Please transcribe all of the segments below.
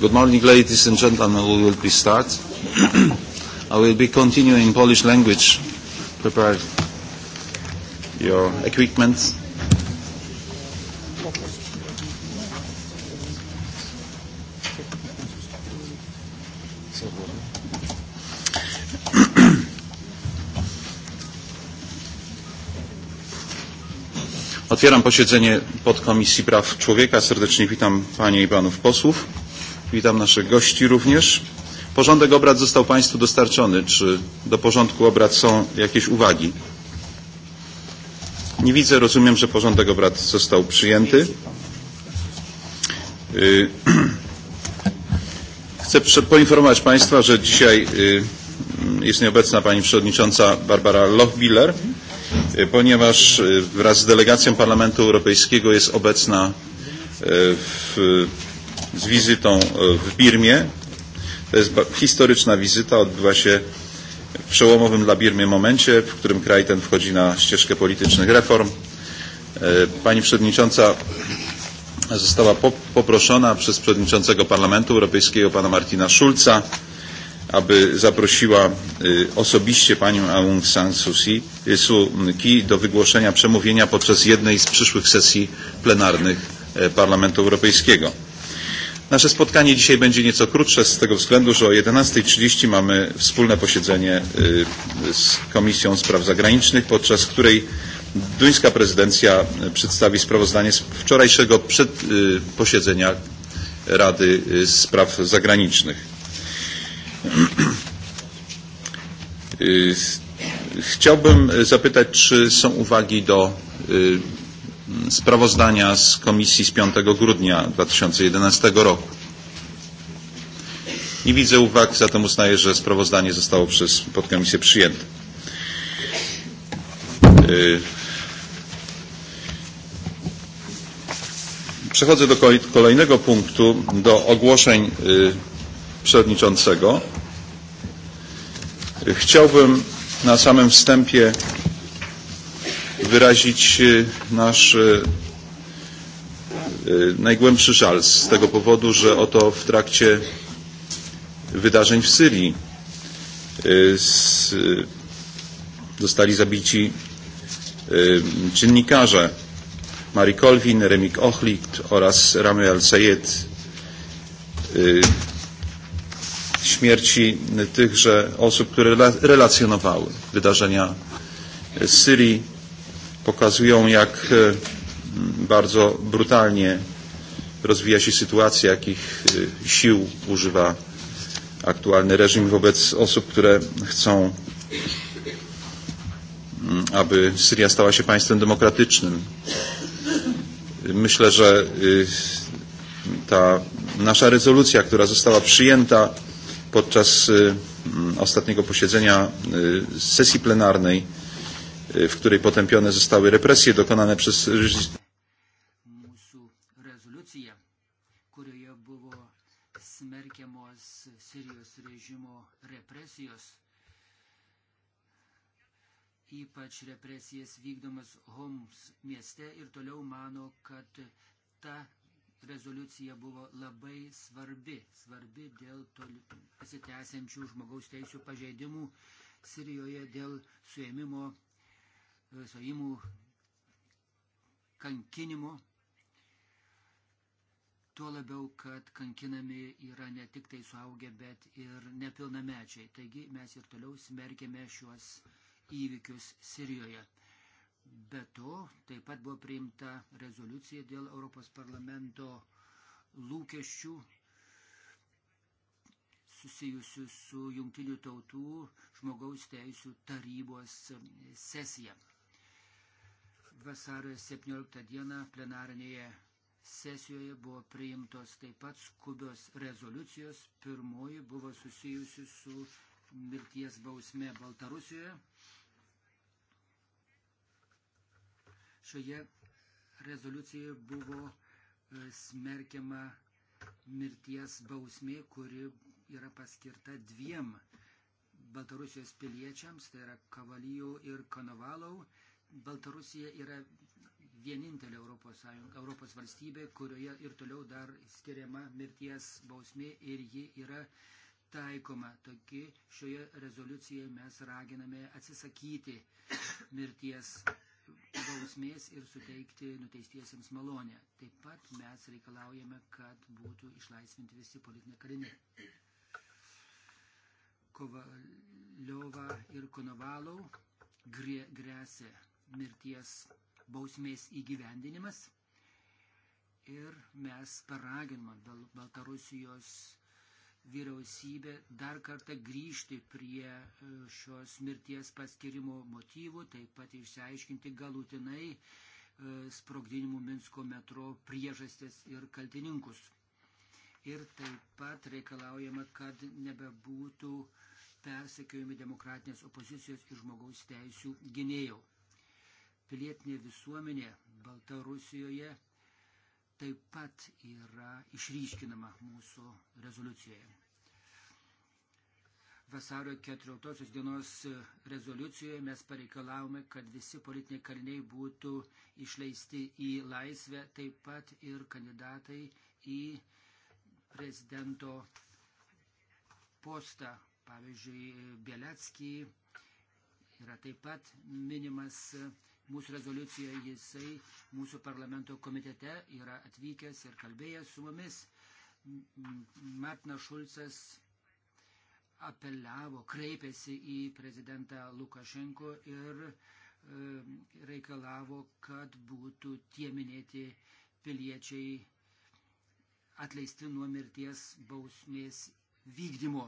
Good morning, ladies and gentlemen. We will be start. I will be continuing Polish language. Prepare your equipment. Otwieram posiedzenie podkomisji praw człowieka. Serdecznie witam panie i panów posłów. Witam naszych gości również. Porządek obrad został Państwu dostarczony. Czy do porządku obrad są jakieś uwagi? Nie widzę. Rozumiem, że porządek obrad został przyjęty. Chcę poinformować Państwa, że dzisiaj jest nieobecna Pani Przewodnicząca Barbara Lochbiller, ponieważ wraz z delegacją Parlamentu Europejskiego jest obecna w z wizytą e, w Birmie. To jest historyczna wizyta, odbyła się w przełomowym dla Birmy momencie, w którym kraj ten wchodzi na ścieżkę politycznych reform. E, pani przewodnicząca została poproszona przez przewodniczącego Parlamentu Europejskiego pana Martina Schulza, aby zaprosiła e, osobiście panią Aung San Suu Kyi do wygłoszenia przemówienia podczas jednej z przyszłych sesji plenarnych Parlamentu Europejskiego. Nasze spotkanie dzisiaj będzie nieco krótsze z tego względu, że o 11.30 mamy wspólne posiedzenie z Komisją Spraw Zagranicznych, podczas której duńska prezydencja przedstawi sprawozdanie z wczorajszego przed posiedzenia Rady Spraw Zagranicznych. Chciałbym zapytać, czy są uwagi do sprawozdania z komisji z 5 grudnia 2011 roku. Nie widzę uwag, zatem uznaję, że sprawozdanie zostało przez podkomisję przyjęte. Przechodzę do kolejnego punktu, do ogłoszeń przewodniczącego. Chciałbym na samym wstępie wyrazić e, nasz e, e, najgłębszy żal z tego powodu, że oto w trakcie wydarzeń w Syrii zostali zabici dziennikarze Mari Colvin, Remik Ochlicht oraz Ramy Al-Sayed. Śmierci tychże osób, które relacjonowały wydarzenia z Syrii pokazują, jak e, bardzo brutalnie rozwija się sytuacja, jakich e, sił używa aktualny reżim wobec osób, które chcą, mm, aby Syria stała się państwem demokratycznym. Myślę, że ta nasza rezolucja, która została przyjęta podczas mm, ostatniego posiedzenia sesji plenarnej, w której potępione zostały represje dokonane przez reżim. ypač represijas vykdomas Homs mieste ir toliau mano, kad ta rezoliucija buvo labai svarbi, svarbi dėl pasitęsiančių žmogaus teisų pažeidimų Sirijoje dėl suėmimo suimų kankinimu. Tuo labiau, kad kankinami yra ne tik tai suaugę, bet ir nepilnamečiai. Taigi mes ir toliau smerkėme šiuos įvykius Sirijoje. Be to, taip pat buvo priimta rezoliucija dėl Europos parlamento lūkesčių susijusių su jungtinių tautų žmogaus teisų tarybos sesija. Vasario 17 dieną plenarinėje sesijoje buvo priimtos taip pat skubios rezoliucijos. Pirmoji buvo susijusi su mirties bausme Baltarusijoje. Šioje rezoliucijoje buvo e, smerkiama mirties bausmė, kuri yra paskirta dviem Baltarusijos piliečiams, tai yra Kavalijo ir Konovalau. Baltarusija yra vienintelė Europos, Sąjunga, Europos valstybė, kurioje ir toliau dar skiriama mirties bausmė ir ji yra taikoma. Toki šioje rezoliucijoje mes raginame atsisakyti mirties bausmės ir suteikti nuteistiesiems malonę. Taip pat mes reikalaujame, kad būtų išlaisvinti visi politiniai kaliniai. Kovaliova ir Konovalau grėsė mirties bausmės įgyvendinimas. Ir mes paraginam Baltarusijos vyriausybę dar kartą grįžti prie e, šios mirties paskirimo motyvų, taip pat išsiaiškinti galutinai e, sprogdinimų Minsko metro priežastis ir kaltininkus. Ir taip pat reikalaujama, kad nebebūtų persekiojami demokratinės opozicijos ir žmogaus teisų gynėjai pilietinė visuomenė Baltarusijoje taip pat yra išryškinama mūsų rezoliucijoje. Vasario 14 dienos rezoliucijoje mes pareikalavome, kad visi politiniai kaliniai būtų išleisti į laisvę, taip pat ir kandidatai į prezidento postą, pavyzdžiui, Bieletskį, yra taip pat minimas mūsų rezoliuciją, jisai mūsų parlamento komitete yra atvykęs ir kalbėjęs su mumis. Martinas Šulcas apeliavo, kreipėsi į prezidentą Lukašenko ir e, reikalavo, kad būtų tie minėti piliečiai atleisti nuo mirties bausmės vykdymo.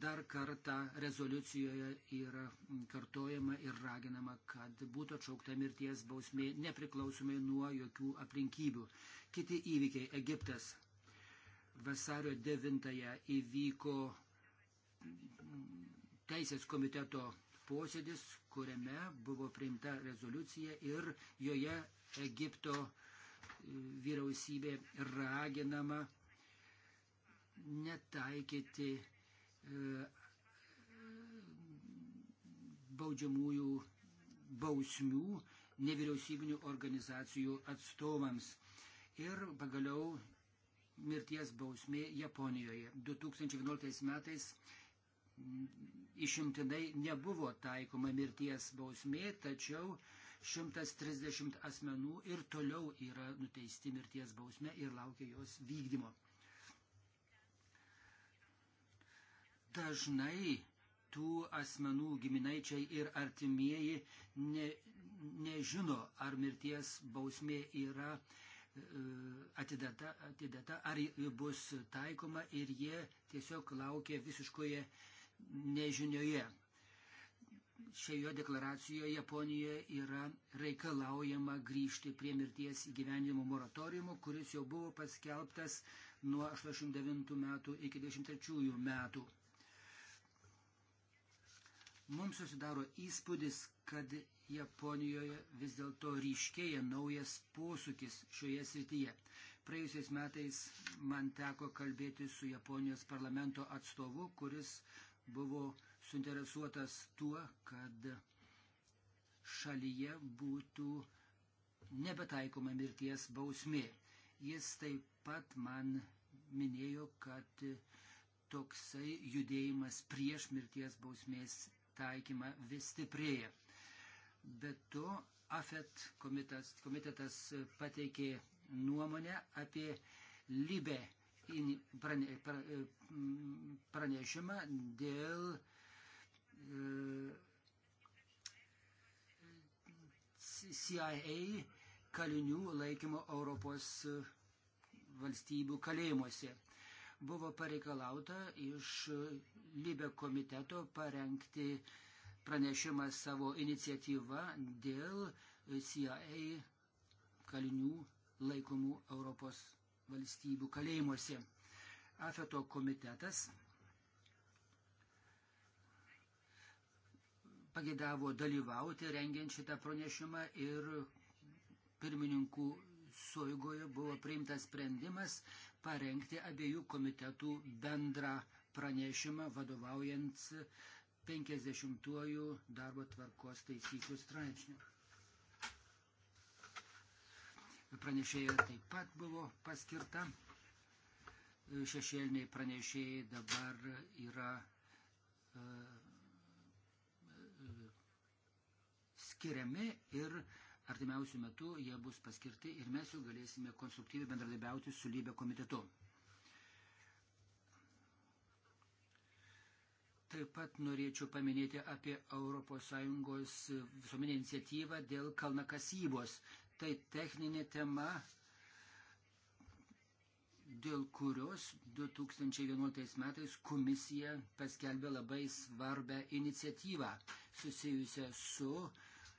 Dar kartą rezoliucijoje yra kartojama ir raginama, kad būtų atšaukta mirties bausmė nepriklausomai nuo jokių aplinkybių. Kiti įvykiai - Egiptas. Vasario 9-ąją įvyko Teisės komiteto posėdis, kuriame buvo priimta rezoliucija ir joje Egipto e, vyriausybė raginama netaikyti E, baudžiamųjų bausmių nevyriausybinių organizacijų atstovams. Ir pagaliau mirties bausmė Japonijoje. 2011 metais išimtinai nebuvo taikoma mirties bausmė, tačiau 130 asmenų ir toliau yra nuteisti mirties bausme ir laukia jos vykdymo. dažnai tų asmenų giminaičiai ir artimieji ne, nežino, ar mirties bausmė yra e, atidata, atidata, ar bus taikoma ir jie tiesiog laukia visiškoje nežinioje. Šioje deklaracijoje Japonijoje yra reikalaujama grįžti prie mirties įgyvendimo moratoriumo, kuris jau buvo paskelbtas nuo 89 metų iki 93 metų. Mums susidaro įspūdis, kad Japonijoje vis dėlto ryškėja naujas posūkis šioje srityje. Praėjusiais metais man teko kalbėti su Japonijos parlamento atstovu, kuris buvo suinteresuotas tuo, kad šalyje būtų nebetaikoma mirties bausmė. Jis taip pat man minėjo, kad toksai judėjimas prieš mirties bausmės taikymą vis stiprėja. Be to, AFET komitetas, komitetas pateikė nuomonę apie Libę prane, pranešimą dėl e, CIA kalinių laikymo Europos valstybių kalėjimuose. Buvo pareikalauta iš Libė komiteto parengti pranešimą savo iniciatyvą dėl CIA kalinių laikomų Europos valstybių kalėjimuose. Afeto komitetas pagėdavo dalyvauti rengiant šitą pranešimą ir pirmininkų suigoje buvo priimtas sprendimas parengti abiejų komitetų bendrą pranešimą vadovaujant 50-ojų darbo tvarkos taisyklių straipsnių. Pranešėja taip pat buvo paskirta. Šešėliniai pranešėjai dabar yra e, e, skiriami ir artimiausių metų jie bus paskirti ir mes jau galėsime konstruktyviai bendradarbiauti su lybė komitetu. Taip pat norėčiau paminėti apie ES visuomenę iniciatyvą dėl kalnakasybos. Tai techninė tema, dėl kurios 2011 metais komisija paskelbė labai svarbę iniciatyvą susijusią su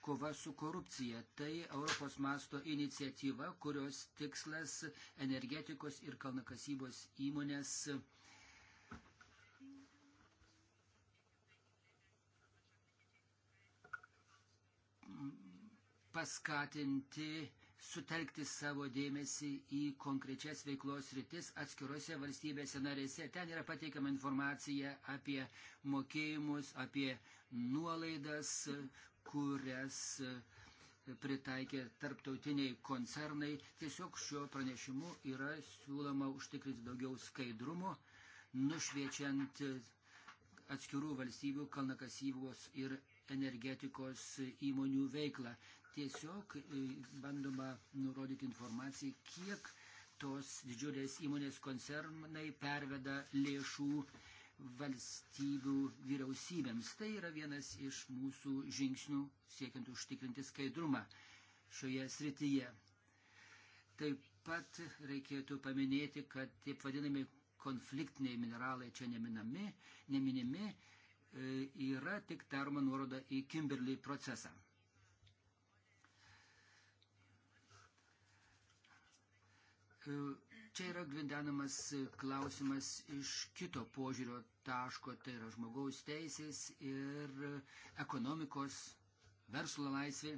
kova su korupcija. Tai Europos masto iniciatyva, kurios tikslas energetikos ir kalnakasybos įmonės paskatinti sutelkti savo dėmesį į konkrečias veiklos rytis atskiruose valstybėse narėse. Ten yra pateikiama informacija apie mokėjimus, apie nuolaidas, kurias pritaikė tarptautiniai koncernai. Tiesiog šiuo pranešimu yra siūloma užtikrinti daugiau skaidrumo, nušviečiant atskirų valstybių kalnakasybos ir energetikos įmonių veiklą tiesiog e, bandoma nurodyti informaciją, kiek tos didžiulės įmonės koncernai perveda lėšų valstybių vyriausybėms. Tai yra vienas iš mūsų žingsnių siekiant užtikrinti skaidrumą šioje srityje. Taip pat reikėtų paminėti, kad taip vadinami konfliktiniai mineralai čia neminami, neminimi, e, yra tik daroma nuoroda į Kimberly procesą. Čia yra gvidenamas klausimas iš kito požiūrio taško, tai yra žmogaus teisės ir ekonomikos verslo laisvė.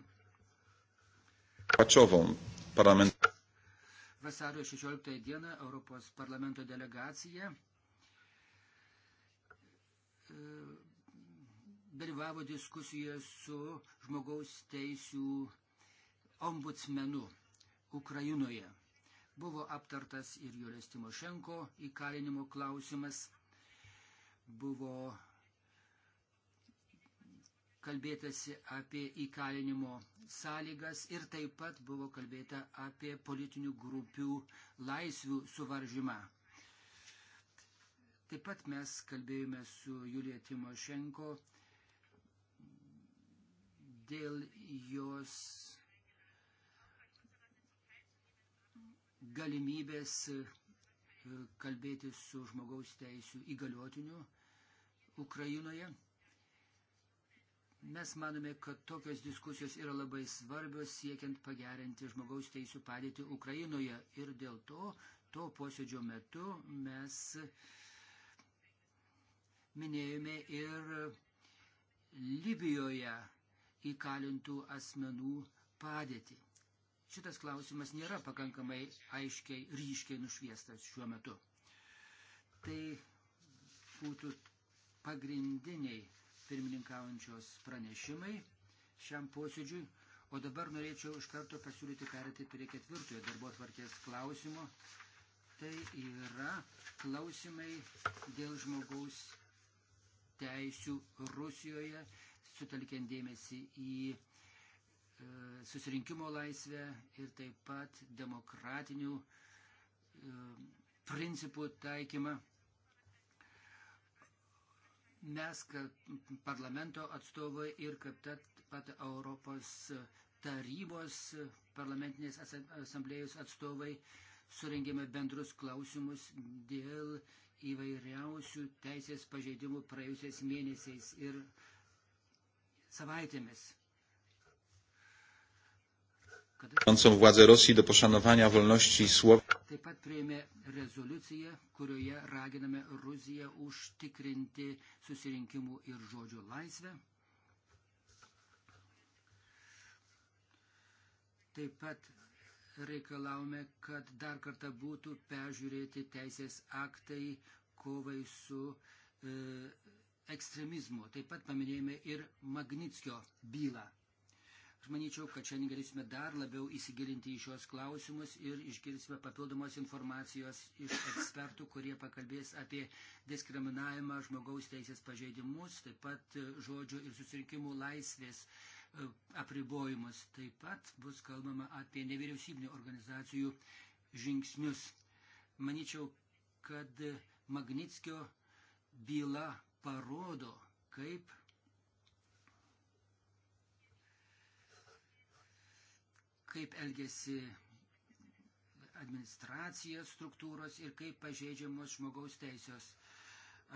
Pačiovą parlamentą. Vasario 16 dieną Europos parlamento delegacija e, dalyvavo diskusijoje su žmogaus teisų ombudsmenu Ukrainoje. Buvo aptartas ir Jolės Timošenko įkalinimo klausimas. Buvo kalbėtasi apie įkalinimo sąlygas ir taip pat buvo kalbėta apie politinių grupių laisvių suvaržymą. Taip pat mes kalbėjome su Julija Timošenko dėl jos galimybės e, kalbėti su žmogaus teisų įgaliotiniu Ukrainoje. Mes manome, kad tokios diskusijos yra labai svarbios siekiant pagerinti žmogaus teisų padėtį Ukrainoje ir dėl to to posėdžio metu mes minėjome ir Libijoje įkalintų asmenų padėtį šitas klausimas nėra pakankamai aiškiai, ryškiai nušviestas šiuo metu. Tai būtų pagrindiniai pirmininkaujančios pranešimai šiam posėdžiui. O dabar norėčiau iš karto pasiūlyti perėti prie ketvirtojo darbo tvarkės klausimo. Tai yra klausimai dėl žmogaus teisių Rusijoje, sutelkiant dėmesį į E, susirinkimo laisvę ir taip pat demokratinių e, principų taikymą. Mes, kaip parlamento atstovai ir kaip pat Europos tarybos parlamentinės asamblėjos atstovai, surengėme bendrus klausimus dėl įvairiausių teisės pažeidimų praėjusiais mėnesiais ir savaitėmis. Kada... Władze Rosji do poszanowania wolności słowa. Taip pat priėmė rezoliuciją, kurioje raginame Rusiją užtikrinti susirinkimų ir žodžio laisvę. Taip pat reikalavome, kad dar kartą būtų peržiūrėti teisės aktai kovai su e, ekstremizmu. Taip pat paminėjome ir Magnitskio bylą. Aš manyčiau, kad šiandien galėsime dar labiau įsigilinti į šios klausimus ir išgirsime papildomos informacijos iš ekspertų, kurie pakalbės apie diskriminavimą, žmogaus teisės pažeidimus, taip pat e, žodžio ir susirinkimų laisvės e, apribojimus. Taip pat bus kalbama apie nevyriausybinio organizacijų žingsnius. Manyčiau, kad Magnitskio byla parodo, kaip kaip elgesi administracijos struktūros ir kaip pažeidžiamos žmogaus teisės.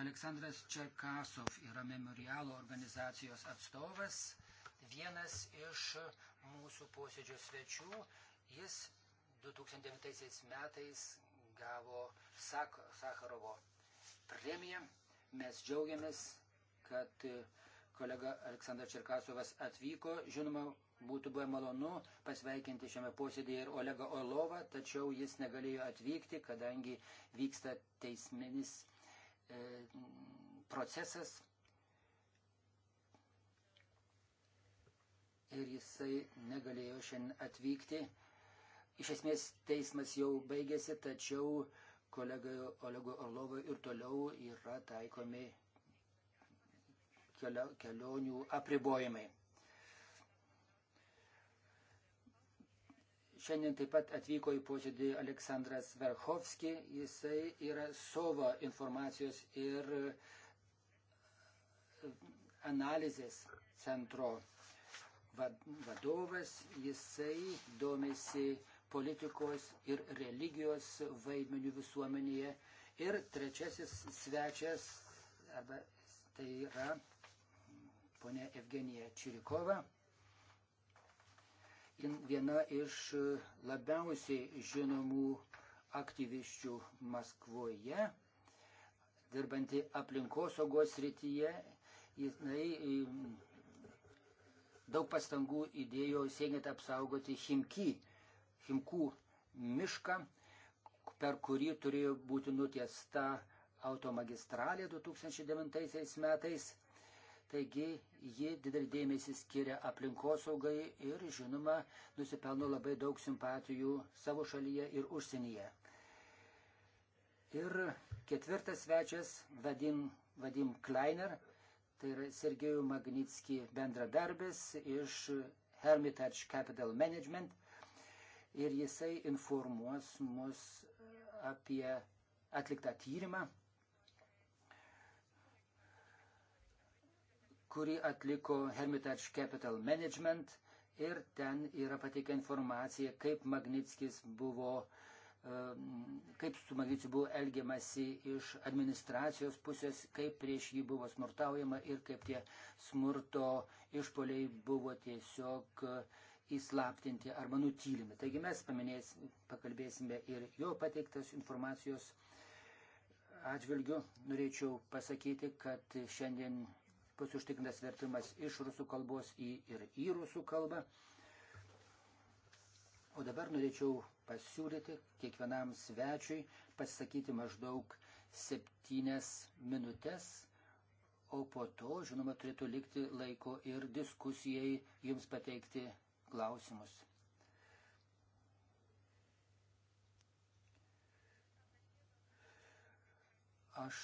Aleksandras Čerkasov yra memorialo organizacijos atstovas, vienas iš mūsų posėdžio svečių. Jis 2009 metais gavo Sak Sakarovo premiją. Mes džiaugiamės, kad kolega Aleksandras Čerkasovas atvyko. Žinoma, Būtų buvę malonu pasveikinti šiame posėdėje ir Olegą Olovą, tačiau jis negalėjo atvykti, kadangi vyksta teisminis e, procesas. Ir jisai negalėjo šiandien atvykti. Iš esmės teismas jau baigėsi, tačiau kolegai Olegui Orlovui ir toliau yra taikomi kelionių apribojimai. Šiandien taip pat atvyko į posėdį Aleksandras Verhovski, jisai yra SOVA informacijos ir e, analizės centro vadovas, jisai domėsi politikos ir religijos vaidmenių visuomenėje. Ir trečiasis svečias, arba tai yra ponė Evgenija Čirikova viena iš e, labiausiai žinomų aktyvisčių Maskvoje, dirbanti aplinkosaugos srityje. Jinai e, daug pastangų įdėjo siekiant apsaugoti Himki, Himkų mišką, per kurį turėjo būti nutiesta automagistralė 2009 metais. Taigi ji didelį dėmesį skiria aplinkosaugai ir, žinoma, nusipelno labai daug simpatijų savo šalyje ir užsienyje. Ir ketvirtas svečias Vadim, Vadim Kleiner, tai yra Sergejų Magnitski bendradarbis iš Hermitage Capital Management. Ir jisai informuos mus apie atliktą tyrimą kurį atliko Hermitage Capital Management ir ten yra pateikę informacija, kaip Magnitskis buvo kaip su Magnitskiu buvo elgiamasi iš administracijos pusės, kaip prieš jį buvo smurtaujama ir kaip tie smurto išpoliai buvo tiesiog e, įslaptinti arba nutylimi. Taigi mes paminės, pakalbėsime ir jo pateiktas informacijos atžvilgiu. Norėčiau pasakyti, kad šiandien bus užtikrintas vertimas iš rusų kalbos į ir į rusų kalbą. O dabar norėčiau pasiūlyti kiekvienam svečiui pasisakyti maždaug septynes minutės, o po to, žinoma, turėtų likti laiko ir diskusijai jums pateikti klausimus. Aš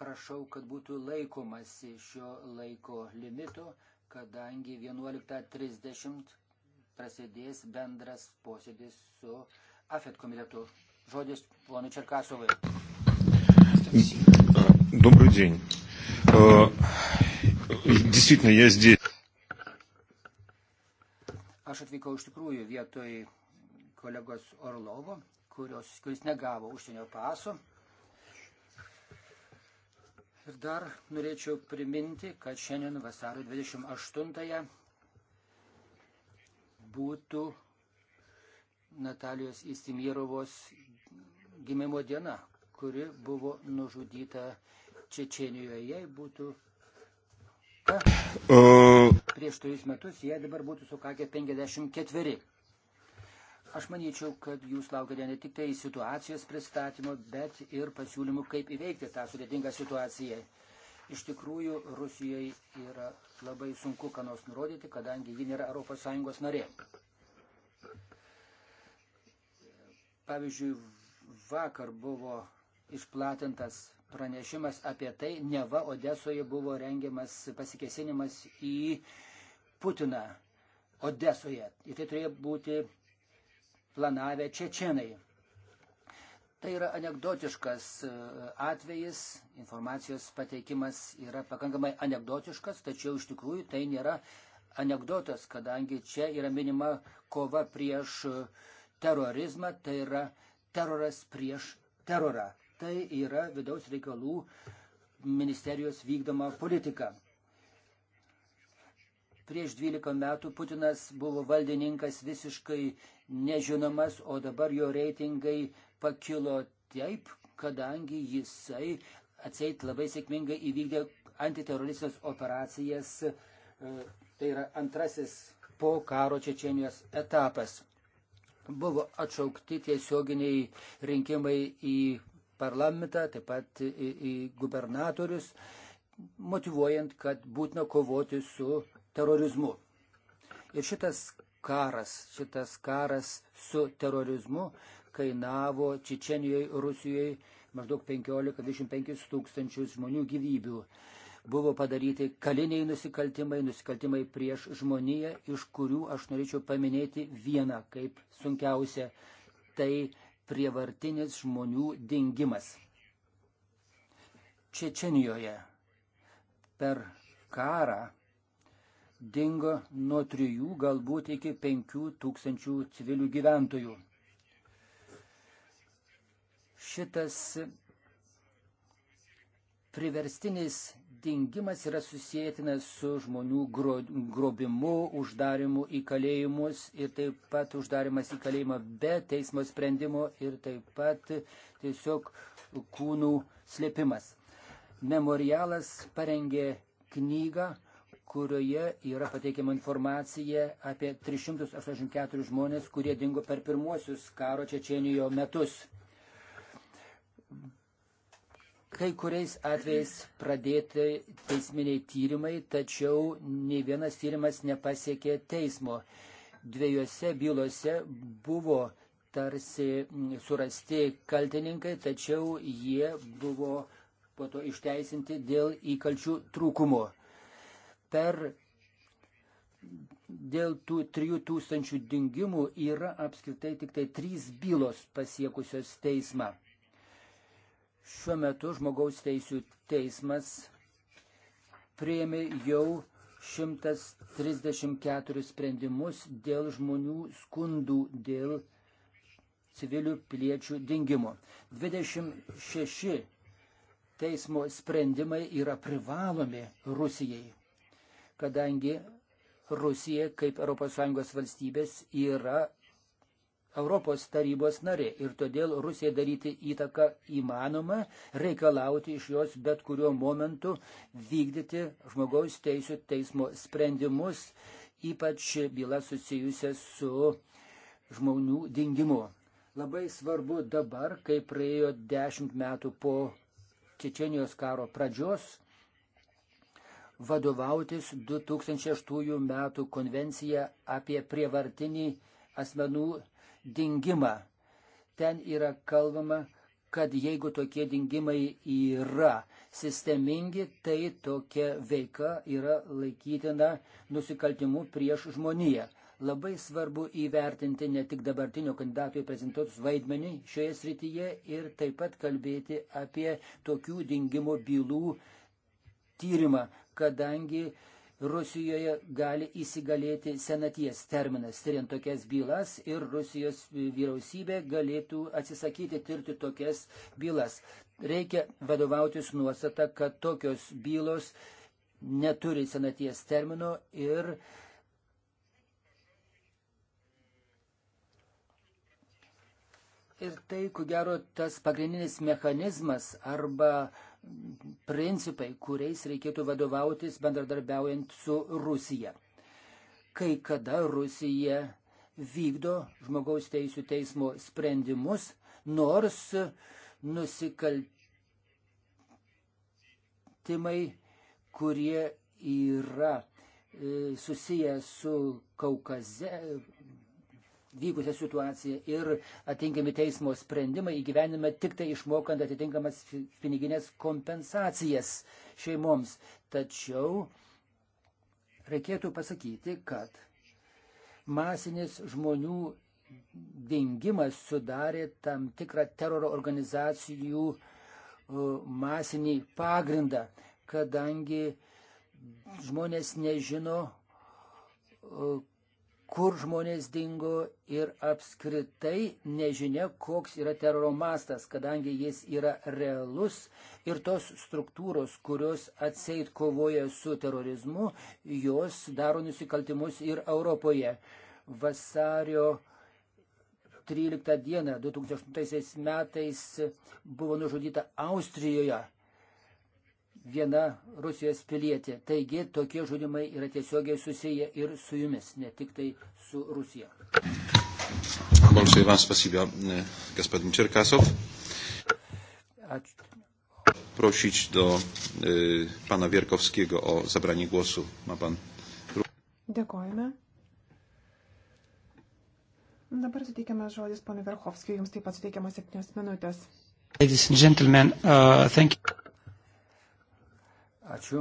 prašau, kad būtų laikomasi šio laiko limito, kadangi 11.30 prasidės bendras posėdis su AFET komitetu. Žodis ponui Čerkasovai. Добрый день. Э, действительно, я здесь. Aš atvykau iš tikrųjų vietoj kolegos Orlovo, kurios, kuris negavo užsienio paso. Ir dar norėčiau priminti, kad šiandien vasario 28-ąją būtų Natalijos Įsimyrovos gimimo diena, kuri buvo nužudyta Čečenijoje. Jei būtų prieš trejus metus, jie dabar būtų sukakę 54. Aš manyčiau, kad jūs laukite ne tik tai situacijos pristatymo, bet ir pasiūlymų, kaip įveikti tą sudėtingą situaciją. Iš tikrųjų, Rusijai yra labai sunku ką nors nurodyti, kadangi ji nėra ES narė. Pavyzdžiui, vakar buvo išplatintas pranešimas apie tai, neva Odesoje buvo rengiamas pasikesinimas į Putiną. Odesoje. Ir tai turėjo būti planavę čečienai. Tai yra anegdotiškas e, atvejis, informacijos pateikimas yra pakankamai anegdotiškas, tačiau iš tikrųjų tai nėra anegdotas, kadangi čia yra minima kova prieš e, terorizmą, tai yra teroras prieš terorą. Tai yra vidaus reikalų ministerijos vykdoma politika prieš 12 metų Putinas buvo valdininkas visiškai nežinomas, o dabar jo reitingai pakilo taip, kadangi jisai atseit labai sėkmingai įvykdė antiteroristinės operacijas. E, tai yra antrasis po karo Čečienijos etapas. Buvo atšaukti tiesioginiai rinkimai į parlamentą, taip pat į, į gubernatorius, motivuojant, kad būtina kovoti su terorizmu. Ir šitas karas, šitas karas su terorizmu kainavo Čečenijoje, Rusijoje maždaug 15-25 tūkstančius žmonių gyvybių. Buvo padaryti kaliniai nusikaltimai, nusikaltimai prieš žmoniją, iš kurių aš norėčiau paminėti vieną kaip sunkiausią - tai prievartinis žmonių dingimas. Čečenijoje per karą dingo nuo 3 galbūt iki 5 tūkstančių civilių gyventojų. Šitas priverstinis dingimas yra susijėtinas su žmonių gro, grobimu, uždarimu į kalėjimus ir taip pat uždarimas į kalėjimą be teismo sprendimo ir taip pat tiesiog kūnų slėpimas. Memorialas parengė knygą kurioje yra pateikiama informacija apie 384 žmonės, kurie dingo per pirmuosius karo Čečienijo metus. Kai kuriais atvejais pradėti teisminiai tyrimai, tačiau nei vienas tyrimas nepasiekė teismo. Dviejose bylose buvo tarsi surasti kaltininkai, tačiau jie buvo po to išteisinti dėl įkalčių trūkumo per dėl tų 3000 dingimų yra apskritai tik tai 3 bylos pasiekusios teismą. Šiuo metu žmogaus teisų teismas prieimė jau 134 sprendimus dėl žmonių skundų dėl civilių piliečių dingimo. 26 teismo sprendimai yra privalomi Rusijai kadangi Rusija kaip ES valstybės yra Europos tarybos narė ir todėl Rusija daryti įtaką įmanoma, reikalauti iš jos bet kuriuo momentu vykdyti žmogaus teisų teismo sprendimus, ypač byla susijusia su žmonių dingimu. Labai svarbu dabar, kai praėjo dešimt metų po Čečenijos karo pradžios, vadovautis 2008 metų konvencija apie prievartinį asmenų dingimą. Ten yra kalbama, kad jeigu tokie dingimai yra sistemingi, tai tokia veika yra laikytina nusikaltimu prieš žmoniją. Labai svarbu įvertinti ne tik dabartinio kandidato į prezidentus vaidmenį šioje srityje ir taip pat kalbėti apie tokių dingimo bylų tyrimą, kadangi Rusijoje gali įsigalėti senaties terminas, tyriant tokias bylas ir Rusijos vyriausybė galėtų atsisakyti tirti tokias bylas. Reikia vadovautis nuostata, kad tokios bylos neturi senaties termino ir Ir tai, ku gero, tas pagrindinis mechanizmas arba uh, principai, kuriais reikėtų vadovautis bendradarbiaujant su Rusija. Kai kada Rusija vykdo žmogaus teisų teismo sprendimus, nors nusikaltimai, kurie yra e, susiję su Kaukaze, vykusią situaciją ir atinkami teismo sprendimai įgyvenime tik tai išmokant atitinkamas piniginės kompensacijas šeimoms. Tačiau reikėtų pasakyti, kad masinis žmonių dingimas sudarė tam tikrą teroro organizacijų masinį pagrindą, kadangi žmonės nežino, kur žmonės dingo ir apskritai nežinia, koks yra teroro mastas, kadangi jis yra realus ir tos struktūros, kurios atseit kovoja su terorizmu, jos daro nusikaltimus ir Europoje. Vasario 13 dieną 2008 metais buvo nužudyta Austrijoje viena Rusijos pilietė. Taigi tokie žudimai yra tiesiogiai susiję ir su jumis, ne tik tai su Rusija. E, Ačiū. Prosić do y, e, pana Wierkowskiego o zabranie głosu. Ma pan. Dėkojame. Dabar suteikiame žodis ponui Verhovskijui, jums taip pat suteikiamas septynios minutės. Ladies and gentlemen, uh, thank you. Ačiū.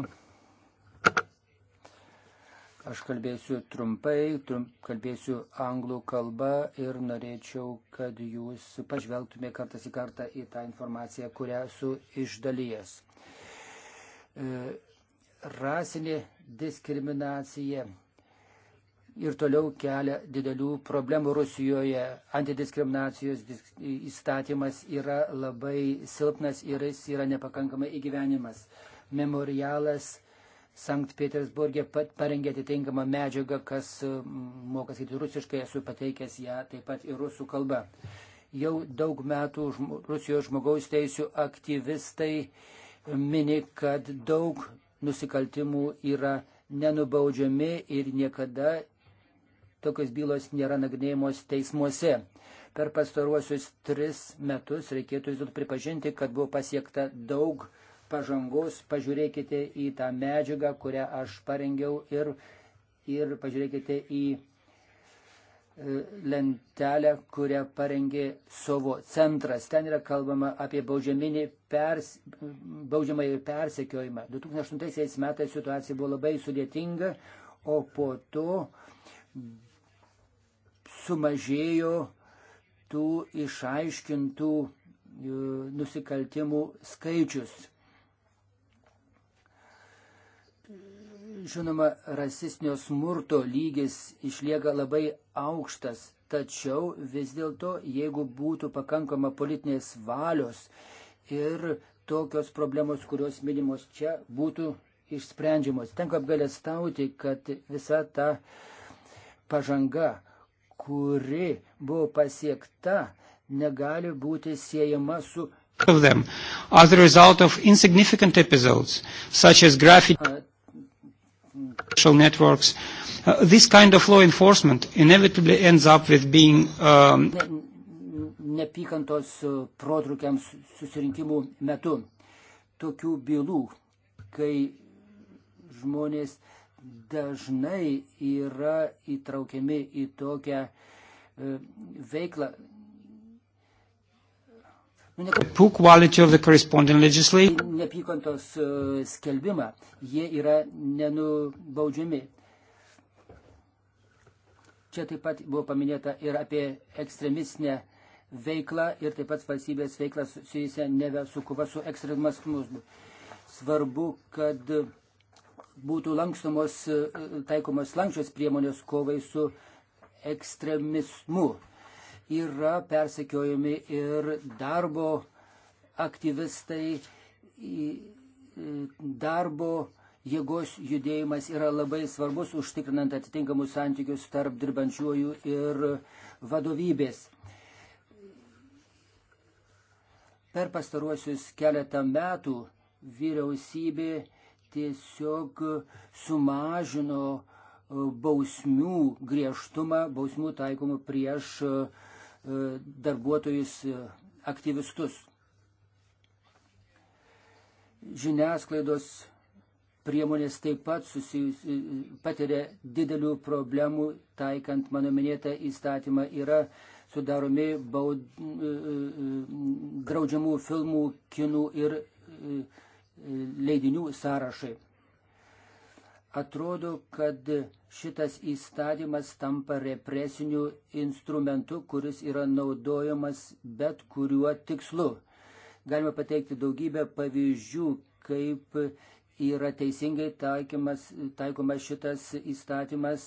Aš kalbėsiu trumpai, trump, kalbėsiu anglų kalbą ir norėčiau, kad jūs pažvelgtumėte kartas į kartą į tą informaciją, kurią esu išdalyjęs. E, rasinė diskriminacija ir toliau kelia didelių problemų Rusijoje. Antidiskriminacijos įstatymas yra labai silpnas ir jis yra nepakankamai įgyvenimas memorialas Sankt Petersburgė parengė atitinkamą medžiagą, kas moka skaityti rusiškai, esu pateikęs ją taip pat ir rusų kalba. Jau daug metų žm Rusijos žmogaus teisų aktyvistai mini, kad daug nusikaltimų yra nenubaudžiami ir niekada tokios bylos nėra nagrinėjimos teismuose. Per pastaruosius tris metus reikėtų vis dėlto pripažinti, kad buvo pasiekta daug uh, pažangos, pažiūrėkite į tą medžiagą, kurią aš parengiau ir, ir pažiūrėkite į e, lentelę, kurią parengė savo centras. Ten yra kalbama apie pers, baudžiamą ir persekiojimą. 2008 metais situacija buvo labai sudėtinga, o po to sumažėjo tų išaiškintų e, nusikaltimų skaičius. Žinoma, rasistinio smurto lygis išlieka labai aukštas, tačiau vis dėlto, jeigu būtų pakankama politinės valios ir tokios problemos, kurios minimos čia, būtų išsprendžiamos. Tenka apgalėstauti, kad visa ta pažanga, kuri buvo pasiekta, negali būti siejama su of them as the result of insignificant episodes, such as graffiti social networks. Uh, this kind of law enforcement inevitably ends up with being um, neapykantos uh, protrukiams susirinkimų metu. Tokių bylų, kai žmonės dažnai yra įtraukiami į tokią uh, veiklą, neapykantos e, skelbimą, jie yra nenubaudžiami. Čia taip pat buvo paminėta ir apie ekstremistinę veiklą ir taip pat valstybės veiklą susijusią neve su kova su ekstremizmu. Svarbu, kad būtų lankstomos, e, taikomos lankščios priemonės kovai su ekstremizmu yra persekiojami ir darbo aktyvistai, darbo jėgos judėjimas yra labai svarbus užtikrinant atitinkamus santykius tarp dirbančiųjų ir vadovybės. Per pastaruosius keletą metų vyriausybė tiesiog sumažino bausmių griežtumą, bausmių taikomų prieš uh, E, darbuotojus e, aktyvistus. Žiniasklaidos priemonės taip pat susijus, e, patiria didelių problemų, taikant mano minėtą įstatymą yra sudaromi baud, draudžiamų filmų, kinų ir leidinių sąrašai atrodo, kad šitas įstatymas tampa represiniu instrumentu, kuris yra naudojamas bet kuriuo tikslu. Galima pateikti daugybę pavyzdžių, kaip yra teisingai taikymas, taikomas šitas įstatymas.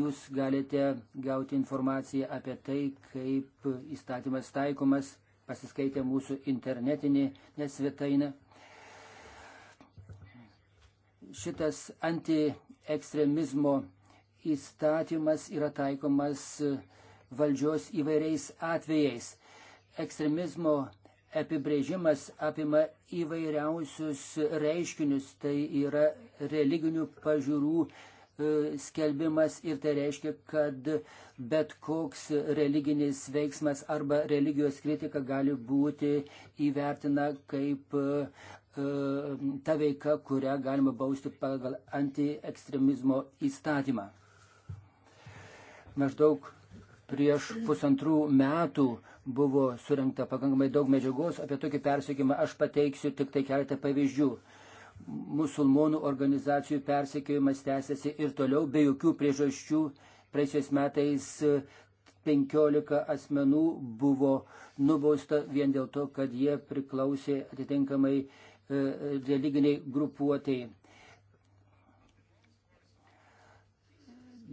Jūs galite gauti informaciją apie tai, kaip įstatymas taikomas, pasiskaitę mūsų internetinį svetainę šitas antiekstremizmo įstatymas yra taikomas valdžios įvairiais atvejais. Ekstremizmo apibrėžimas apima įvairiausius reiškinius, tai yra religinių pažiūrų e, skelbimas ir tai reiškia, kad bet koks religinis veiksmas arba religijos kritika gali būti įvertina kaip e, E, ta veika, kurią galima bausti pagal antiekstremizmo įstatymą. Maždaug prieš pusantrų metų buvo surinkta pakankamai daug medžiagos apie tokį persiekimą. Aš pateiksiu tik tai keletą pavyzdžių. Musulmonų organizacijų persekiojimas tęsiasi ir toliau be jokių priežasčių. Praėjusiais metais 15 asmenų buvo nubausta vien dėl to, kad jie priklausė atitinkamai religiniai grupuotėjai.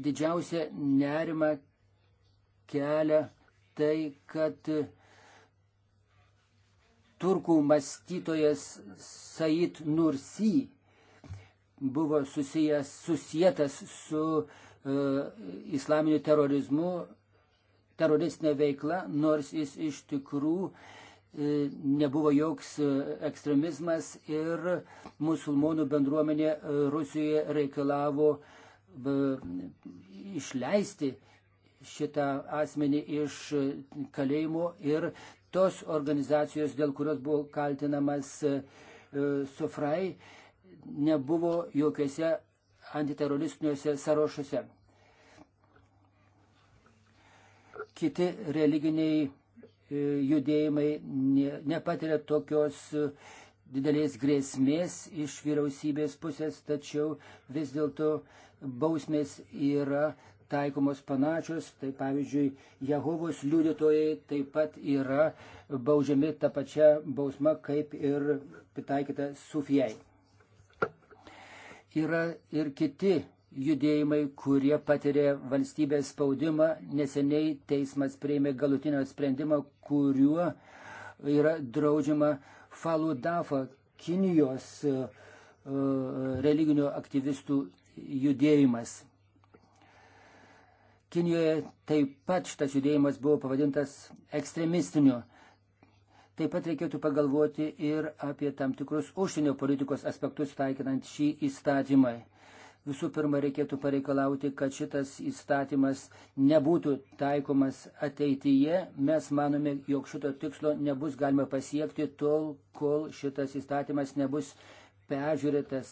Didžiausia nerima kelia tai, kad turkų mąstytojas Said Nursi buvo susijęs, susijęs su uh, islaminiu terorizmu, teroristinė veikla, nors jis iš tikrųjų E, nebuvo joks e, ekstremizmas ir musulmonų bendruomenė e, Rusijoje reikalavo išleisti šitą asmenį iš kalėjimo ir tos organizacijos, dėl kurios buvo kaltinamas Sofrai, nebuvo jokiuose antiteroristiniuose sąrašuose. Kiti religiniai E, judėjimai nepatiria tokios e, didelės grėsmės iš vyriausybės pusės, tačiau vis dėlto bausmės yra taikomos panašios. Tai pavyzdžiui, Jehovos liudytojai taip pat yra baudžiami tą pačią bausmą, kaip ir pritaikyta Sufijai. Yra ir kiti judėjimai, kurie patiria valstybės spaudimą. Neseniai teismas prieimė galutinio sprendimą, kuriuo yra draudžiama Faludafa Kinijos e, e, religinių aktyvistų judėjimas. Kinijoje taip pat šitas judėjimas buvo pavadintas ekstremistiniu. Taip pat reikėtų pagalvoti ir apie tam tikrus užsienio politikos aspektus taikinant šį įstatymą. Visų pirma, reikėtų pareikalauti, kad šitas įstatymas nebūtų taikomas ateityje. Mes manome, jog šito tikslo nebus galima pasiekti tol, kol šitas įstatymas nebus peržiūrėtas.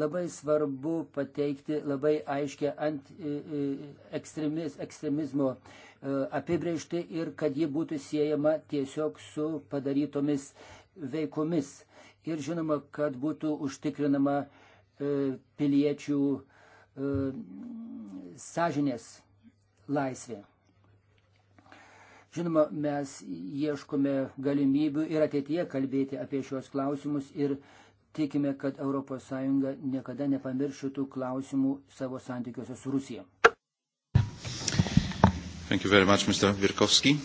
Labai svarbu pateikti labai aiškę ant e, e, ekstremiz, ekstremizmo e, apibriežti ir kad ji būtų siejama tiesiog su padarytomis veikomis. Ir žinoma, kad būtų užtikrinama E, piliečių e, sąžinės laisvė. Žinoma, mes ieškome galimybių ir ateityje kalbėti apie šios klausimus ir tikime, kad ES niekada nepamirš šitų klausimų savo santykiuose su Rusija. Thank you very much, Mr. Wierkowski.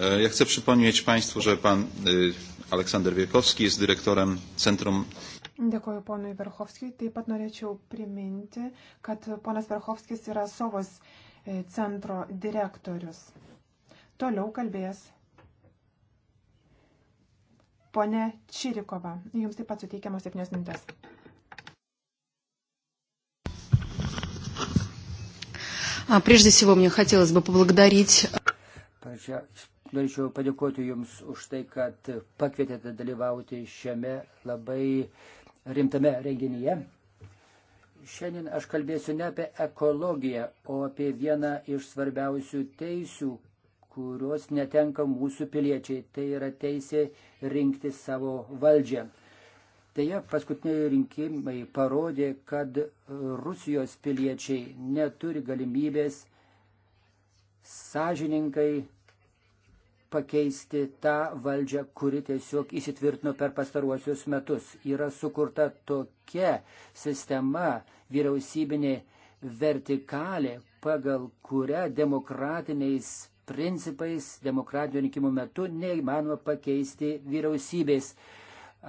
E, ja chcę przypomnieć Państwu, że Pan Aleksander Wierkowski jest dyrektorem Centrum Dėkoju ponui Verhovskijui. Taip pat norėčiau priminti, kad ponas Verhovskis yra Sovos e, centro direktorius. Toliau kalbės ponė Čirikova. Jums taip pat suteikiamos 7 minutės. Прежде всего, мне хотелось бы поблагодарить... Э, norėčiau padėkoti Jums už tai, kad pakvietėte dalyvauti šiame labai uh, rimtame renginyje. Šiandien aš kalbėsiu ne apie ekologiją, o apie vieną iš svarbiausių teisių, kurios netenka mūsų piliečiai. Tai yra teisė rinkti savo valdžią. Deja, paskutiniai rinkimai parodė, kad Rusijos piliečiai neturi galimybės sąžininkai pakeisti tą valdžią, kuri tiesiog įsitvirtino per pastaruosius metus. Yra sukurta tokia sistema vyriausybinė vertikalė, pagal kurią demokratiniais principais demokratinių rinkimų metu neįmanoma pakeisti vyriausybės.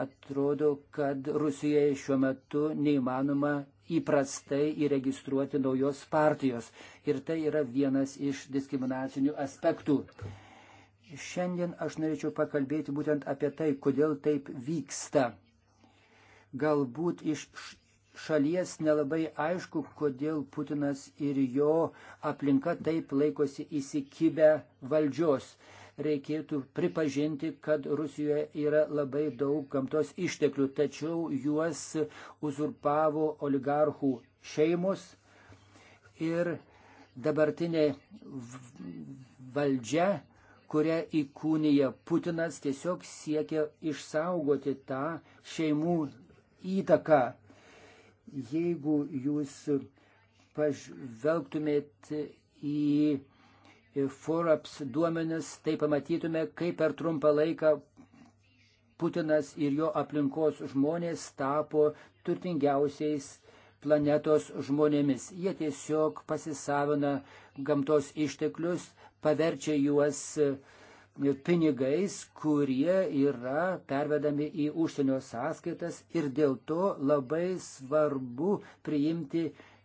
Atrodo, kad Rusijoje šiuo metu neįmanoma įprastai įregistruoti naujos partijos. Ir tai yra vienas iš diskriminacinių aspektų. Šiandien aš norėčiau pakalbėti būtent apie tai, kodėl taip vyksta. Galbūt iš šalies nelabai aišku, kodėl Putinas ir jo aplinka taip laikosi įsikibę valdžios. Reikėtų pripažinti, kad Rusijoje yra labai daug gamtos išteklių, tačiau juos uzurpavo oligarchų šeimos ir dabartinė valdžia kurią įkūnyje Putinas tiesiog siekia išsaugoti tą šeimų įtaką. Jeigu jūs pažvelgtumėt į Forbes duomenis, tai pamatytume, kaip per trumpą laiką Putinas ir jo aplinkos žmonės tapo turtingiausiais planetos žmonėmis. Jie tiesiog pasisavina gamtos išteklius, paverčia juos e, pinigais, kurie yra pervedami į užsienio sąskaitas ir dėl to labai svarbu priimti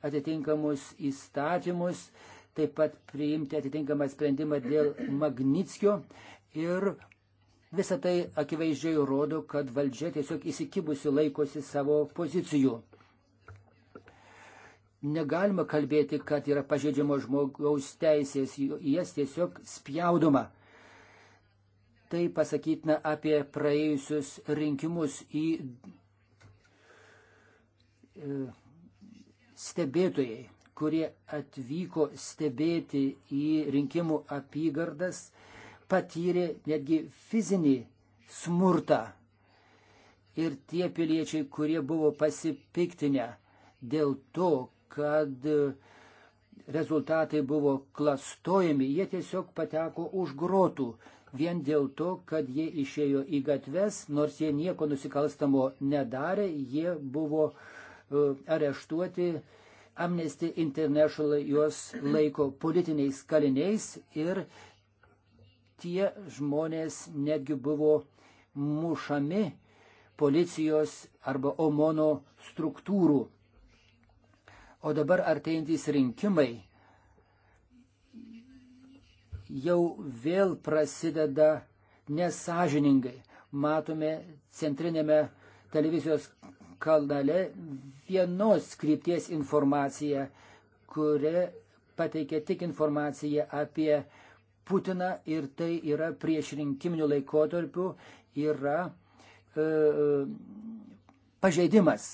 atitinkamus įstatymus, taip pat priimti atitinkamą sprendimą dėl Magnitskio ir visą tai akivaizdžiai rodo, kad valdžia tiesiog įsikibusi laikosi savo pozicijų negalima kalbėti, kad yra pažeidžiamo žmogaus teisės, jas tiesiog spjaudoma. Tai pasakytina apie praėjusius rinkimus į e, stebėtojai, kurie atvyko stebėti į rinkimų apygardas, patyrė netgi fizinį smurtą. Ir tie piliečiai, kurie buvo pasipiktinę dėl to, kad e, rezultatai buvo klastojami, jie tiesiog pateko už grotų vien dėl to, kad jie išėjo į gatves, nors jie nieko nusikalstamo nedarė, jie buvo e, areštuoti. Amnesty International juos laiko politiniais kaliniais ir tie žmonės netgi buvo mušami policijos arba OMONO struktūrų. O dabar artėjantys rinkimai jau vėl prasideda nesažiningai. Matome centrinėme televizijos kanale vienos krypties informaciją, kuri pateikia tik informaciją apie Putiną ir tai yra prieš rinkiminių laikotarpių yra e, e pažeidimas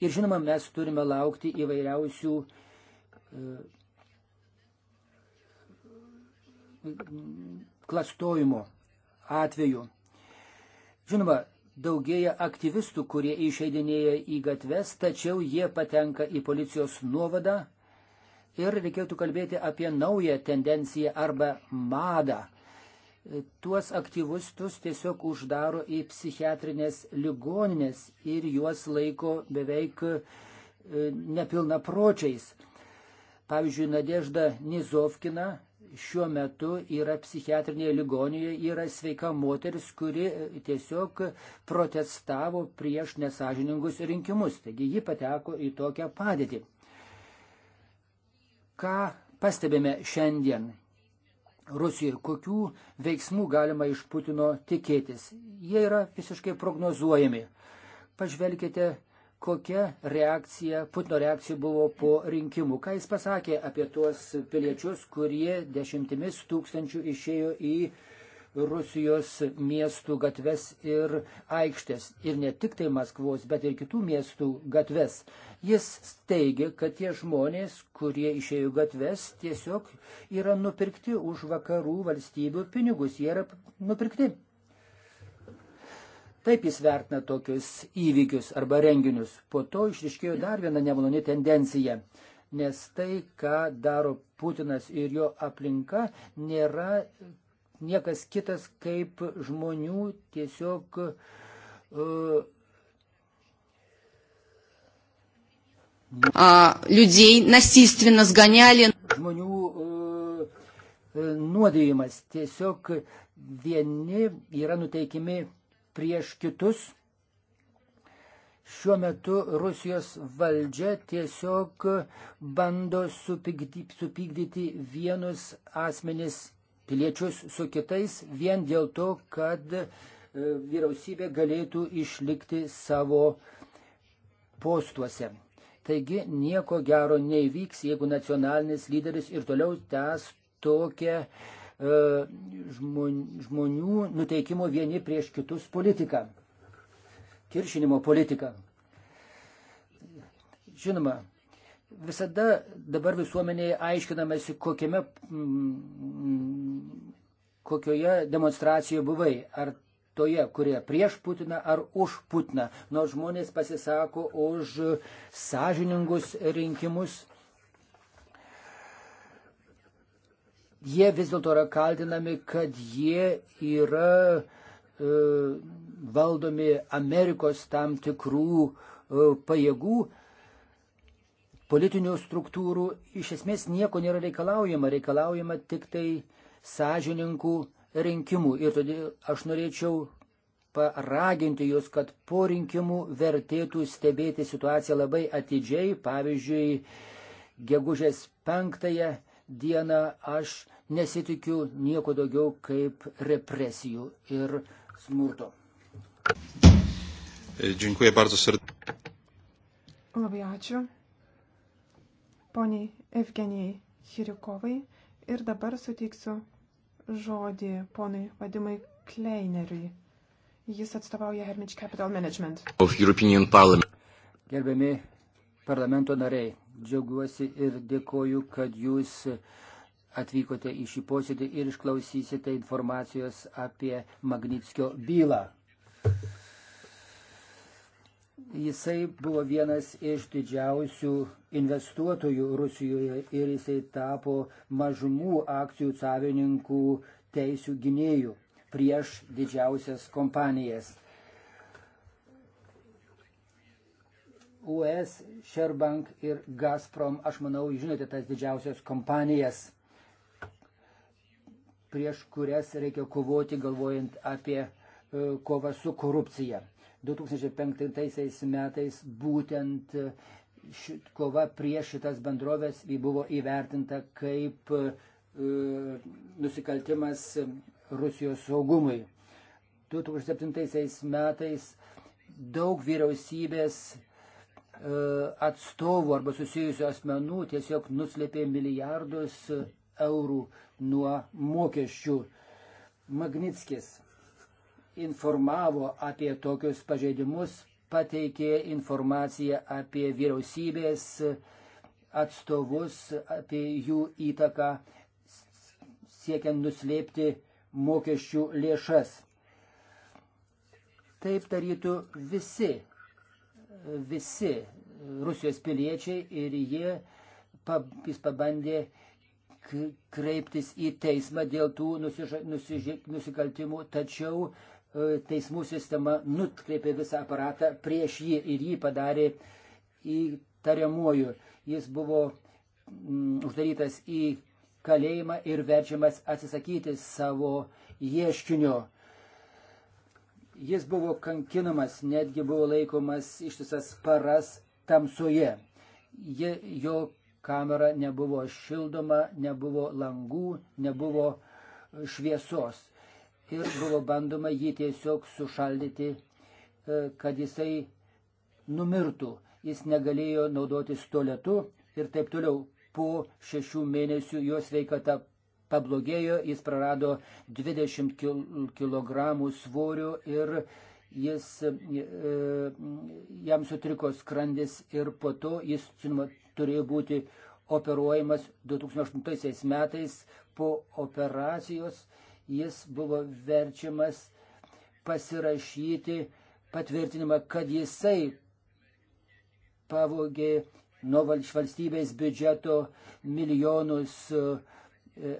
Ir žinoma, mes turime laukti įvairiausių e, klastojimo atveju. Žinoma, daugėja aktyvistų, kurie išeidinėja į gatves, tačiau jie patenka į policijos nuovadą ir reikėtų kalbėti apie naują tendenciją arba madą tuos aktyvistus tiesiog uždaro į psichiatrinės ligoninės ir juos laiko beveik e, nepilnapročiais. Pavyzdžiui, Nadežda Nizovkina šiuo metu yra psichiatrinėje ligoninėje, yra sveika moteris, kuri e, tiesiog protestavo prieš nesažiningus rinkimus. Taigi ji pateko į tokią padėtį. Ką pastebime šiandien? Rusijoje, kokių veiksmų galima iš Putino tikėtis. Jie yra visiškai prognozuojami. Pažvelkite, kokia reakcija, Putino reakcija buvo po rinkimų. Ką jis pasakė apie tuos piliečius, kurie dešimtimis tūkstančių išėjo į Rusijos miestų gatves ir aikštės. Ir ne tik tai Maskvos, bet ir kitų miestų gatves. Jis teigia, kad tie žmonės, kurie išėjo gatves, tiesiog yra nupirkti už vakarų valstybių pinigus. Jie yra nupirkti. Taip jis vertina tokius įvykius arba renginius. Po to išriškėjo dar viena nemaloni tendencija nes tai, ką daro Putinas ir jo aplinka, nėra niekas kitas kaip žmonių tiesiog uh, а, людей насильственно сгоняли. Žmonių, e, э, э, nuodėjimas tiesiog vieni yra nuteikimi prieš kitus. Šiuo metu Rusijos valdžia tiesiog bando supykdyti, supykdyti vienus asmenis piliečius su kitais vien dėl to, kad e, vyriausybė galėtų išlikti savo postuose. Taigi nieko gero neįvyks, jeigu nacionalinis lyderis ir toliau tęs tokią e, žmonių nuteikimo vieni prieš kitus politiką, kiršinimo politiką. Žinoma, visada dabar visuomenėje aiškinamasi, kokiame, kokioje demonstracijoje buvai. Ar toje, kurie prieš Putiną ar už Putiną. Nors žmonės pasisako už sąžiningus rinkimus. Jie vis dėlto yra kaltinami, kad jie yra e, valdomi Amerikos tam tikrų e, pajėgų, politinių struktūrų. Iš esmės nieko nėra reikalaujama, reikalaujama tik tai sąžininkų rinkimų ir todėl aš norėčiau paraginti jūs, kad po rinkimų vertėtų stebėti situaciją labai atidžiai. Pavyzdžiui, gegužės penktąją dieną aš nesitikiu nieko daugiau kaip represijų ir smurto. Dziękuję bardzo serdecznie. Labai ačiū. Poniai Evgenijai Hirikovai ir dabar suteiksiu žodį ponui Vadimui Kleineriui. Jis atstovauja Hermitage Capital Management. Gerbiami parlamento nariai, džiaugiuosi ir dėkoju, kad jūs atvykote į šį posėdį ir išklausysite informacijos apie Magnitskio bylą. Jisai buvo vienas iš didžiausių investuotojų Rusijoje ir jisai tapo mažumų akcijų savininkų teisių gynėjų prieš didžiausias kompanijas. US, Sherbank ir Gazprom, aš manau, žinote tas didžiausias kompanijas, prieš kurias reikia kovoti, galvojant apie e, kovą su korupcija. 2005 metais būtent e, šit, kova prieš šitas bendrovės buvo įvertinta kaip e, nusikaltimas Rusijos saugumui. 2007 metais daug vyriausybės e, atstovų arba susijusių asmenų tiesiog nuslėpė milijardus eurų nuo mokesčių. Magnitskis informavo apie tokius pažeidimus, pateikė informaciją apie vyriausybės atstovus, apie jų įtaką siekiant nuslėpti mokesčių lėšas. Taip darytų visi, visi Rusijos piliečiai ir jie jis pabandė kreiptis į teismą dėl tų nusiž... Nusiž... nusikaltimų, tačiau E, teismų sistema nutkreipė visą aparatą prieš jį ir jį padarė įtariamuoju. Jis buvo mm, uždarytas į kalėjimą ir verčiamas atsisakyti savo ieškinio. Jis buvo kankinamas, netgi buvo laikomas ištisas paras tamsoje. Je, jo kamera nebuvo šildoma, nebuvo langų, nebuvo šviesos ir buvo bandoma jį tiesiog sušaldyti, e, kad jisai numirtų. Jis negalėjo naudotis tualetu ir taip toliau. Po šešių mėnesių jo sveikata pablogėjo, jis prarado 20 kg svorio ir jis, e, jam sutriko skrandis ir po to jis žinoma, turėjo būti operuojamas 2008 metais po operacijos jis buvo verčiamas pasirašyti patvirtinimą, kad jisai pavogė nuo valstybės biudžeto milijonus e, e,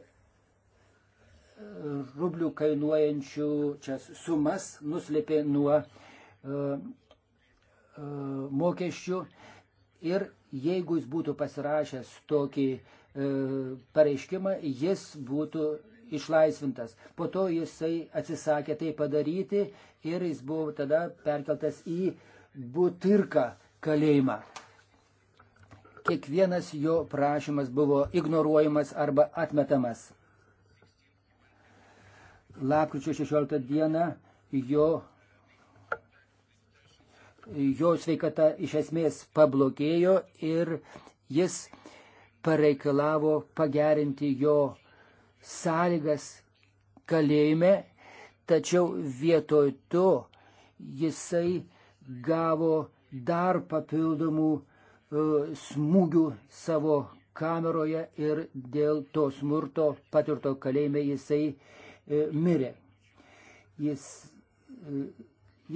rublių kainuojančių čia sumas, nuslėpė nuo uh, uh, mokesčių. Ir jeigu jis būtų pasirašęs tokį e, pareiškimą, jis būtų išlaisvintas. Po to jisai atsisakė tai padaryti ir jis buvo tada perkeltas į Butirką kalėjimą. Kiekvienas jo prašymas buvo ignoruojamas arba atmetamas. Lapkričio 16 dieną jo, jo sveikata iš esmės pablogėjo ir jis pareikalavo pagerinti jo sąlygas kalėjime, tačiau vietoj to jisai gavo dar papildomų e, smūgių savo kameroje ir dėl to smurto patirto kalėjime jisai e, mirė. Jis, e,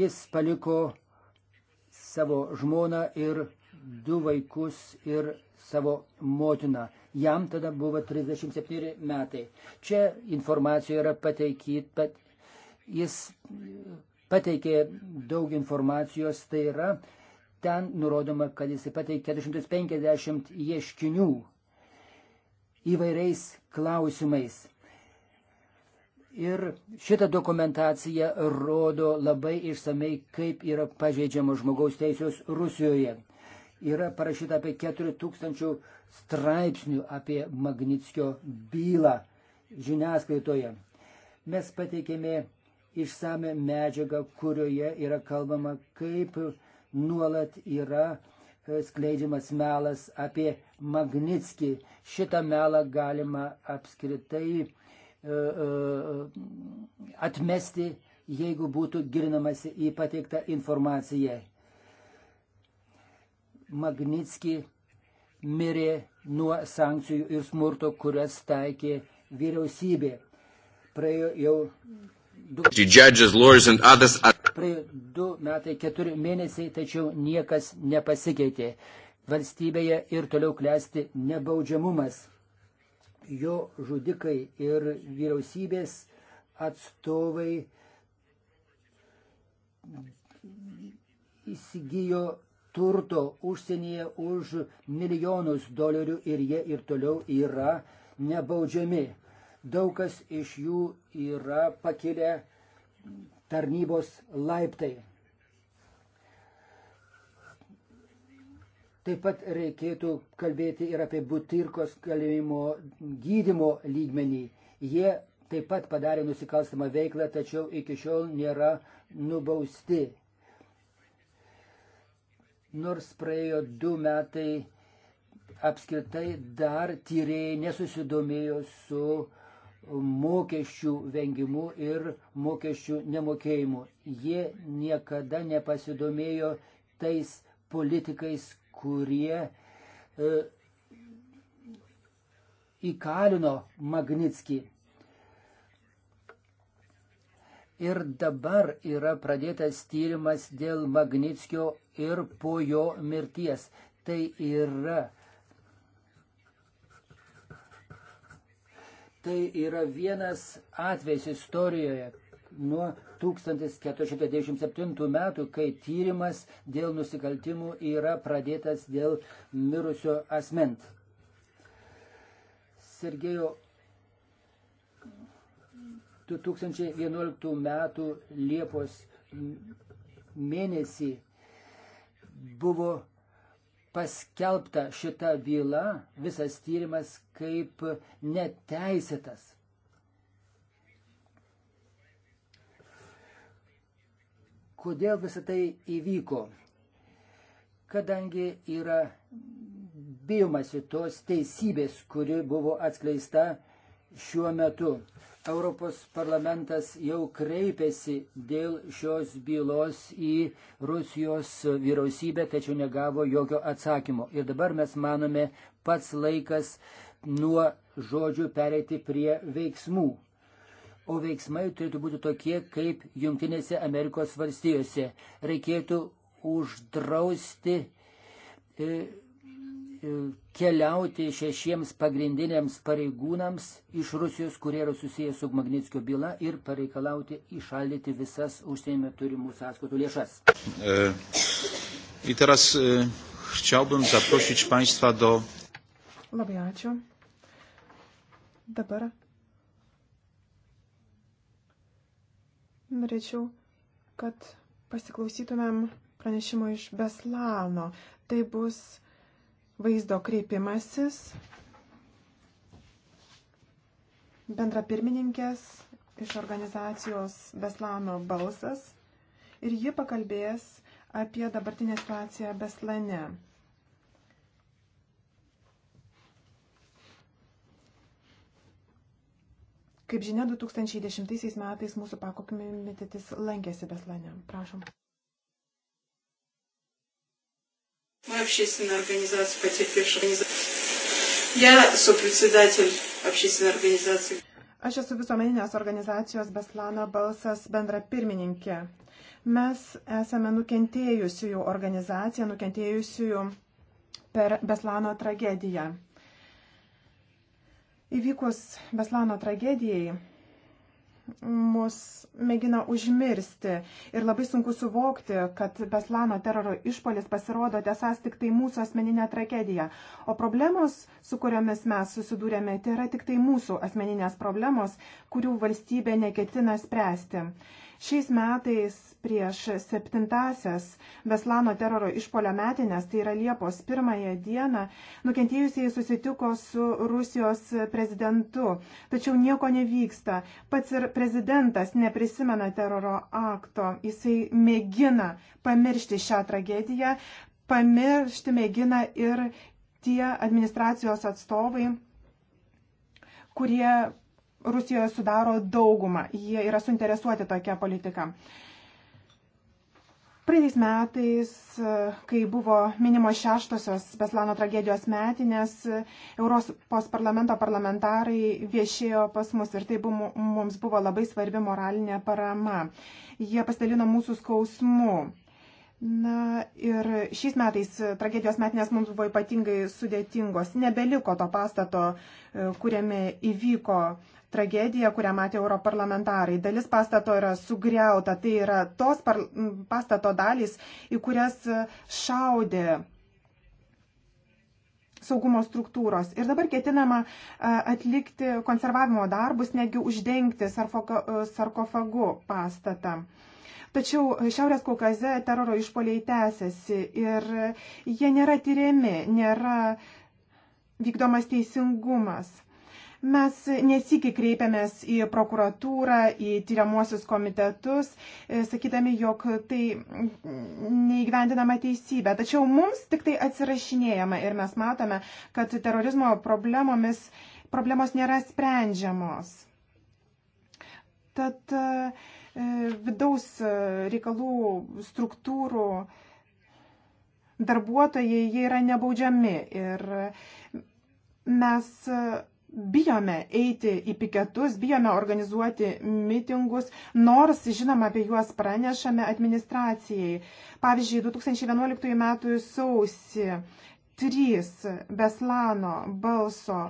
jis paliko savo žmoną ir du vaikus ir savo motiną. Jam tada buvo 37 metai. Čia informacija yra pateikyta, bet jis pateikė daug informacijos, tai yra ten nurodoma, kad jis pateikė 450 ieškinių įvairiais klausimais. Ir šita dokumentacija rodo labai išsamei, kaip yra pažeidžiamos žmogaus teisės Rusijoje yra parašyta apie 4000 straipsnių apie Magnitskio bylą žiniasklaidoje. Mes pateikėme išsame medžiagą, kurioje yra kalbama, kaip nuolat yra e, skleidžiamas melas apie Magnitskį. Šitą melą galima apskritai e, e, atmesti, jeigu būtų girinamasi į pateiktą informaciją. Magnitski mirė nuo sankcijų ir smurto, kurias taikė vyriausybė. Praėjo jau du, judges, others... praėjo du metai, keturi mėnesiai, tačiau niekas nepasikeitė. Valstybėje ir toliau klesti nebaudžiamumas. Jo žudikai ir vyriausybės atstovai įsigijo turto užsienyje už milijonus dolerių ir jie ir toliau yra nebaudžiami. Daug kas iš jų yra pakilę tarnybos laiptai. Taip pat reikėtų kalbėti ir apie butirkos kalėjimo gydimo lygmenį. Jie taip pat padarė nusikalstamą veiklą, tačiau iki šiol nėra nubausti nors praėjo du metai, apskritai dar tyrėjai nesusidomėjo su mokesčių vengimu ir mokesčių nemokėjimu. Jie niekada nepasidomėjo tais politikais, kurie e, įkalino Magnitskį. Ir dabar yra pradėtas tyrimas dėl Magnitskio ir po jo mirties. Tai yra Tai yra vienas atvejs istorijoje nuo 1497 metų, kai tyrimas dėl nusikaltimų yra pradėtas dėl mirusio asment. Sergejo 2011 m. Liepos mėnesį buvo paskelbta šita byla, visas tyrimas kaip neteisėtas. Kodėl visą tai įvyko? Kadangi yra bijomasi tos teisybės, kuri buvo atskleista šiuo metu. Europos parlamentas jau kreipėsi dėl šios bylos į Rusijos vyriausybę, tačiau negavo jokio atsakymo. Ir dabar mes manome pats laikas nuo žodžių pereiti prie veiksmų. O veiksmai turėtų būti tokie, kaip Junktinėse Amerikos valstijose. Reikėtų uždrausti. E, keliauti šešiems pagrindiniams pareigūnams iš Rusijos, kurie yra susijęs su Magnitskio byla ir pareikalauti išaldyti visas užsienio turimų sąskaitų lėšas. E, I teraz e, chciałbym zaprosić Państwa do. Labai ačiū. Dabar norėčiau, kad pasiklausytumėm pranešimo iš Beslano. Tai bus vaizdo kreipimasis bendra pirmininkės iš organizacijos Beslano balsas ir ji pakalbės apie dabartinę situaciją Beslane. Kaip žinia, 2010 metais mūsų pakokomitetis lankėsi Beslane. Prašom. Всемирная общественная организация потерпевших. Я сопредседатель общественной organizācija. Aš esu visuomeninės organizacijos Beslano balsas bendra pirmininkė. Mes esame nukentėjusiųjų organizacija, nukentėjusiųjų per Beslano tragediją. Įvykus Beslano tragedijai, mus mėgina užmirsti. Ir labai sunku suvokti, kad Beslano teroro išpolis pasirodo tiesas tik tai mūsų asmeninė tragedija. O problemos, su kuriomis mes susidūrėme, tai yra tik tai mūsų asmeninės problemos, kurių valstybė neketina spręsti. Šiais metais prieš septintasias Veslano teroro išpolio metinės, tai yra Liepos pirmąją dieną, nukentėjusiai susitiko su Rusijos prezidentu. Tačiau nieko nevyksta. Pats ir prezidentas neprisimena teroro akto. Jisai mėgina pamiršti šią tragediją, pamiršti mėgina ir tie administracijos atstovai kurie Rusijoje sudaro daugumą. Jie yra suinteresuoti tokia politika. Praeitais metais, kai buvo minimos šeštosios Beslano tragedijos metinės, Europos parlamento parlamentarai viešėjo pas mus ir tai buvo, mums buvo labai svarbi moralinė parama. Jie pasidalino mūsų skausmu. Na ir šiais metais tragedijos metinės mums buvo ypatingai sudėtingos. Nebeliko to pastato, kuriame įvyko tragediją, kurią matė europarlamentarai. Dalis pastato yra sugriauta, tai yra tos par, pastato dalys, į kurias šaudė saugumo struktūros. Ir dabar ketinama atlikti konservavimo darbus, netgi uždengti sarkofagu pastatą. Tačiau Šiaurės Kaukaze teroro išpoliai tęsiasi ir jie nėra tyriami, nėra vykdomas teisingumas. Mes nesikį kreipiamės į prokuratūrą, į tyriamuosius komitetus, e, sakydami, jog tai neįgyvendinama teisybė. Tačiau mums tik tai atsirašinėjama ir mes matome, kad terorizmo problemomis problemos nėra sprendžiamos. Tad e, vidaus reikalų struktūrų darbuotojai jie yra nebaudžiami ir mes bijome eiti į piketus, bijome organizuoti mitingus, nors, žinoma, apie juos pranešame administracijai. Pavyzdžiui, 2011 m. sausį trys Beslano balso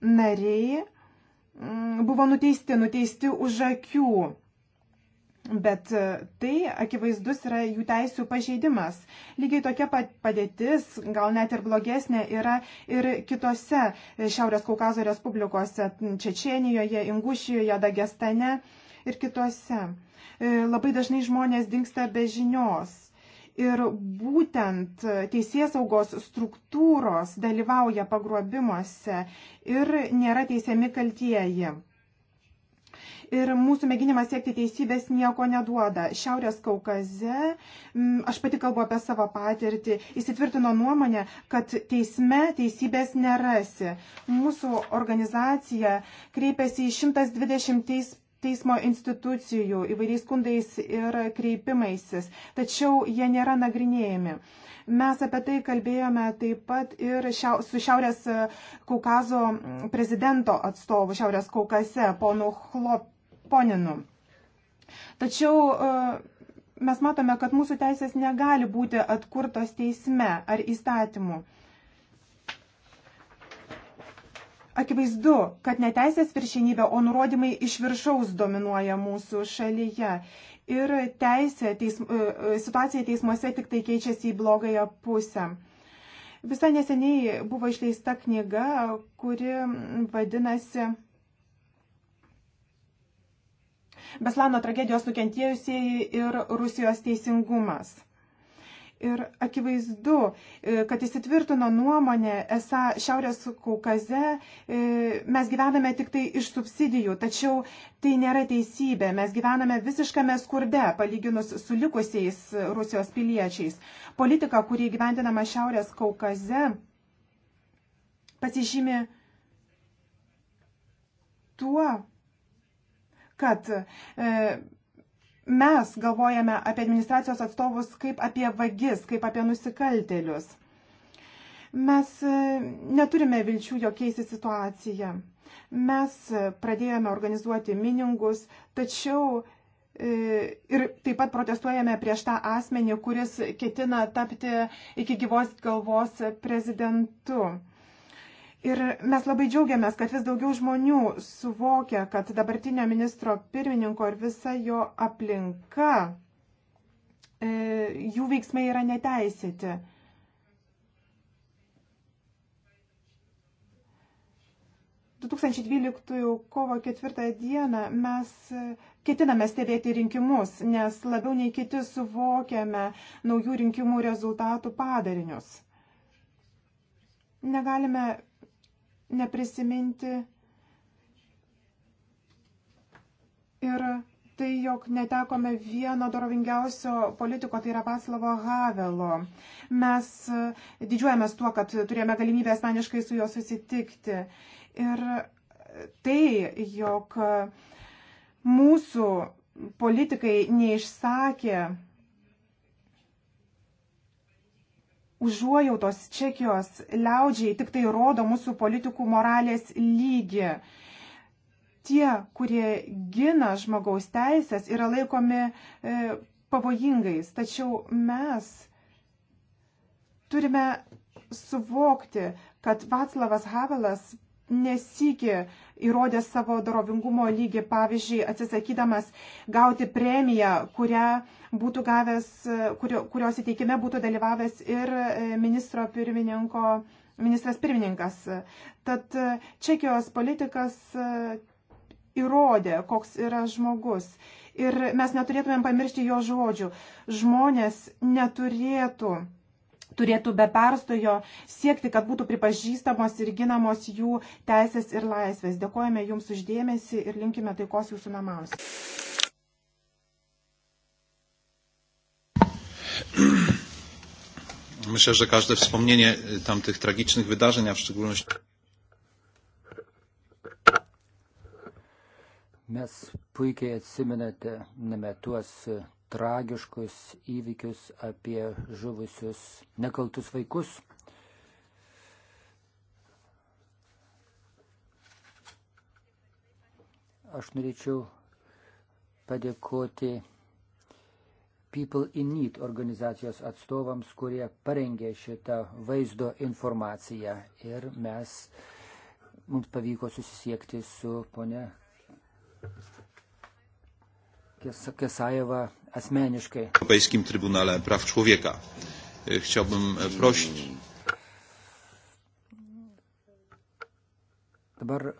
nariai mm, buvo nuteisti, nuteisti už akių. Bet e, tai akivaizdus yra jų teisų pažeidimas. Lygiai tokia padėtis, gal net ir blogesnė, yra ir kitose e, Šiaurės Kaukazo Respublikose - Čečienijoje, Ingušijoje, Dagestane ir kitose. E, labai dažnai žmonės dinksta be žinios. Ir būtent teisėsaugos struktūros dalyvauja pagrobimuose ir nėra teisiami kaltieji ir mūsų mėginimas siekti teisybės nieko neduoda. Šiaurės Kaukaze, mm, aš pati kalbu apie savo patirtį, įsitvirtino nuomonę, kad teisme teisybės nerasi. Mūsų organizacija kreipėsi į 120 teis, teismo institucijų įvairiais skundais ir kreipimaisis, tačiau jie nėra nagrinėjami. Mes apie tai kalbėjome taip pat ir šia, su Šiaurės Kaukazo mm, prezidento atstovu Šiaurės Kaukase, ponu Chlop, Poninu. Tačiau e, mes matome, kad mūsų teisės negali būti atkurtos teisme ar įstatymu. Akivaizdu, kad ne teisės viršinybė, o nurodymai iš viršaus dominuoja mūsų šalyje. Ir teisė, teism, e, e, situacija teismuose tik tai keičiasi į blogąją pusę. Visai neseniai buvo išleista knyga, kuri vadinasi Beslano tragedijos nukentėjusieji ir Rusijos teisingumas. Ir akivaizdu, e, kad įsitvirtino nuomonė, esą Šiaurės Kaukaze e, mes gyvename tik tai iš subsidijų, tačiau tai nėra teisybė. Mes gyvename visiškame skurde, palyginus su likusiais Rusijos piliečiais. Politika, kurį gyventinama Šiaurės Kaukaze, pasižymi tuo, kad e, mes galvojame apie administracijos atstovus kaip apie vagis, kaip apie nusikaltelius. Mes e, neturime vilčių jokiais situacija. Mes pradėjome organizuoti miningus, tačiau e, ir taip pat protestuojame prieš tą asmenį, kuris ketina tapti iki gyvos galvos prezidentu. Ir mes labai džiaugiamės, kad vis daugiau žmonių suvokia, kad dabartinio ministro pirmininko ir visa jo aplinka, e, jų veiksmai yra neteisėti. kovo 4 dieną mes ketiname stebėti rinkimus, nes labiau nei kiti suvokiame naujų rinkimų rezultatų padarinius. Negalime neprisiminti ir tai, jog netekome vieno dorovingiausio politiko, tai yra Vaslavo Havelo. Mes e, didžiuojamės tuo, kad turėjome galimybę asmeniškai su juo susitikti. Ir tai, jog e, mūsų politikai neišsakė užuojautos Čekijos liaudžiai tik tai rodo mūsų politikų moralės lygį. Tie, kurie gina žmogaus teisės, yra laikomi e, pavojingais. Tačiau mes turime suvokti, kad Vaclavas Havelas nesikė įrodė savo dorovingumo lygį, pavyzdžiui, atsisakydamas gauti premiją, kurią būtų gavęs, kurio, kurios įteikime būtų dalyvavęs ir e, ministro pirmininko, ministras pirmininkas. Tad e, Čekijos politikas e, įrodė, koks yra žmogus. Ir mes neturėtumėm pamiršti jo žodžių. Žmonės neturėtų turėtų be perstojo siekti, kad būtų pripažįstamos ir ginamos jų teisės ir laisvės. Dėkojame Jums uždėmesi ir linkime taikos Jūsų namams. myślę, że każde wspomnienie tamtych tragicznych wydarzeń, a w szczególności. Mes puikiai atsimenate name tuos tragiškus įvykius apie žuvusius nekaltus vaikus. Aš norėčiau padėkoti People in Need organizacijos atstovams, kurie parengė šitą vaizdo informaciją ir mes, mums pavyko susisiekti su ponia Kesajeva asmeniškai. Europejskim Trybunale Praw Człowieka. E, chciałbym e, prosić. Dabar e,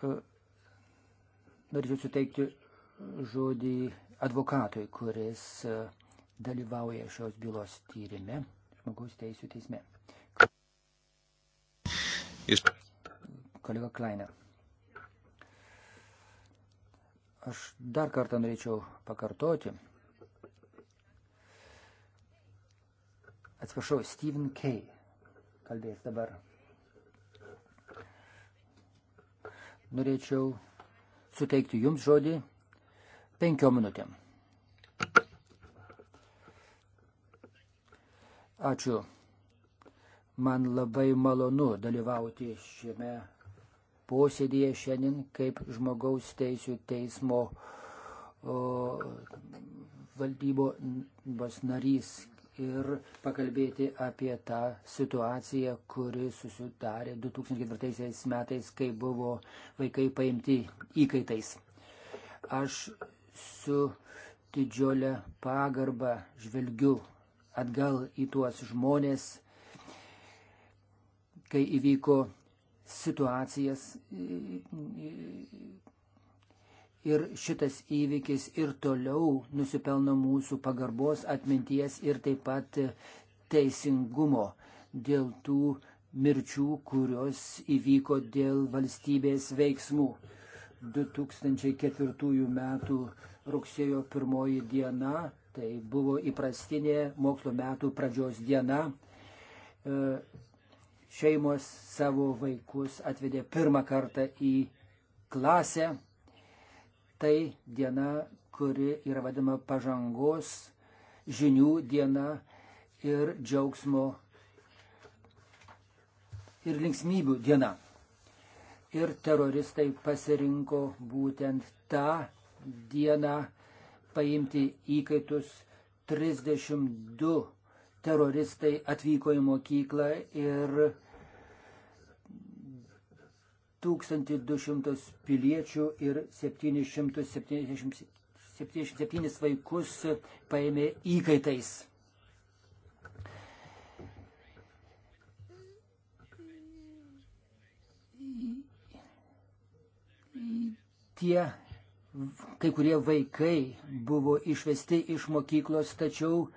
norėčiau suteikti žodį advokatui, kuris uh, dalyvauja šios bylos tyrime žmogaus teisų teisme. Jis. Kolega Kleina. Aš dar kartą norėčiau pakartoti. Atsiprašau, Stephen Kay kalbės dabar. Norėčiau suteikti jums žodį penkiom minutėm. Ačiū. Man labai malonu dalyvauti šiame posėdėje šiandien kaip žmogaus teisų teismo o, valdybos narys ir pakalbėti apie tą situaciją, kuri susidarė 2004 metais, kai buvo vaikai paimti įkaitais. Aš su didžiulė pagarba žvelgiu atgal į tuos žmonės, kai įvyko situacijas. Ir šitas įvykis ir toliau nusipelno mūsų pagarbos, atminties ir taip pat teisingumo dėl tų mirčių, kurios įvyko dėl valstybės veiksmų. 2004 m. rugsėjo 1 diena Tai buvo įprastinė mokslo metų pradžios diena. E, šeimos savo vaikus atvedė pirmą kartą į klasę. Tai diena, kuri yra vadinama pažangos žinių diena ir džiaugsmo ir linksmybių diena. Ir teroristai pasirinko būtent tą dieną paimti įkaitus 32 teroristai atvyko į mokyklą ir 1200 piliečių ir 777 vaikus paėmė įkaitais. Tie kai kurie vaikai buvo išvesti iš mokyklos, tačiau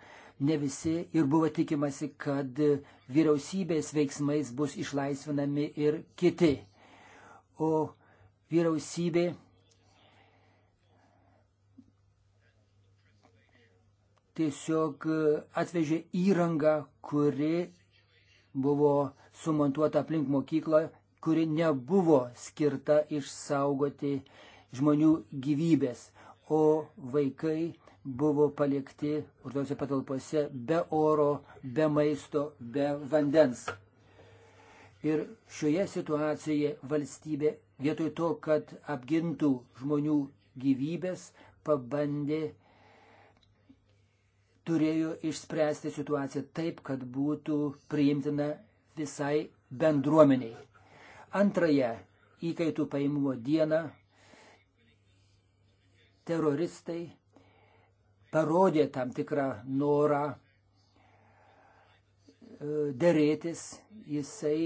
ne visi ir buvo tikimasi, kad vyriausybės veiksmais bus išlaisvinami ir kiti. O vyriausybė tiesiog atvežė įrangą, kuri buvo sumontuota aplink mokyklą, kuri nebuvo skirta išsaugoti uh, žmonių gyvybės, o vaikai buvo palikti urtose patalpose be oro, be maisto, be vandens. Ir šioje situacijoje valstybė vietoj to, kad apgintų žmonių gyvybės, pabandė turėjo išspręsti situaciją taip, kad būtų priimtina visai bendruomeniai. Antrąją įkaitų paimimo dieną teroristai parodė tam tikrą norą e, dėrėtis, jisai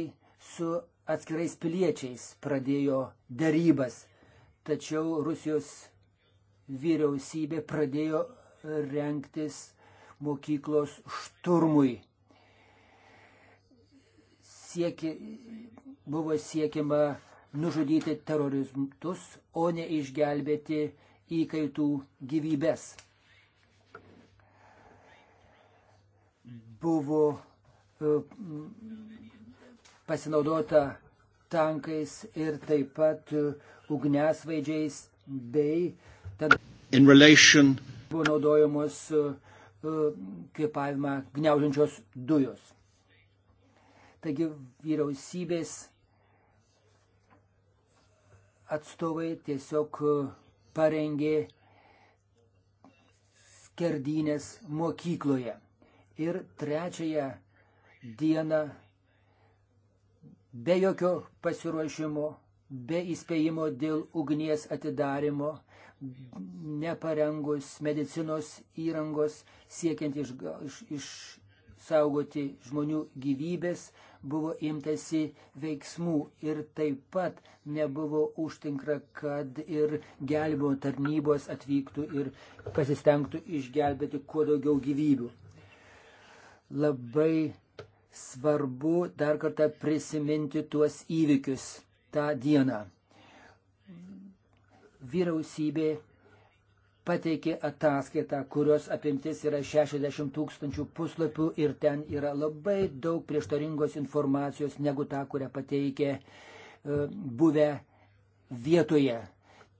su atskirais piliečiais pradėjo dėrybas. Tačiau Rusijos vyriausybė pradėjo renktis mokyklos šturmui. Sieki, buvo siekiama nužudyti teroristus, o ne išgelbėti įkaitų gyvybės. Buvo e, pasinaudota tankais ir taip pat e, ugnesvaidžiais bei tada buvo naudojamos e, kvepavimą gniaužinčios dujos. Taigi vyriausybės atstovai tiesiog parengė skerdynės mokykloje. Ir trečiąją dieną be jokio pasiruošimo, be įspėjimo dėl ugnies atidarimo, neparengus medicinos įrangos siekiant iš, iš, iš, saugoti žmonių gyvybės, buvo imtasi veiksmų ir taip pat nebuvo užtinkra, kad ir gelbimo tarnybos atvyktų ir pasistengtų išgelbėti kuo daugiau gyvybių. Labai svarbu dar kartą prisiminti tuos įvykius tą dieną. Vyriausybė pateikė ataskaitą, kurios apimtis yra 60 tūkstančių puslapių ir ten yra labai daug prieštaringos informacijos negu ta, kurią pateikė e, buvę vietoje.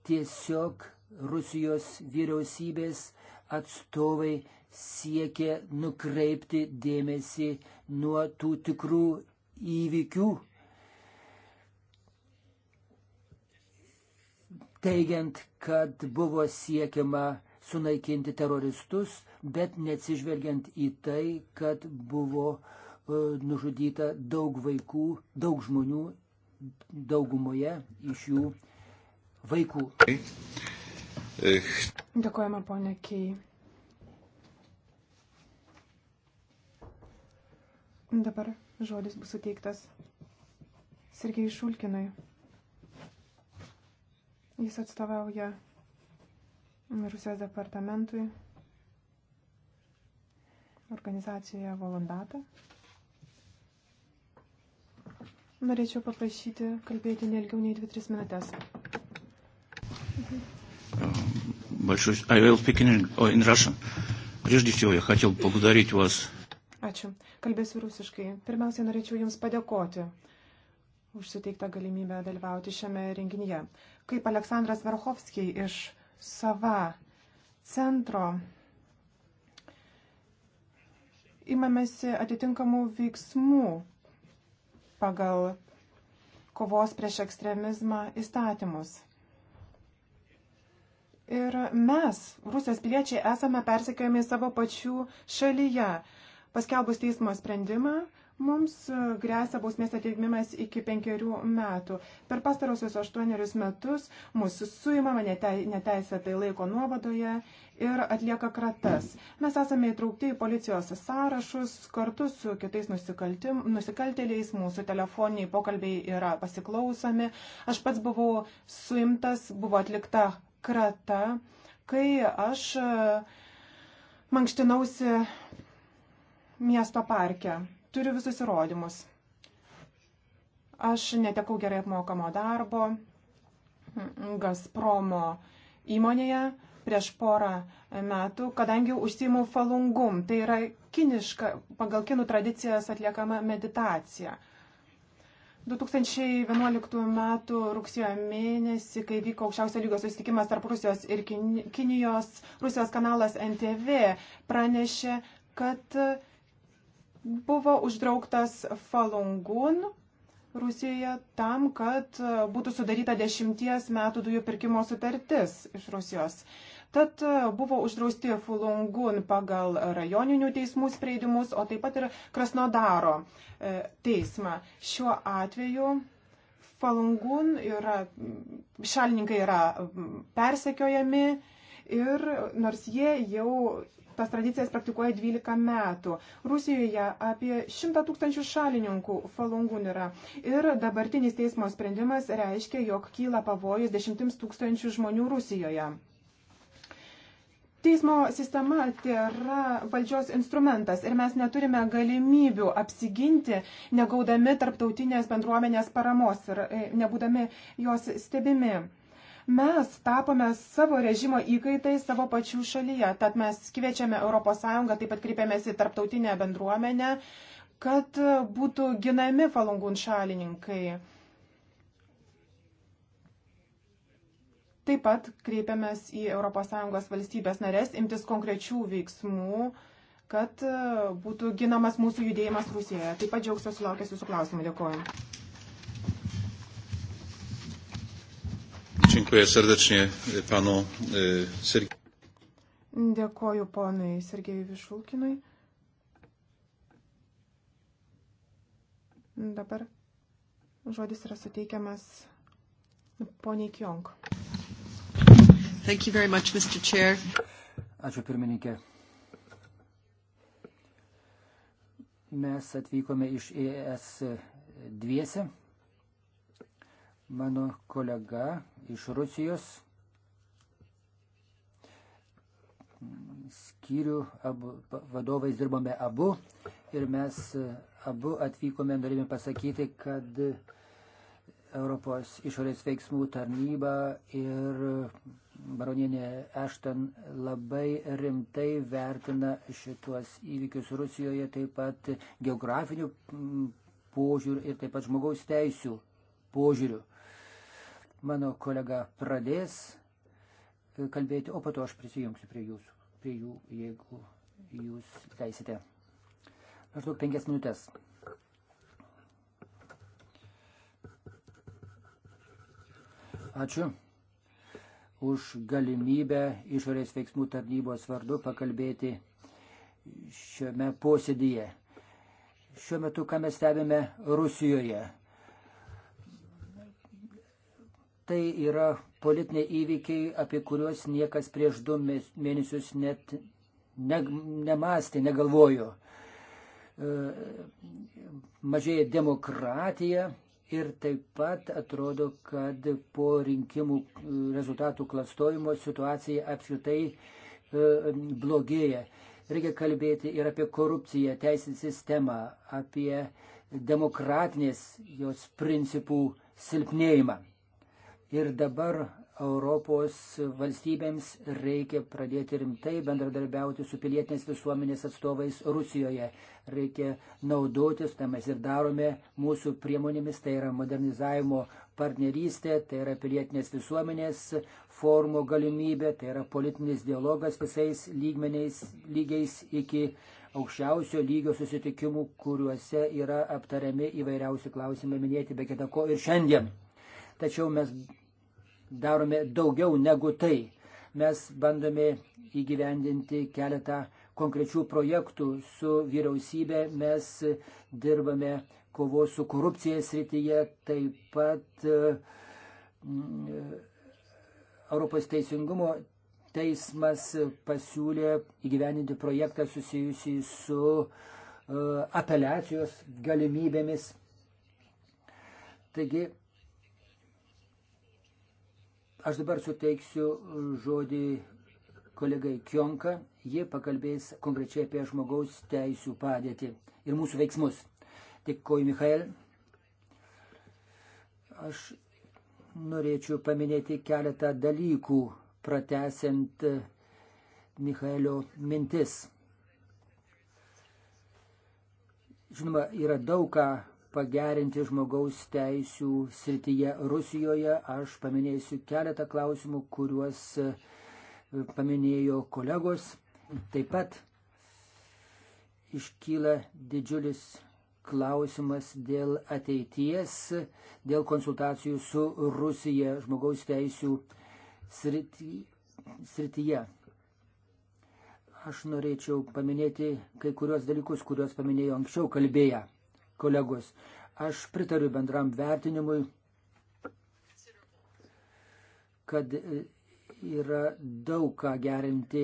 Tiesiog Rusijos vyriausybės atstovai siekė nukreipti dėmesį nuo tų tikrų įvykių teigiant, kad buvo siekiama sunaikinti teroristus, bet neatsižvelgiant į tai, kad buvo uh, nužudyta daug vaikų, daug žmonių, daugumoje iš jų vaikų. Dėkojame, ponė Kei. Dabar žodis bus suteiktas Sergejai Šulkinai. Jis atstovauja Rusijos departamentui organizacijoje Volondata. Norėčiau paprašyti kalbėti nelgiau nei 2-3 minutės. Um, большой, I will speak in, oh, in Russian. Прежде всего, я хотел поблагодарить вас. Ačiū. Kalbėsiu rusiškai. Pirmiausia, norėčiau Jums padėkoti už suteiktą galimybę dalyvauti šiame renginyje. Kaip Aleksandras Verhovskis iš Sava centro imamėsi atitinkamų veiksmų pagal kovos prieš ekstremizmą įstatymus. Ir mes, Rusijos piliečiai, esame persekiojami savo pačių šalyje. Paskelbus teismo sprendimą, Mums e, grėsia bausmės atėmimas iki penkerių metų. Per pastarosius aštuonerius metus mūsų suimama neteisėtai laiko nuovadoje ir atlieka kratas. Mes esame įtraukti į policijos sąrašus kartu su kitais nusikaltėliais, mūsų telefoniniai pokalbiai yra pasiklausomi. Aš pats buvau suimtas, buvo atlikta krata, kai aš e, mankštinausi miesto parke. Turiu visus įrodymus. Aš netekau gerai apmokamo darbo Gazpromo įmonėje prieš porą metų, kadangi užsimu falungum, tai yra kiniška, pagal kinų tradicijas atliekama meditacija. 2011 m. rugsėjo mėnesį, kai vyko aukščiausio lygio susitikimas tarp Rusijos ir Kinijos, Rusijos kanalas NTV pranešė, kad buvo uždrauktas Falungun Rusijoje tam, kad e, būtų sudaryta dešimties metų dujų pirkimo sutartis iš Rusijos. Tad e, buvo uždrausti Fulungun pagal rajoninių teismų sprendimus, o taip pat ir Krasnodaro e, teismą. Šiuo atveju Falungun yra, šalininkai yra persekiojami ir nors jie jau tas tradicijas praktikuoja 12 metų. Rusijoje apie 100 tūkstančių šalininkų falungun yra. Ir dabartinis teismo sprendimas reiškia, jog kyla pavojus dešimtims tūkstančių žmonių Rusijoje. Teismo sistema tai yra valdžios instrumentas ir mes neturime galimybių apsiginti, negaudami tarptautinės bendruomenės paramos ir e, nebūdami jos stebimi. Mes tapome savo režimo įkaitai savo pačių šalyje, tad mes kviečiame ES, taip pat kreipiamės į tarptautinę bendruomenę, kad būtų ginami falungun šalininkai. Taip pat kreipiamės į ES valstybės narės imtis konkrečių veiksmų kad būtų ginamas mūsų judėjimas Rusijoje. Taip pat džiaugsiuosi laukęs jūsų klausimų. Dėkuoju. Dziękuję serdecznie panu e, Sergiju. Dėkoju ponui Sergejui Višulkinui. Dabar žodis yra suteikiamas poniai Kjong. Thank you very much, Mr. Chair. Ačiū pirmininkė. Mes atvykome iš ES dviese Mano kolega iš Rusijos skyrių abu, vadovais dirbome abu ir mes abu atvykome, norime pasakyti, kad Europos išorės veiksmų tarnyba ir baronienė Ešton labai rimtai vertina šituos įvykius Rusijoje, taip pat geografinių požiūrių ir taip pat žmogaus teisių požiūrių. Mano kolega pradės e, kalbėti, o po to aš prisijungsiu prie jūsų, prie jų, jeigu jūs leisite. Maždaug penkias minutės. Ačiū už galimybę išorės veiksmų tarnybos vardu pakalbėti šiame posėdyje. Šiuo metu, ką mes stebime Rusijoje, Tai yra politiniai įvykiai, apie kuriuos niekas prieš du mėnesius net ne, nemastė, negalvojo. E, mažėja demokratija ir taip pat atrodo, kad po rinkimų e, rezultatų klastojimo situacija apskritai e, blogėja. Reikia kalbėti ir apie korupciją, teisinį sistemą, apie demokratinės jos principų silpnėjimą. Ir dabar Europos valstybėms reikia pradėti rimtai bendradarbiauti su pilietinės visuomenės atstovais Rusijoje. Reikia naudotis, tai mes ir darome mūsų priemonėmis, tai yra modernizavimo partnerystė, tai yra pilietinės visuomenės formų galimybė, tai yra politinis dialogas visais lygmeniais, lygiais iki aukščiausio lygio susitikimų, kuriuose yra aptariami įvairiausi klausimai minėti, be kita ko ir šiandien tačiau mes darome daugiau negu tai. Mes bandome įgyvendinti keletą konkrečių projektų su vyriausybė, mes dirbame kovos su korupcija srityje, taip pat e, mm, Europos teisingumo teismas pasiūlė įgyveninti projektą susijusį su e, apeliacijos galimybėmis. Taigi Aš dabar suteiksiu uh, žodį kolegai Kionka, jie pakalbės konkrečiai apie žmogaus teisų padėtį ir mūsų veiksmus. Dėkuoju, Michael. Aš norėčiau paminėti keletą dalykų, pratesiant uh, Michaelio mintis. Žinoma, yra daug ką pagerinti žmogaus teisų srityje Rusijoje. Aš paminėsiu keletą klausimų, kuriuos e, paminėjo kolegos. Taip pat iškyla didžiulis klausimas dėl ateities, dėl konsultacijų su Rusija žmogaus teisų srityje. Aš norėčiau paminėti kai kurios dalykus, kuriuos paminėjau anksčiau kalbėję kolegos. Aš pritariu bendram vertinimui, kad yra daug ką gerinti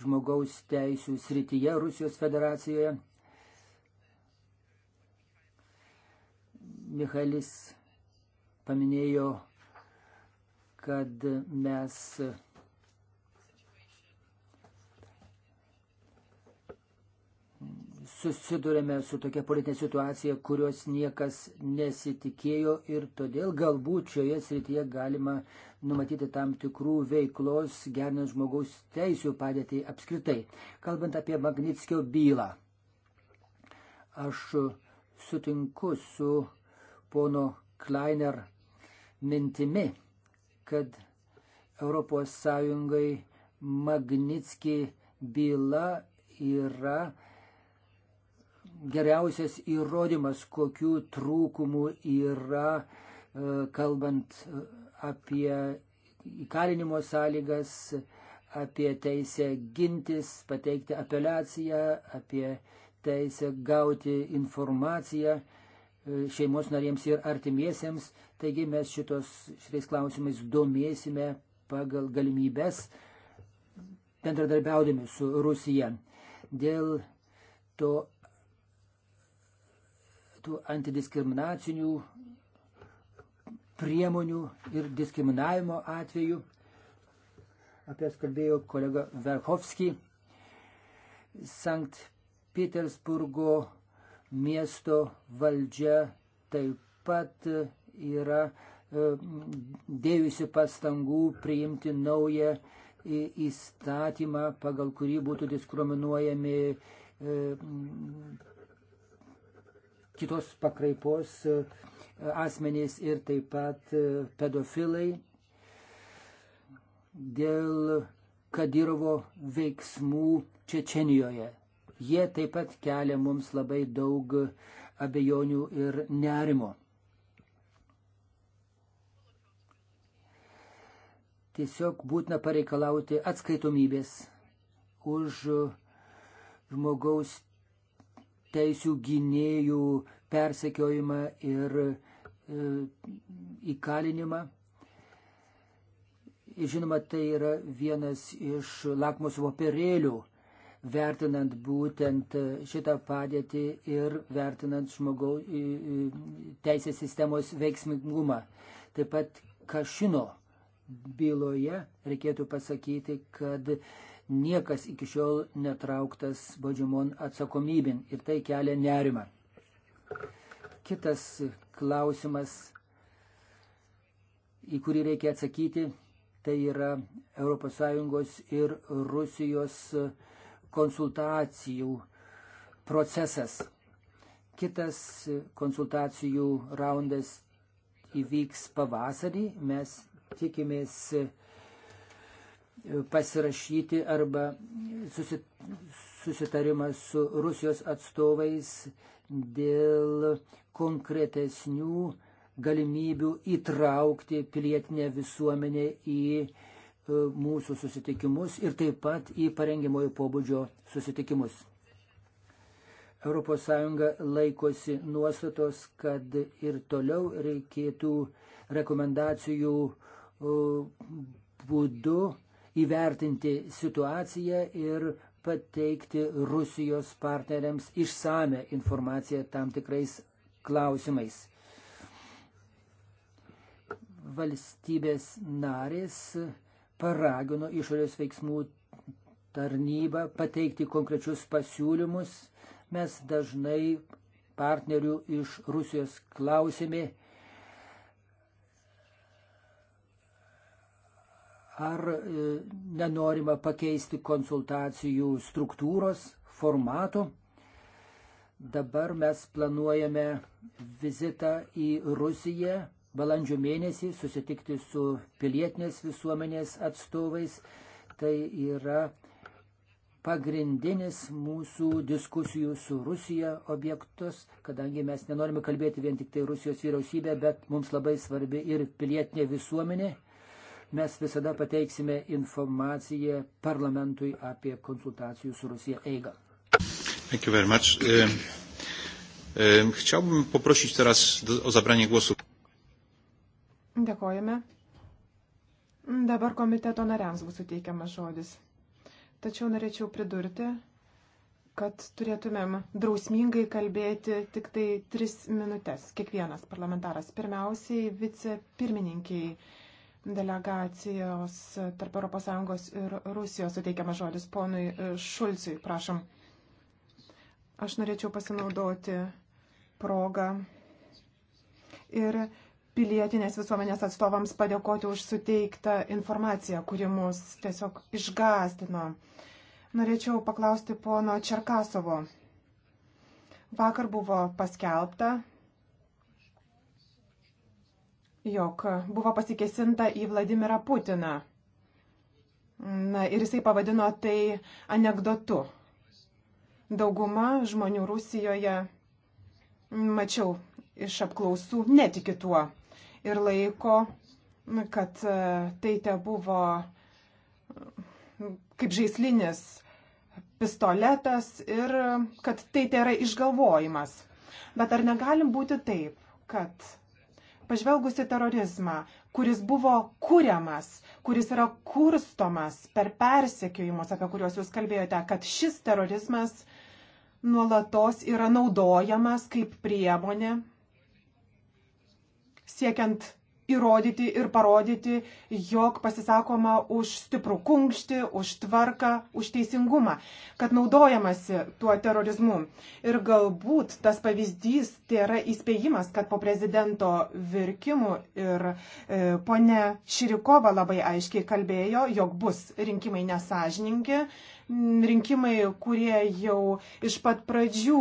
žmogaus teisų srityje Rusijos federacijoje. Michaelis paminėjo, kad mes susidurėme su tokia politinė situacija, kurios niekas nesitikėjo ir todėl galbūt šioje srityje galima numatyti tam tikrų veiklos gerinant žmogaus teisų padėtį apskritai. Kalbant apie Magnitskio bylą, aš sutinku su pono Kleiner mintimi, kad ES Magnitski byla yra geriausias įrodymas, kokių trūkumų yra, e, kalbant e, apie įkalinimo sąlygas, apie teisę gintis, pateikti apeliaciją, apie teisę gauti informaciją e, šeimos narėms ir artimiesiems. Taigi mes šitos, šitais klausimais domėsime pagal galimybės bendradarbiaudami su Rusija. Dėl to tų antidiskriminacinių priemonių ir diskriminavimo atveju. Apie jas kalbėjo kolega Verhovski. Sankt Petersburgo miesto valdžia taip pat yra e, dėjusi pastangų priimti naują įstatymą, pagal kurį būtų diskriminuojami e, kitos pakraipos e, asmenys ir taip pat e, pedofilai. Dėl Kadirovo veiksmų Čečenijoje. Jie taip pat kelia mums labai daug abejonių ir nerimo. Tiesiog būtina pareikalauti atskaitomybės už žmogaus teisų gynėjų persekiojimą ir e, įkalinimą. Žinoma, tai yra vienas iš lakmus popierėlių, vertinant būtent šitą padėtį ir vertinant žmogaus teisės sistemos veiksmingumą. Taip pat Kašino byloje reikėtų pasakyti, kad niekas iki šiol netrauktas baudžiamon atsakomybin ir tai kelia nerimą. Kitas klausimas, į kurį reikia atsakyti, tai yra ES ir Rusijos konsultacijų procesas. Kitas konsultacijų raundas įvyks pavasarį. Mes tikimės pasirašyti arba susitarimą su Rusijos atstovais dėl konkretesnių galimybių įtraukti pilietinę visuomenę į e, mūsų susitikimus ir taip pat į parengiamojo pobūdžio susitikimus. ES laikosi nuostatos, kad ir toliau reikėtų rekomendacijų e, būdu įvertinti situaciją ir pateikti Rusijos partneriams išsame informaciją tam tikrais klausimais. Valstybės narės paragino išorės veiksmų tarnybą pateikti konkrečius pasiūlymus. Mes dažnai partnerių iš Rusijos klausime, ar e, nenorima pakeisti konsultacijų struktūros, formato. Dabar mes planuojame vizitą į Rusiją balandžio mėnesį, susitikti su pilietinės visuomenės atstovais. Tai yra pagrindinis mūsų diskusijų su Rusija objektus, kadangi mes nenorime kalbėti vien tik tai Rusijos vyriausybė, bet mums labai svarbi ir pilietinė visuomenė Mes visada pateiksime informaciją parlamentui apie konsultacijų su Rusija eigą. Thank you very much. Um, um, chciałbym poprosić teraz do, o zabranie głosu. Dėkojame. Dabar komiteto nariams bus suteikiamas žodis. Tačiau norėčiau pridurti, kad turėtumėm drausmingai kalbėti tik tai tris minutės kiekvienas parlamentaras. Pirmiausiai vicepirmininkiai delegacijos tarp ES ir Rusijos suteikiamas žodis ponui Šulcijui. Prašom. Aš norėčiau pasinaudoti progą ir pilietinės visuomenės atstovams padėkoti už suteiktą informaciją, kuri mus tiesiog išgazdino. Norėčiau paklausti pono Čerkasovo. Vakar buvo paskelbta, jog buvo pasikesinta į Vladimirą Putiną. Na, ir jisai pavadino tai anegdotu. Dauguma žmonių Rusijoje, mačiau iš apklausų, netiki tuo ir laiko, kad e, tai te buvo kaip žaislinis pistoletas ir kad tai te yra išgalvojimas. Bet ar negali būti taip, kad pažvelgus į terorizmą, kuris buvo kuriamas, kuris yra kurstomas per persekiojimus, apie kuriuos jūs kalbėjote, kad šis terorizmas nuolatos yra naudojamas kaip priemonė siekiant įrodyti ir parodyti, jog pasisakoma už stiprų kungštį, už tvarką, už teisingumą, kad naudojamasi tuo terorizmu. Ir galbūt tas pavyzdys tai yra įspėjimas, kad po prezidento virkimų ir e, ponė Širikova labai aiškiai kalbėjo, jog bus rinkimai nesažiningi, rinkimai, kurie jau iš pat pradžių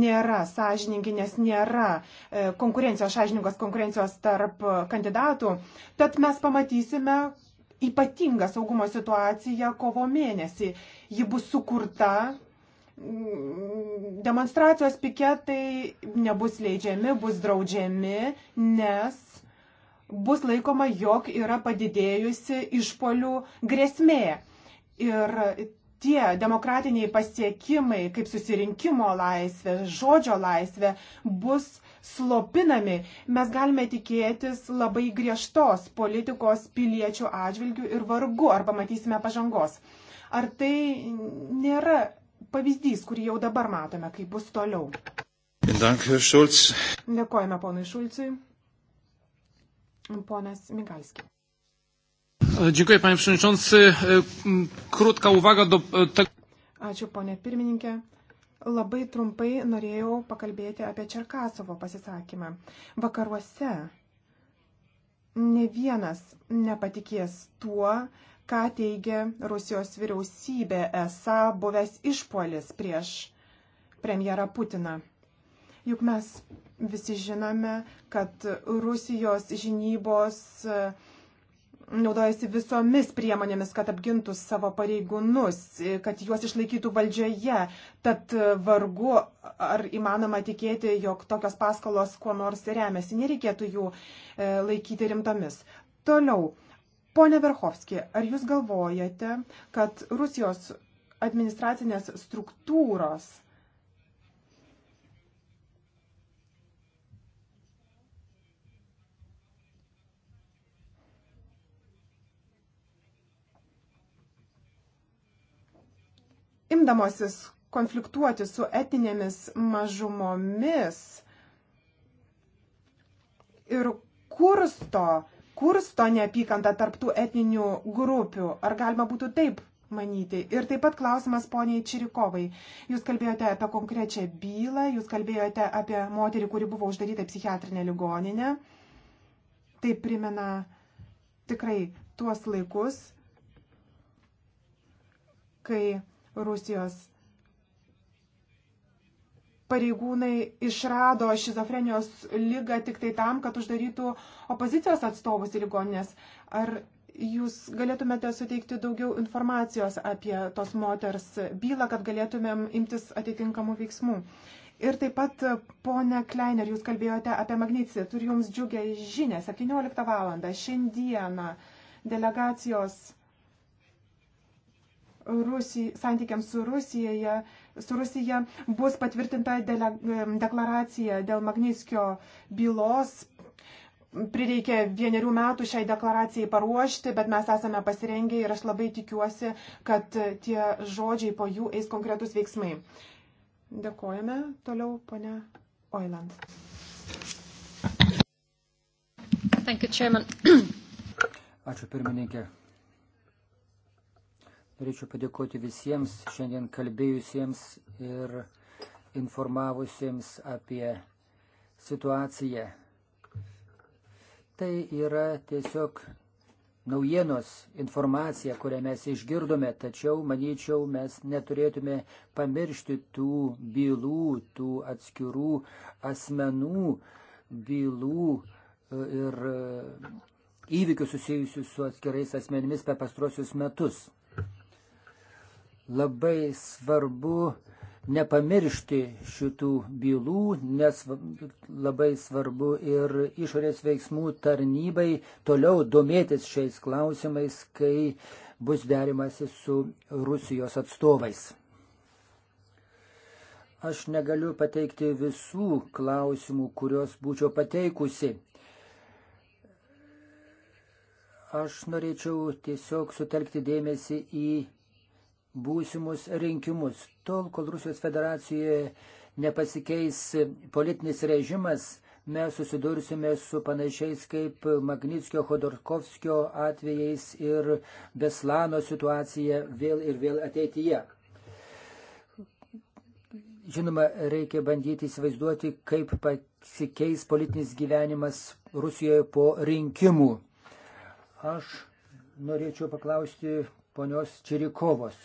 nėra sąžiningi, nes nėra e, konkurencijos, sąžiningos konkurencijos tarp kandidatų. Tad mes pamatysime ypatingą saugumo situaciją kovo mėnesį. Ji bus sukurta demonstracijos piketai nebus leidžiami, bus draudžiami, nes bus laikoma, jog yra padidėjusi išpolių grėsmė. Ir tie demokratiniai pasiekimai, kaip susirinkimo laisvė, žodžio laisvė, bus slopinami, mes galime tikėtis labai griežtos politikos piliečių atžvilgių ir vargu, ar pamatysime pažangos. Ar tai nėra pavyzdys, kurį jau dabar matome, kaip bus toliau? Dėkojame ponui Šulcui. Ponas Migalski. E, dziękuję, panie przewodniczący. E, krótka uwaga do e, tego. Ačiū, ponė pirmininkė. Labai trumpai norėjau pakalbėti apie Čerkasovo pasisakymą. Vakaruose ne vienas nepatikės tuo, ką teigia Rusijos vyriausybė esą buvęs išpolis prieš premjerą Putiną. Juk mes visi žinome, kad Rusijos žinybos uh, naudojasi visomis priemonėmis, kad apgintų savo pareigūnus, kad juos išlaikytų valdžioje. Tad vargu, ar įmanoma tikėti, jog tokios paskolos kuo nors remiasi, nereikėtų jų e, laikyti rimtomis. Toliau, ponė Verhovski, ar jūs galvojate, kad Rusijos administracinės struktūros imdamasis konfliktuoti su etinėmis mažumomis ir kursto, kursto neapykantą tarptų etninių grupių. Ar galima būtų taip manyti. Ir taip pat klausimas poniai Čirikovai. Jūs kalbėjote apie konkrečią bylą, jūs kalbėjote apie moterį, kuri buvo uždaryta psichiatrinė ligoninė. Tai primena tikrai tuos laikus, kai Rusijos pareigūnai išrado šizofrenijos lygą tik tai tam, kad uždarytų opozicijos atstovus į ligoninės. Ar jūs galėtumėte suteikti daugiau informacijos apie tos moters bylą, kad galėtumėm imtis atitinkamų veiksmų? Ir taip pat, ponė Kleiner, jūs kalbėjote apie Magnitsį. Turiu jums džiugę žinę. 17 val. šiandieną delegacijos Rusijai, santykiams su, Rusijoje, su Rusija bus patvirtinta dele, deklaracija dėl Magnitskio bylos. Prireikė vienerių metų šiai deklaracijai paruošti, bet mes esame pasirengę ir aš labai tikiuosi, kad tie žodžiai po jų eis konkretus veiksmai. Dėkojame. Toliau, ponia Oiland. Thank you, Chairman. Ačiū pirmininkė. Norėčiau padėkoti visiems šiandien kalbėjusiems ir informavusiems apie situaciją. Tai yra tiesiog naujienos informacija, kurią mes išgirdome, tačiau, manyčiau, mes neturėtume pamiršti tų bylų, tų atskirų asmenų bylų e, ir e, įvykių susijusių su atskirais asmenimis per pastrosius metus. Labai svarbu nepamiršti šitų bylų, nes labai svarbu ir išorės veiksmų tarnybai toliau domėtis šiais klausimais, kai bus derimasi su Rusijos atstovais. Aš negaliu pateikti visų klausimų, kuriuos būčiau pateikusi. Aš norėčiau tiesiog sutelkti dėmesį į būsimus rinkimus. Tol, kol Rusijos federacijoje nepasikeis politinis režimas, mes susidursime su panašiais kaip Magnitskio, Khodorkovskio atvejais ir Beslano situacija vėl ir vėl ateityje. Žinoma, reikia bandyti įsivaizduoti, kaip pasikeis politinis gyvenimas Rusijoje po rinkimų. Aš norėčiau paklausti ponios Čirikovos.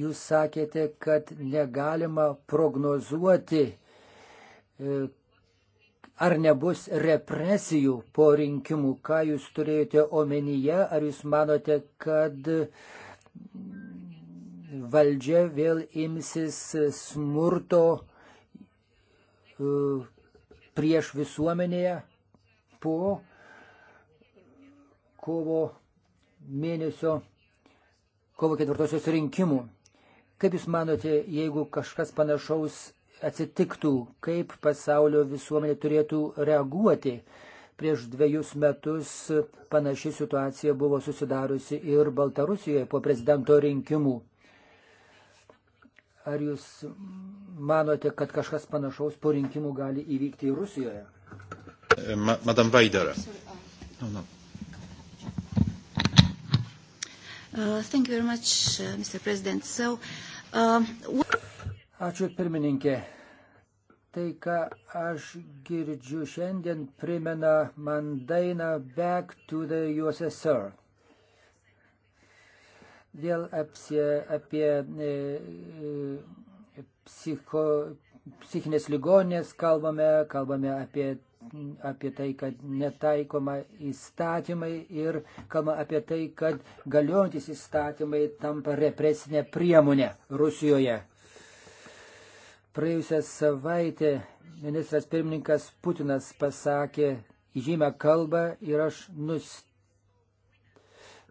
Jūs sakėte, kad negalima prognozuoti, e, ar nebus represijų po rinkimų. Ką jūs turėjote omenyje? Ar jūs manote, kad valdžia vėl imsis smurto e, prieš visuomenėje po kovo mėnesio, kovo ketvirtosios rinkimų. Kaip Jūs manote, jeigu kažkas panašaus atsitiktų, kaip pasaulio visuomenė turėtų reaguoti? Prieš dviejus metus panaši situacija buvo susidariusi ir Baltarusijoje po prezidento rinkimų. Ar jūs manote, kad kažkas panašaus po rinkimų gali įvykti ir Rusijoje? E, ma, Madam Vaidara. No, no. Uh, thank you very much, uh, Mr. President. So, Ačiū pirmininkė. Tai, ką aš girdžiu šiandien, primena man dainą Back to the USSR. Vėl apsie, apie e, e, psicho, psichinės ligonės kalbame, kalbame apie apie tai, kad netaikoma įstatymai ir kalba apie tai, kad galiojantis įstatymai tampa represinė priemonė Rusijoje. Praėjusią savaitę ministras pirmininkas Putinas pasakė žymę kalbą ir aš nustebėjau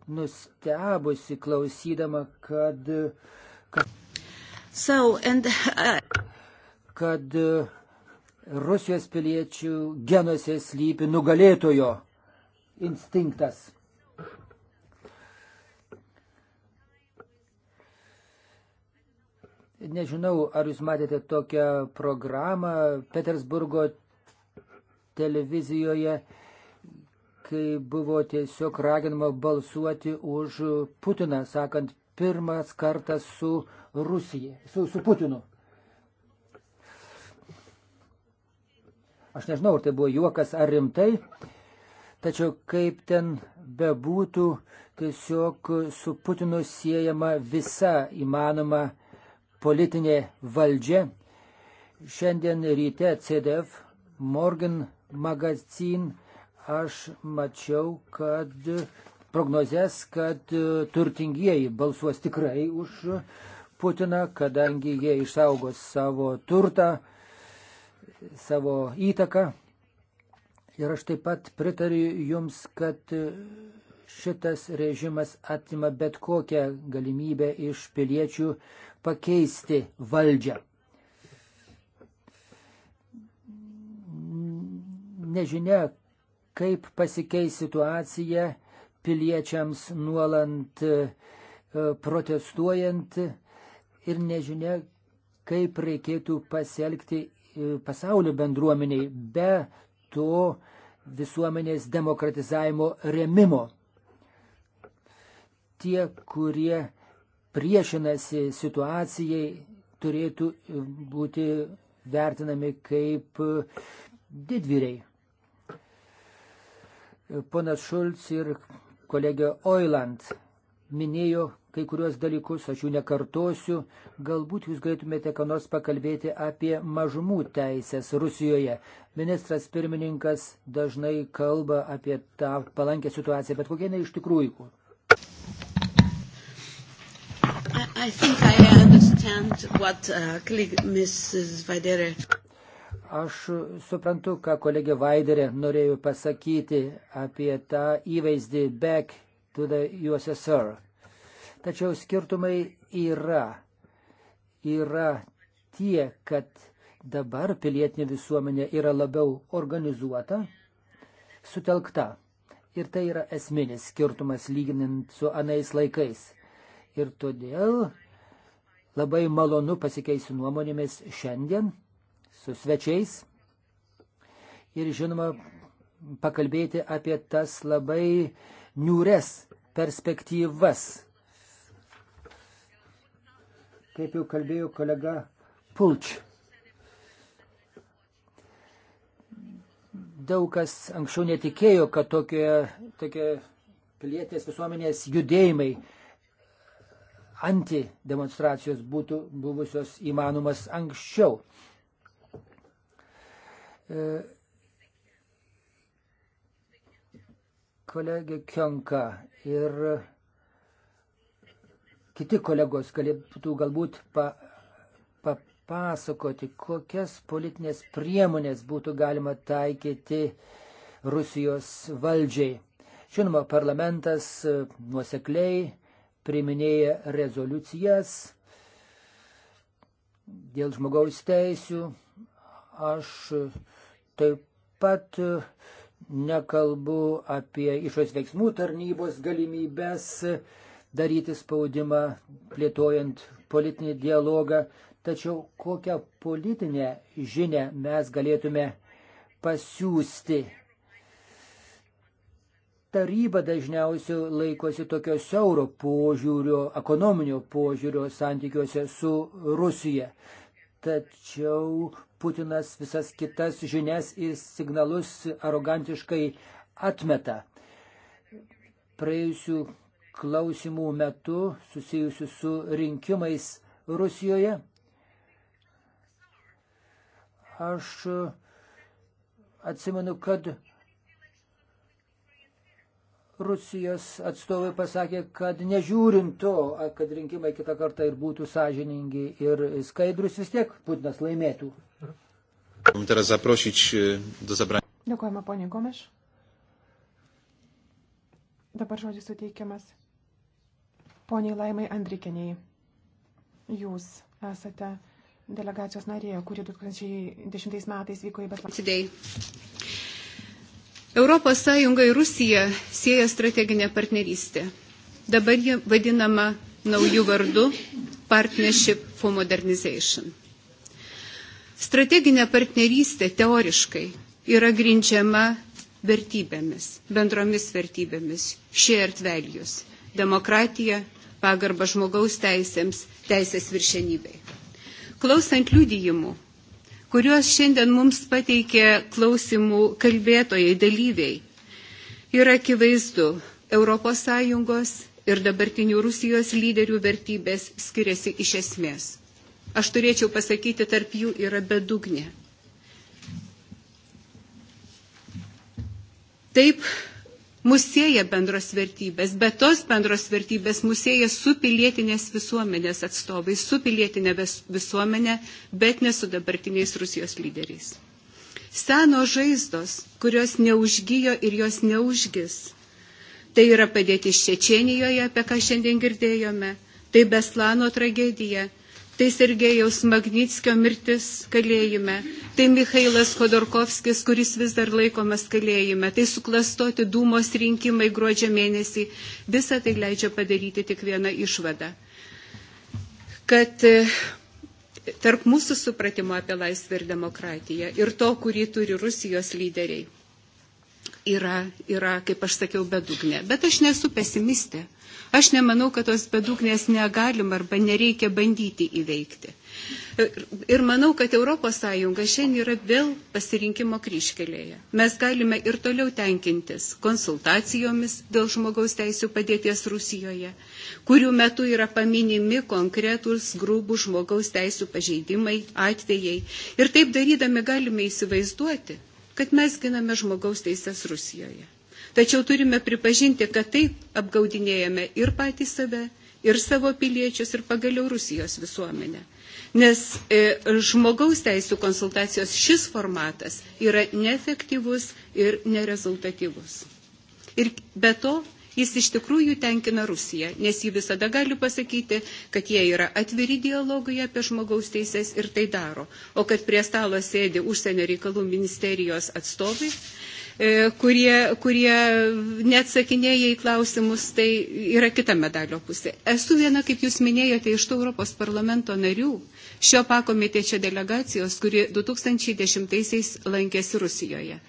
nustebusi klausydama, kad, kad, so, and, uh... kad Rusijos piliečių genuose slypi nugalėtojo instinktas. Nežinau, ar jūs matėte tokią programą Petersburgo televizijoje, kai buvo tiesiog raginama balsuoti už Putiną, sakant, pirmas kartas su Rusija, su, su Putinu. Aš nežinau, ar tai buvo juokas ar rimtai, tačiau kaip ten bebūtų, tiesiog su Putinu siejama visa įmanoma politinė valdžia. Šiandien ryte CDF Morgan magazin aš mačiau, kad prognozes, kad turtingieji balsuos tikrai už Putiną, kadangi jie išsaugos savo turtą, savo įtaką. Ir aš taip pat pritariu jums, kad šitas režimas atima bet kokią galimybę iš piliečių pakeisti valdžią. Nežinia, kaip pasikeis situacija piliečiams nuolant e, protestuojant ir nežinia, kaip reikėtų pasielgti pasaulio bendruomeniai be to visuomenės demokratizavimo remimo. Tie, kurie priešinasi situacijai, turėtų būti vertinami kaip didvyriai. Ponas Šulc ir kolegė Oiland minėjo, kai kuriuos dalykus, aš jų nekartosiu. Galbūt jūs galėtumėte ką nors pakalbėti apie mažumų teisės Rusijoje. Ministras pirmininkas dažnai kalba apie tą palankę situaciją, bet kokia jinai iš tikrųjų. I, I think I understand what uh, Mrs. Vaidere aš suprantu, ką kolegė Vaiderė norėjo pasakyti apie tą įvaizdį back to the USSR. Tačiau skirtumai yra. Yra tie, kad dabar pilietinė visuomenė yra labiau organizuota, sutelkta. Ir tai yra esminis skirtumas lyginant su anais laikais. Ir todėl labai malonu pasikeisti nuomonėmis šiandien su svečiais. Ir žinoma, pakalbėti apie tas labai niūres perspektyvas kaip jau kalbėjo kolega Pulč. Daug kas anksčiau netikėjo, kad tokie, tokie pilietės visuomenės judėjimai antidemonstracijos būtų buvusios įmanomas anksčiau. E, kolegė Kionka ir kiti kolegos galėtų galbūt pa, papasakoti, kokias politinės priemonės būtų galima taikyti Rusijos valdžiai. Žinoma, parlamentas e, nuosekliai priminėja rezoliucijas dėl žmogaus teisių. Aš taip pat e, nekalbu apie išos veiksmų tarnybos galimybės daryti spaudimą, plėtojant politinį dialogą, tačiau kokią politinę žinę mes galėtume pasiūsti. Taryba dažniausiai laikosi tokio siauro požiūrio, ekonominio požiūrio santykiuose su Rusija. Tačiau Putinas visas kitas žinias ir signalus arogantiškai atmeta. Praėjusiu klausimų metu susijusių su rinkimais Rusijoje. Aš atsimenu, kad Rusijos atstovai pasakė, kad nežiūrint to, kad rinkimai kitą kartą ir būtų sąžiningi ir skaidrus, vis tiek Putinas laimėtų. Dėkojame, ponė Gomeš. Dabar žodis suteikiamas poniai Laimai Andrikeniai. Jūs esate delegacijos narė, kuri 2010 metais vyko į Betlaną. Europos Sąjunga ir Rusija sieja strateginę partnerystę. Dabar ji vadinama naujų vardų Partnership for Modernization. Strateginė partnerystė teoriškai yra grindžiama vertybėmis, bendromis vertybėmis, shared values - demokratija, pagarbą žmogaus teisėms, teisės viršenybei. Klausant liudijimų, kuriuos šiandien mums pateikė klausimų kalbėtojai dalyviai. Ir akivaizdu, ES ir dabartinių Rusijos lyderių vertybės skiriasi iš esmės. Aš turėčiau pasakyti, tarp jų yra bedugnė. Taip, musėja bendros vertybės, bet tos bendros vertybės musėja su pilietinės visuomenės atstovai, su pilietinė visuomenė, bet ne su dabartiniais Rusijos lyderiais. Seno žaizdos, kurios neužgyjo ir jos neužgis. Tai yra padėti Šečenijoje, apie ką šiandien girdėjome, tai Beslano tragedija, tai Sergejaus Magnitskio mirtis kalėjime, tai Mikhailas Khodorkovskis, kuris vis dar laikomas kalėjime, tai suklastoti Dūmos rinkimai gruodžio mėnesį. Visą tai leidžia padaryti tik vieną išvadą. Kad e, tarp mūsų supratimo apie laisvę ir demokratiją ir to, kurį turi Rusijos lyderiai, yra, yra kaip aš sakiau, bedugnė. Bet aš nesu pesimistė. Aš nemanau, kad tos bedugnės negalim arba nereikia bandyti įveikti. Ir manau, kad ES šiandien yra vėl pasirinkimo kryškelėje. Mes galime ir toliau tenkintis konsultacijomis dėl žmogaus teisų padėties Rusijoje, kurių metu yra paminimi konkretūs grūbų žmogaus teisų pažeidimai, atvejai. Ir taip darydami galime įsivaizduoti, kad mes giname žmogaus teisės Rusijoje. Tačiau turime pripažinti, kad taip apgaudinėjame ir patį save, ir savo piliečius, ir pagaliau Rusijos visuomenę. Nes e, žmogaus teisų konsultacijos šis formatas yra neefektyvus ir nerezultatyvus. Ir be to, jis iš tikrųjų tenkina Rusiją, nes ji visada gali pasakyti, kad jie yra atviri dialogui apie žmogaus teisės ir tai daro, o kad prie stalo sėdi užsienio reikalų ministerijos atstovai, E, kurie, kurie neatsakinėja į klausimus, tai yra kita medalio pusė. Esu viena, kaip jūs minėjote, iš tų Europos parlamento narių, šio pakomitečio delegacijos, kuri 2010-aisiais lankėsi Rusijoje.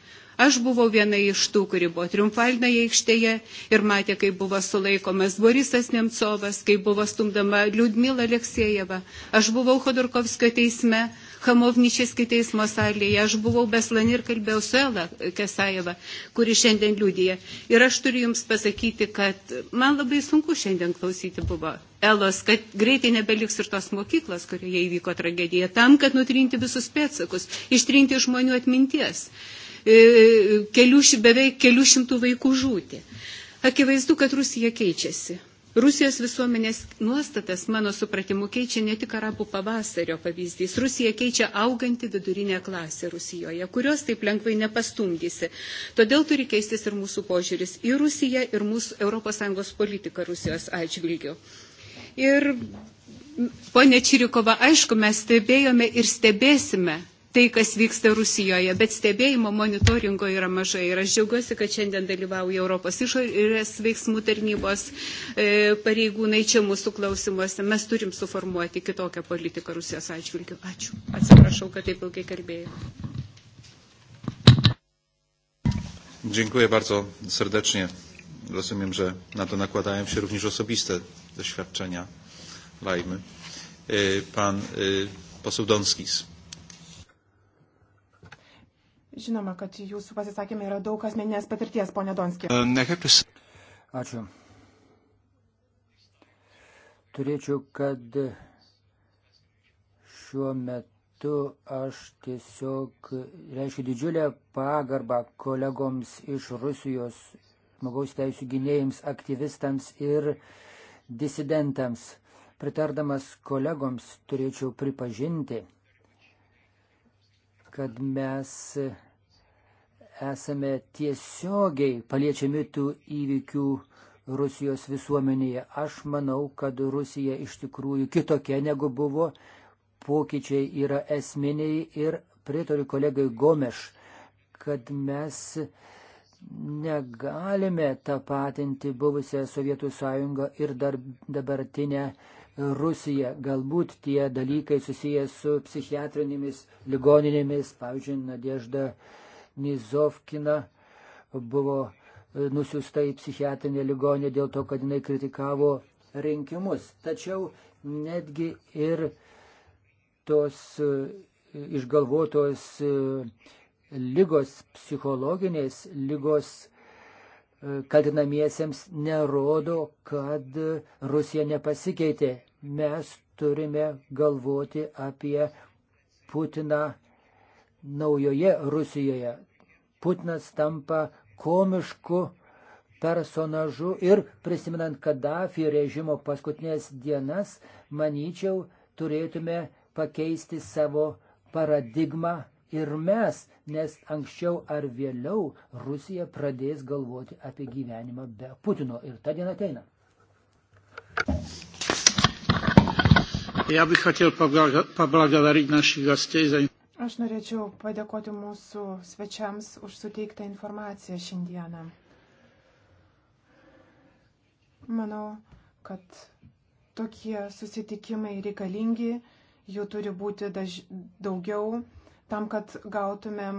Aš buvau viena iš tų, kuri buvo triumfalinėje aikštėje ir matė, kaip buvo sulaikomas Borisas Nemcovas, kaip buvo stumdama Liudmila Aleksejeva. Aš buvau Khodorkovskio teisme, Hamovničeski teismo salėje. Aš buvau Beslani ir kalbėjau su Ela Kesajeva, kuri šiandien liūdėja. Ir aš turiu Jums pasakyti, kad man labai sunku šiandien klausyti buvo Elos, kad greitai nebeliks ir tos mokyklos, kurioje įvyko tragedija, tam, kad nutrinti visus pėtsakus, ištrinti žmonių atminties, kelių, beveik kelių šimtų vaikų žūti. Akivaizdu, kad Rusija keičiasi. Rusijos visuomenės nuostatas, mano supratimu, keičia ne tik arabų pavasario pavyzdys. Rusija keičia augantį vidurinę klasę Rusijoje, kurios taip lengvai nepastumdysi. Todėl turi keistis ir mūsų požiūris į Rusiją, ir mūsų ES politiką Rusijos atžvilgiu. Ir, ponė Čirikova, aišku, mes stebėjome ir stebėsime tai, kas vyksta Rusijoje, bet stebėjimo monitoringo yra mažai. Ir aš džiaugiuosi, kad šiandien dalyvauja Europos išorės veiksmų tarnybos e, pareigūnai čia mūsų klausimuose. Mes turim suformuoti kitokią politiką Rusijos atžvilgių. Ačiū. Atsiprašau, kad taip ilgai kalbėjau. Dziękuję bardzo serdecznie. Rozumiem, że na to nakładają się również osobiste doświadczenia Lajmy. E, pan e, poseł Donskis. Žinoma, kad jūsų pasisakymė yra daug asmeninės patirties, ponė Donskė. E, Ačiū. Turėčiau, kad šiuo metu aš tiesiog reiškiu didžiulę pagarbą kolegoms iš Rusijos žmogaus teisų gynėjams, aktyvistams ir disidentams. Pritardamas kolegoms turėčiau pripažinti, kad mes esame tiesiogiai paliečiami tų įvykių Rusijos visuomenėje. Aš manau, kad Rusija iš tikrųjų kitokia negu buvo. Pokyčiai yra esminiai ir pritariu kolegai Gomeš, kad mes negalime tapatinti buvusią Sovietų sąjungą ir dar dabartinę Rusija. Galbūt tie dalykai susijęs su psichiatrinėmis ligoninėmis, pavyzdžiui, Nadežda Nizovkina buvo e, nusiusta į psichiatrinę ligonę dėl to, kad jinai kritikavo rinkimus. Tačiau netgi ir tos e, išgalvotos e, lygos, psichologinės lygos kaltinamiesiems nerodo, kad Rusija nepasikeitė. Mes turime galvoti apie Putiną naujoje Rusijoje. Putinas tampa komišku personažu ir prisimenant Kadafi režimo paskutinės dienas, manyčiau, turėtume pakeisti savo paradigmą ir mes, nes anksčiau ar vėliau Rusija pradės galvoti apie gyvenimą be Putino ir ta diena ateina. Ja bych хотел поблагодарить наших гостей за Aš norėčiau padėkoti mūsų svečiams už suteiktą informaciją šiandieną. Manau, kad tokie susitikimai reikalingi, jų turi būti daž... daugiau tam, kad gautumėm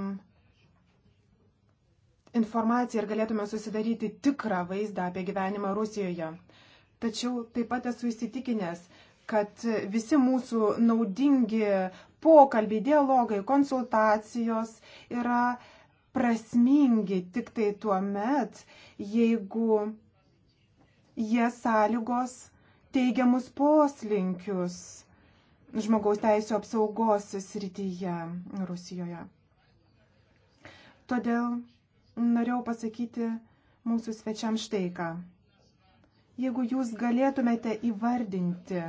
informaciją ir galėtume susidaryti tikrą vaizdą apie gyvenimą Rusijoje. Tačiau taip pat esu įsitikinęs, kad visi mūsų naudingi pokalbiai, dialogai, konsultacijos yra prasmingi tik tai tuo met, jeigu jie sąlygos teigiamus poslinkius žmogaus teisų apsaugos srityje Rusijoje. Todėl norėjau pasakyti mūsų svečiam štai ką. Jeigu jūs galėtumėte įvardinti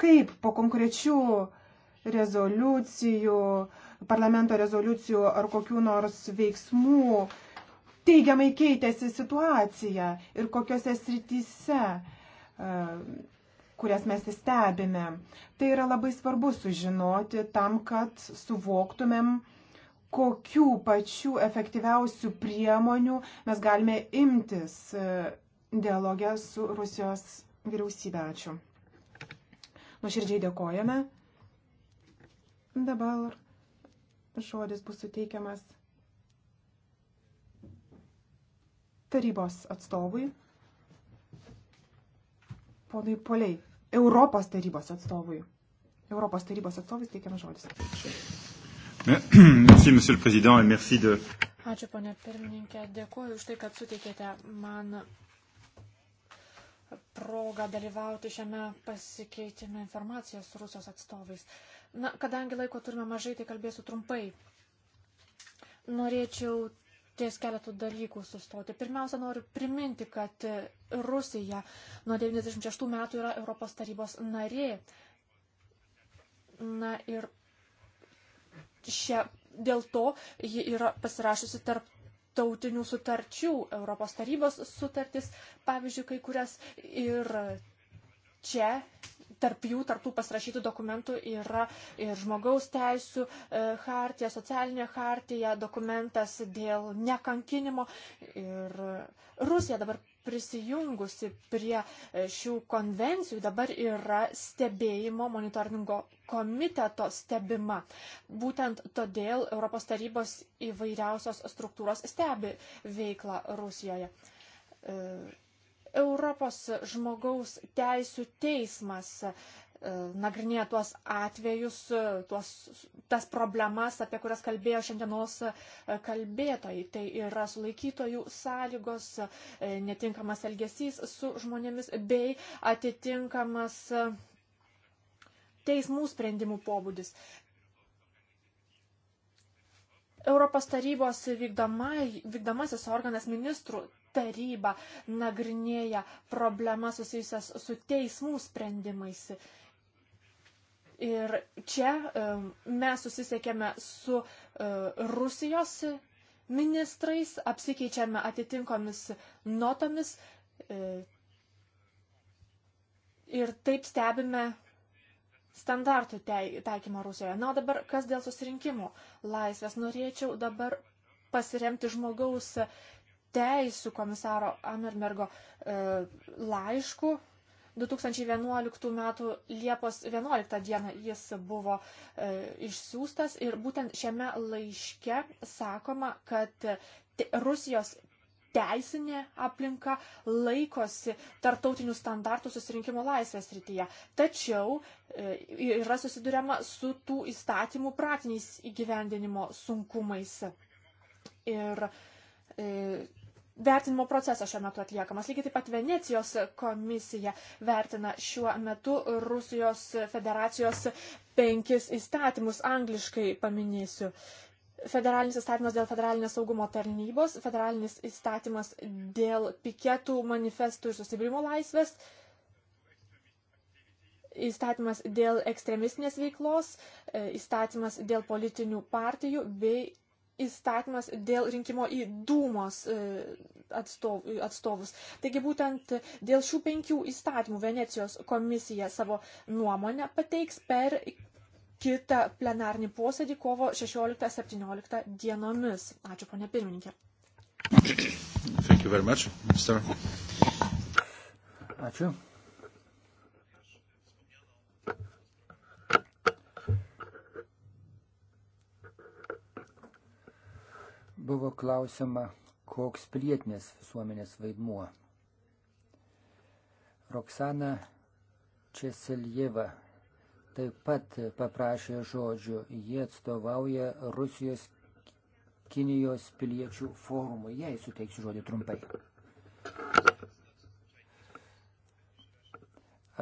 kaip po konkrečių rezoliucijų, parlamento rezoliucijų ar kokių nors veiksmų uh, teigiamai keitėsi situacija ir kokiuose srityse, e, kurias mes stebime. Tai yra labai svarbu sužinoti tam, kad suvoktumėm, kokių pačių efektyviausių priemonių mes galime imtis e, dialogę su Rusijos vyriausybė. Ačiū. Nuoširdžiai dėkojame. Dabar žodis bus suteikiamas tarybos atstovui, ponui Poliai, Europos tarybos atstovui. Europos tarybos atstovas teikiamas žodis. Merci, monsieur le président, et merci de... Ačiū, ponė pirmininkė. Dėkuoju už tai, kad suteikėte man progą dalyvauti šiame pasikeitime informacijos su Rusijos atstovais. Na, kadangi laiko turime mažai, tai kalbėsiu trumpai. Norėčiau ties keletų dalykų sustoti. Pirmiausia, noriu priminti, kad Rusija nuo 96 metų yra Europos tarybos narė. Na ir šia, dėl to ji yra pasirašusi tarp tautinių sutarčių, Europos tarybos sutartis, pavyzdžiui, kai kurias ir čia tarp jų, tarp tų pasirašytų dokumentų yra ir žmogaus teisų e, hartija, socialinė hartija, dokumentas dėl nekankinimo. Ir Rusija dabar prisijungusi prie e, šių konvencijų dabar yra stebėjimo monitoringo komiteto stebima. Būtent todėl Europos tarybos įvairiausios struktūros stebi veiklą Rusijoje. E, Europos žmogaus teisų teismas e, nagrinėja tuos atvejus, e, tuos, tas problemas, apie kurias kalbėjo šiandienos e, kalbėtojai. Tai yra sulaikytojų sąlygos, netinkamas elgesys su žmonėmis bei atitinkamas teismų sprendimų pobūdis. Europos tarybos vykdomai, vykdomasis organas ministrų taryba nagrinėja problemas susijusias su teismų sprendimais. Ir čia e, mes susisiekėme su e, Rusijos ministrais, apsikeičiame atitinkomis notomis e, ir taip stebime standartų taikymą Rusijoje. Na, o dabar kas dėl susirinkimų laisvės? Norėčiau dabar pasiremti žmogaus teisų komisaro Amermergo e, laišku. 2011 m. Liepos 11 d. jis buvo e, išsiųstas ir būtent šiame laiške sakoma, kad te, Rusijos teisinė aplinka laikosi tartautinių standartų susirinkimo laisvės rytyje. Tačiau e, yra susidurima su tų įstatymų praktiniais įgyvendinimo sunkumais. Ir e, vertinimo procesas šiuo metu atliekamas. Lygiai taip pat Venecijos komisija vertina šiuo metu Rusijos federacijos penkis įstatymus, angliškai paminėsiu. Federalinis įstatymas dėl federalinės saugumo tarnybos, federalinis įstatymas dėl piketų, manifestų ir susibrimo laisvės, įstatymas dėl ekstremistinės veiklos, e, įstatymas dėl politinių partijų bei įstatymas dėl rinkimo į Dūmos e, atstov, atstovus. Taigi būtent dėl šių penkių įstatymų Venecijos komisija savo nuomonę pateiks per kitą plenarnį posėdį kovo 16-17 dienomis. Ačiū, ponė pirmininkė. Thank you very much, Mr. Ačiū. Buvo klausima, koks pilietinės visuomenės vaidmuo. Roksana Česelieva taip pat paprašė žodžių. Jie atstovauja Rusijos Kinijos piliečių forumui. Jei suteiksiu žodį trumpai.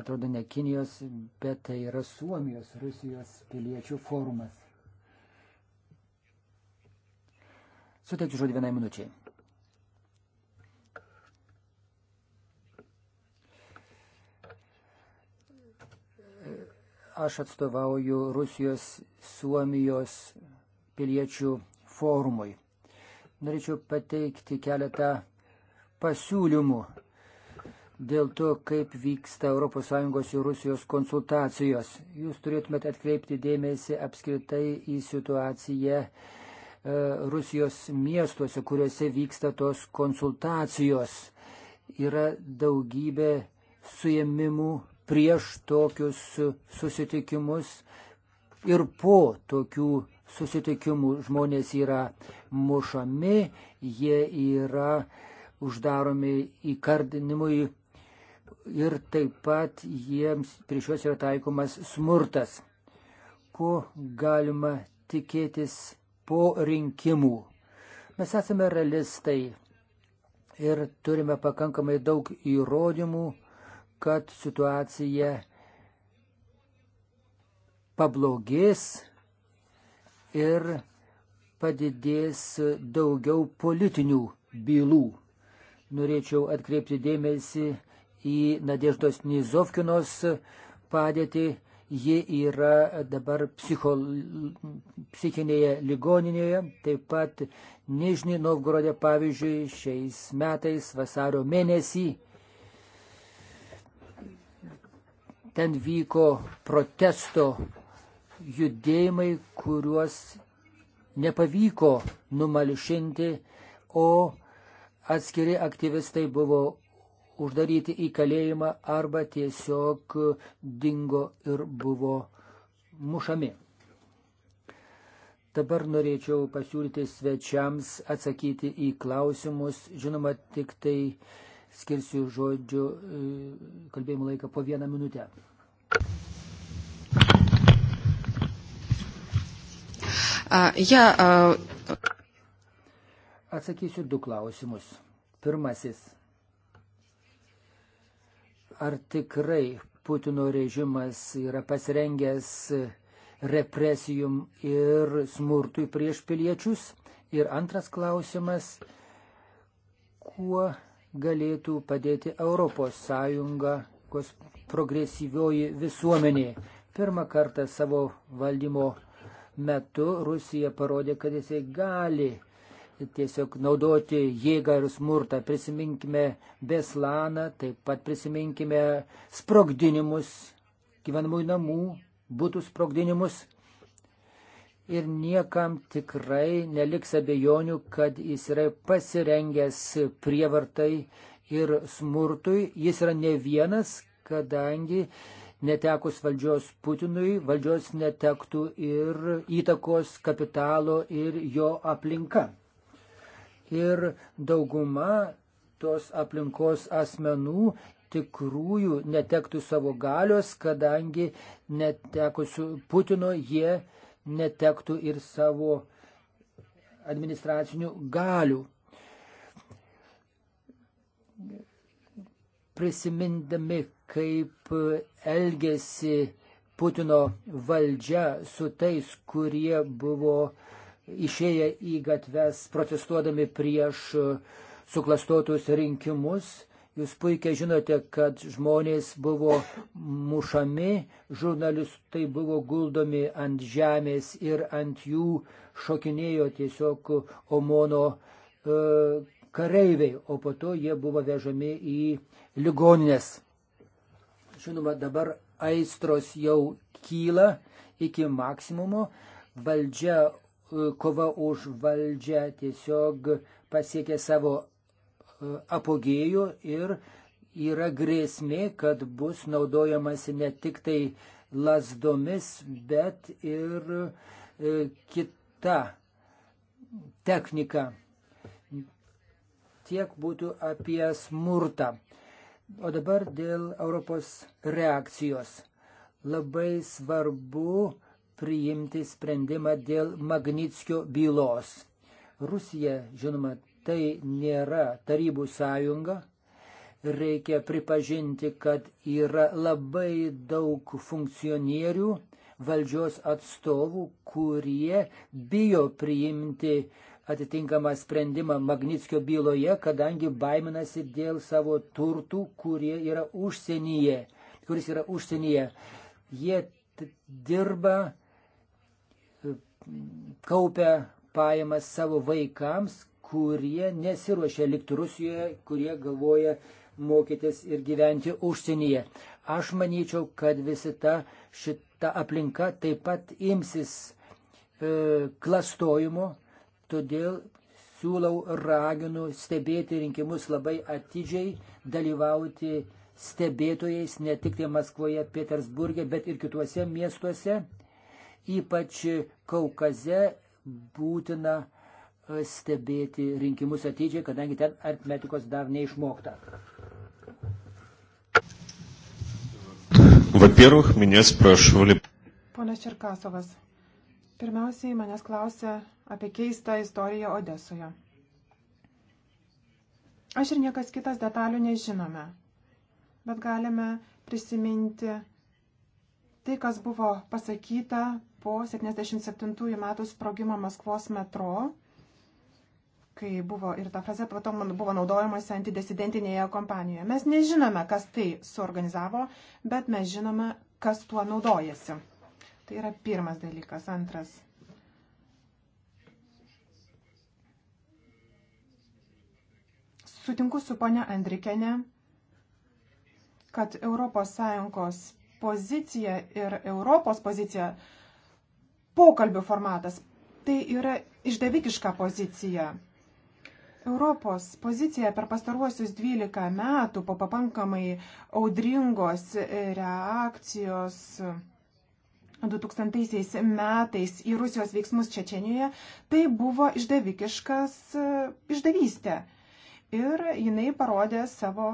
Atrodo ne Kinijos, bet tai yra Suomijos Rusijos piliečių forumas. Suteiksiu žodį vienai minučiai. Aš atstovauju Rusijos Suomijos piliečių forumui. Norėčiau pateikti keletą pasiūlymų dėl to, kaip vyksta ES ir Rusijos konsultacijos. Jūs turėtumėte atkreipti dėmesį apskritai į situaciją E, Rusijos miestuose, kuriuose vyksta tos konsultacijos. Yra daugybė suėmimų prieš tokius susitikimus ir po tokių susitikimų žmonės yra mušami, jie yra uždaromi įkardinimui ir taip pat jiems prieš juos yra taikomas smurtas. Ko galima tikėtis po rinkimų. Mes esame realistai ir turime pakankamai daug įrodymų, kad situacija pablogės ir padidės daugiau politinių bylų. Norėčiau atkreipti dėmesį į Nadeždos Nizovkinos padėtį Ji yra dabar psicho, psichinėje ligoninėje, taip pat Nižni Novgorodė, pavyzdžiui, šiais metais vasario mėnesį. Ten vyko protesto judėjimai, kuriuos nepavyko numalšinti, o atskiri aktyvistai buvo uždaryti į kalėjimą arba tiesiog dingo ir buvo mušami. Dabar norėčiau pasiūlyti svečiams atsakyti į klausimus. Žinoma, tik tai skirsiu žodžiu e, kalbėjimo laiką po vieną minutę. Uh, yeah, uh... Atsakysiu du klausimus. Pirmasis ar tikrai Putino režimas yra pasirengęs represijum ir smurtui prieš piliečius. Ir antras klausimas, kuo galėtų padėti Europos Sąjungos progresyvioji visuomenė. Pirmą kartą savo valdymo metu Rusija parodė, kad jisai gali tiesiog naudoti jėgą ir smurtą. Prisiminkime Beslaną, taip pat prisiminkime sprogdinimus gyvenamųjų namų, būtų sprogdinimus. Ir niekam tikrai neliks abejonių, kad jis yra pasirengęs prievartai ir smurtui. Jis yra ne vienas, kadangi netekus valdžios Putinui, valdžios netektų ir įtakos kapitalo ir jo aplinka ir dauguma tos aplinkos asmenų tikrųjų netektų savo galios, kadangi netekusių Putino jie netektų ir savo administracinių galių. Prisimindami, kaip elgėsi Putino valdžia su tais, kurie buvo uh, išėję į gatves protestuodami prieš e, suklastotus rinkimus. Jūs puikiai žinote, kad žmonės buvo mušami, žurnalistai buvo guldomi ant žemės ir ant jų šokinėjo tiesiog Omono e, kareiviai, o po to jie buvo vežami į ligoninės. Žinoma, dabar aistros jau kyla iki maksimumo. Valdžia kova už valdžią tiesiog pasiekė savo e, apogėjų ir yra grėsmė, kad bus naudojamasi ne tik tai lasdomis, bet ir e, kita technika. Tiek būtų apie smurtą. O dabar dėl Europos reakcijos. Labai svarbu, priimti sprendimą dėl Magnitskio bylos. Rusija, žinoma, tai nėra tarybų sąjunga. Reikia pripažinti, kad yra labai daug funkcionierių, valdžios atstovų, kurie bijo priimti atitinkamą sprendimą Magnitskio byloje, kadangi baiminasi dėl savo turtų, kurie yra užsienyje, kuris yra užsienyje. Jie dirba kaupia pajamas savo vaikams, kurie nesiruošia likti Rusijoje, kurie galvoja mokytis ir gyventi užsienyje. Aš manyčiau, kad visi ta šita aplinka taip pat imsis e, klastojimo, todėl siūlau raginu stebėti rinkimus labai atidžiai, dalyvauti stebėtojais ne tik tai Maskvoje, Petersburgė, bet ir kituose miestuose Ypač Kaukaze būtina e, stebėti rinkimus atidžiai, kadangi ten aritmetikos dar neišmokta. Во-первых, меня спрашивали... Ponas Čerkasovas, pirmiausiai manęs klausė apie keistą istoriją Odesoje. Aš ir niekas kitas detalių nežinome, bet galime prisiminti tai, kas buvo pasakyta po 77 metų sprogimo Maskvos metro, kai buvo ir ta frazė, po to buvo naudojamasi antidesidentinėje kompanijoje. Mes nežinome, kas tai suorganizavo, bet mes žinome, kas tuo naudojasi. Tai yra pirmas dalykas. Antras. Sutinku su ponia Andrikene, kad ES pozicija ir Europos pozicija uh, pokalbių formatas. Tai yra išdavikiška pozicija. Europos pozicija per pastaruosius 12 metų po papankamai audringos reakcijos 2000 metais į Rusijos veiksmus Čečenijoje, tai buvo išdavikiškas e, išdavystė. Ir jinai parodė savo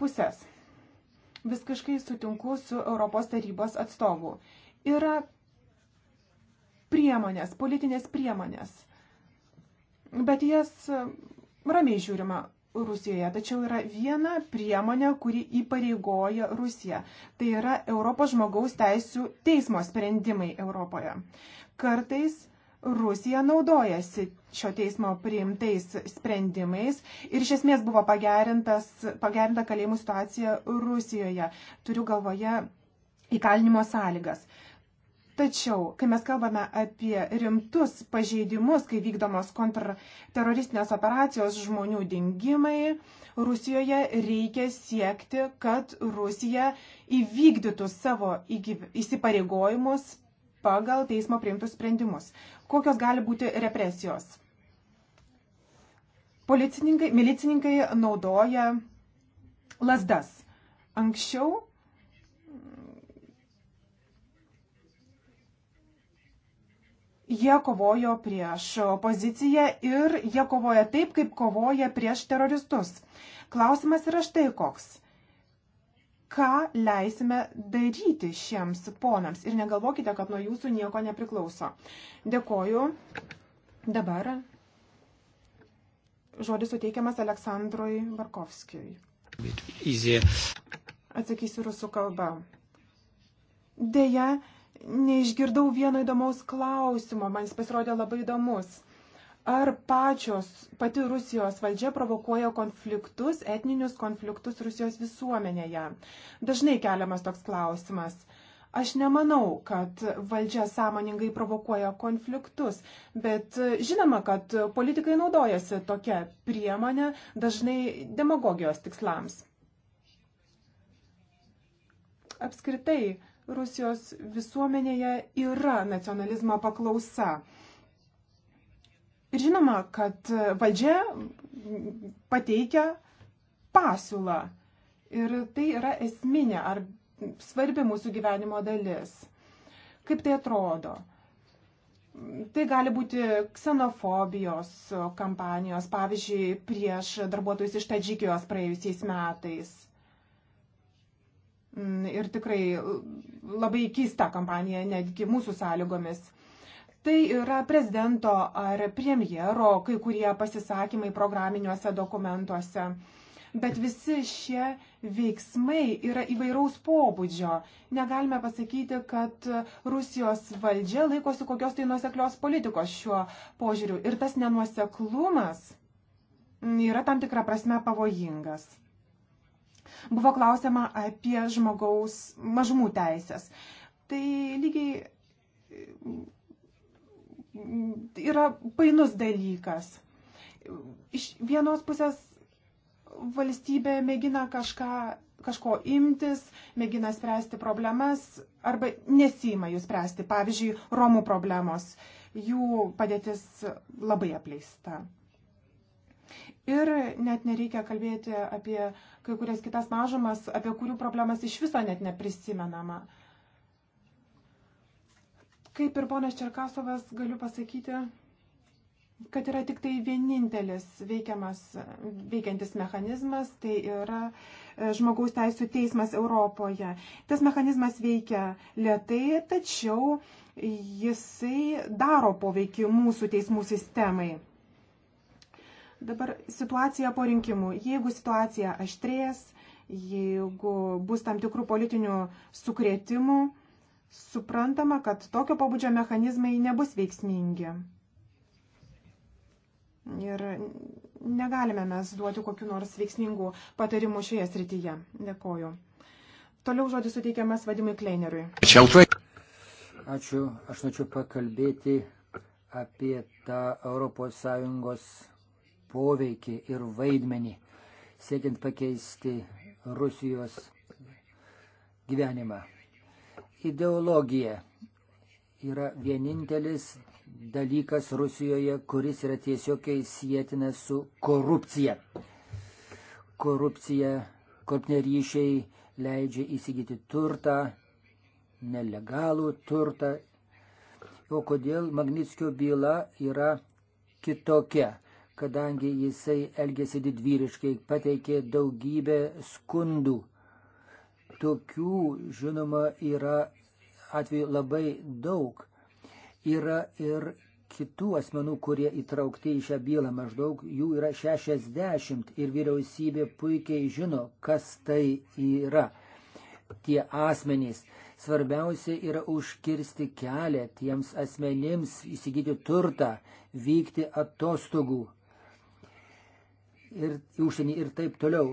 pusės. Viskiškai sutinku su Europos tarybos atstovu. Yra priemonės, politinės priemonės. Bet jas e, ramiai žiūrima Rusijoje. Tačiau yra viena priemonė, kuri įpareigoja Rusiją. Tai yra Europos žmogaus teisų teismo sprendimai Europoje. Kartais Rusija naudojasi šio teismo priimtais sprendimais ir iš esmės buvo pagerinta kalėjimų situacija Rusijoje. Turiu galvoje įkalinimo sąlygas. Tačiau, kai mes kalbame apie rimtus pažeidimus, kai vykdomos kontrterroristinės operacijos žmonių dingimai, Rusijoje reikia siekti, kad Rusija įvykdytų savo įsipareigojimus pagal teismo priimtus sprendimus. Kokios gali būti represijos? Policininkai, milicininkai naudoja lasdas. Anksčiau jie kovojo prieš opoziciją ir jie kovoja taip, kaip kovoja prieš teroristus. Klausimas yra štai koks. Ką leisime daryti šiems ponams? Ir negalvokite, kad nuo jūsų nieko nepriklauso. Dėkoju. Dabar žodis suteikiamas Aleksandrui Barkovskijui. Atsakysiu rusų kalba. Deja, neišgirdau vieno įdomaus klausimo, man jis pasirodė labai įdomus. Ar pačios pati Rusijos valdžia provokuoja konfliktus, etninius konfliktus Rusijos visuomenėje? Dažnai keliamas toks klausimas. Aš nemanau, kad valdžia sąmoningai provokuoja konfliktus, bet žinoma, kad politikai naudojasi tokią priemonę dažnai demagogijos tikslams. Apskritai, Rusijos visuomenėje yra nacionalizmo paklausa. Ir žinoma, kad valdžia pateikia pasiūlą. Ir tai yra esminė ar svarbi mūsų gyvenimo dalis. Kaip tai atrodo? Tai gali būti ksenofobijos kampanijos, pavyzdžiui, prieš darbuotojus iš Tadžikijos praėjusiais metais – Mm, ir tikrai uh, labai keista kampanija netgi mūsų sąlygomis. Tai yra prezidento ar premjero kai kurie pasisakymai programiniuose dokumentuose. Bet visi šie veiksmai yra įvairaus pobūdžio. Negalime pasakyti, kad Rusijos valdžia laikosi kokios tai nuoseklios politikos šiuo požiūriu. Ir tas nenuoseklumas yra tam tikra prasme pavojingas buvo klausima apie žmogaus mažumų teisės. Tai lygiai mm, yra painus dalykas. Iš vienos pusės valstybė mėgina kažką, kažko imtis, mėgina spręsti problemas arba nesima jų spręsti. Pavyzdžiui, Romų problemos, jų padėtis labai apleista. Ir net nereikia kalbėti apie uh, kai kurias kitas mažumas, apie kurių problemas iš viso net neprisimenama. Kaip ir ponas Čerkasovas, galiu pasakyti, kad yra tik tai vienintelis veikiamas, veikiantis mechanizmas, tai yra e, žmogaus teisų teismas Europoje. Tas mechanizmas veikia lietai, tačiau jisai daro poveikį mūsų teismų sistemai. Dabar situacija po rinkimų. Jeigu situacija aštrės, jeigu bus tam tikrų politinių sukrėtimų, suprantama, kad tokio pobūdžio mechanizmai nebus veiksmingi. Ir negalime mes duoti kokiu nors veiksmingų patarimų šioje srityje. Dėkoju. Toliau žodis suteikiamas vadimui Kleinerui. Ačiū. Aš norėčiau pakalbėti apie tą ES poveikį ir vaidmenį, siekiant pakeisti Rusijos gyvenimą. Ideologija yra vienintelis dalykas Rusijoje, kuris yra tiesiogiai sėtina su korupcija. Korupcija, korupiniai ryšiai leidžia įsigyti turtą, nelegalų turtą. O kodėl Magnitskio byla yra kitokia? kadangi jisai elgėsi didvyriškai, pateikė daugybę skundų. Tokių, žinoma, yra atveju labai daug. Yra ir kitų asmenų, kurie įtraukti į šią bylą, maždaug jų yra 60 ir vyriausybė puikiai žino, kas tai yra tie asmenys. Svarbiausia yra užkirsti kelią tiems asmenims įsigyti turtą, vykti atostogų ir į užsienį ir taip toliau.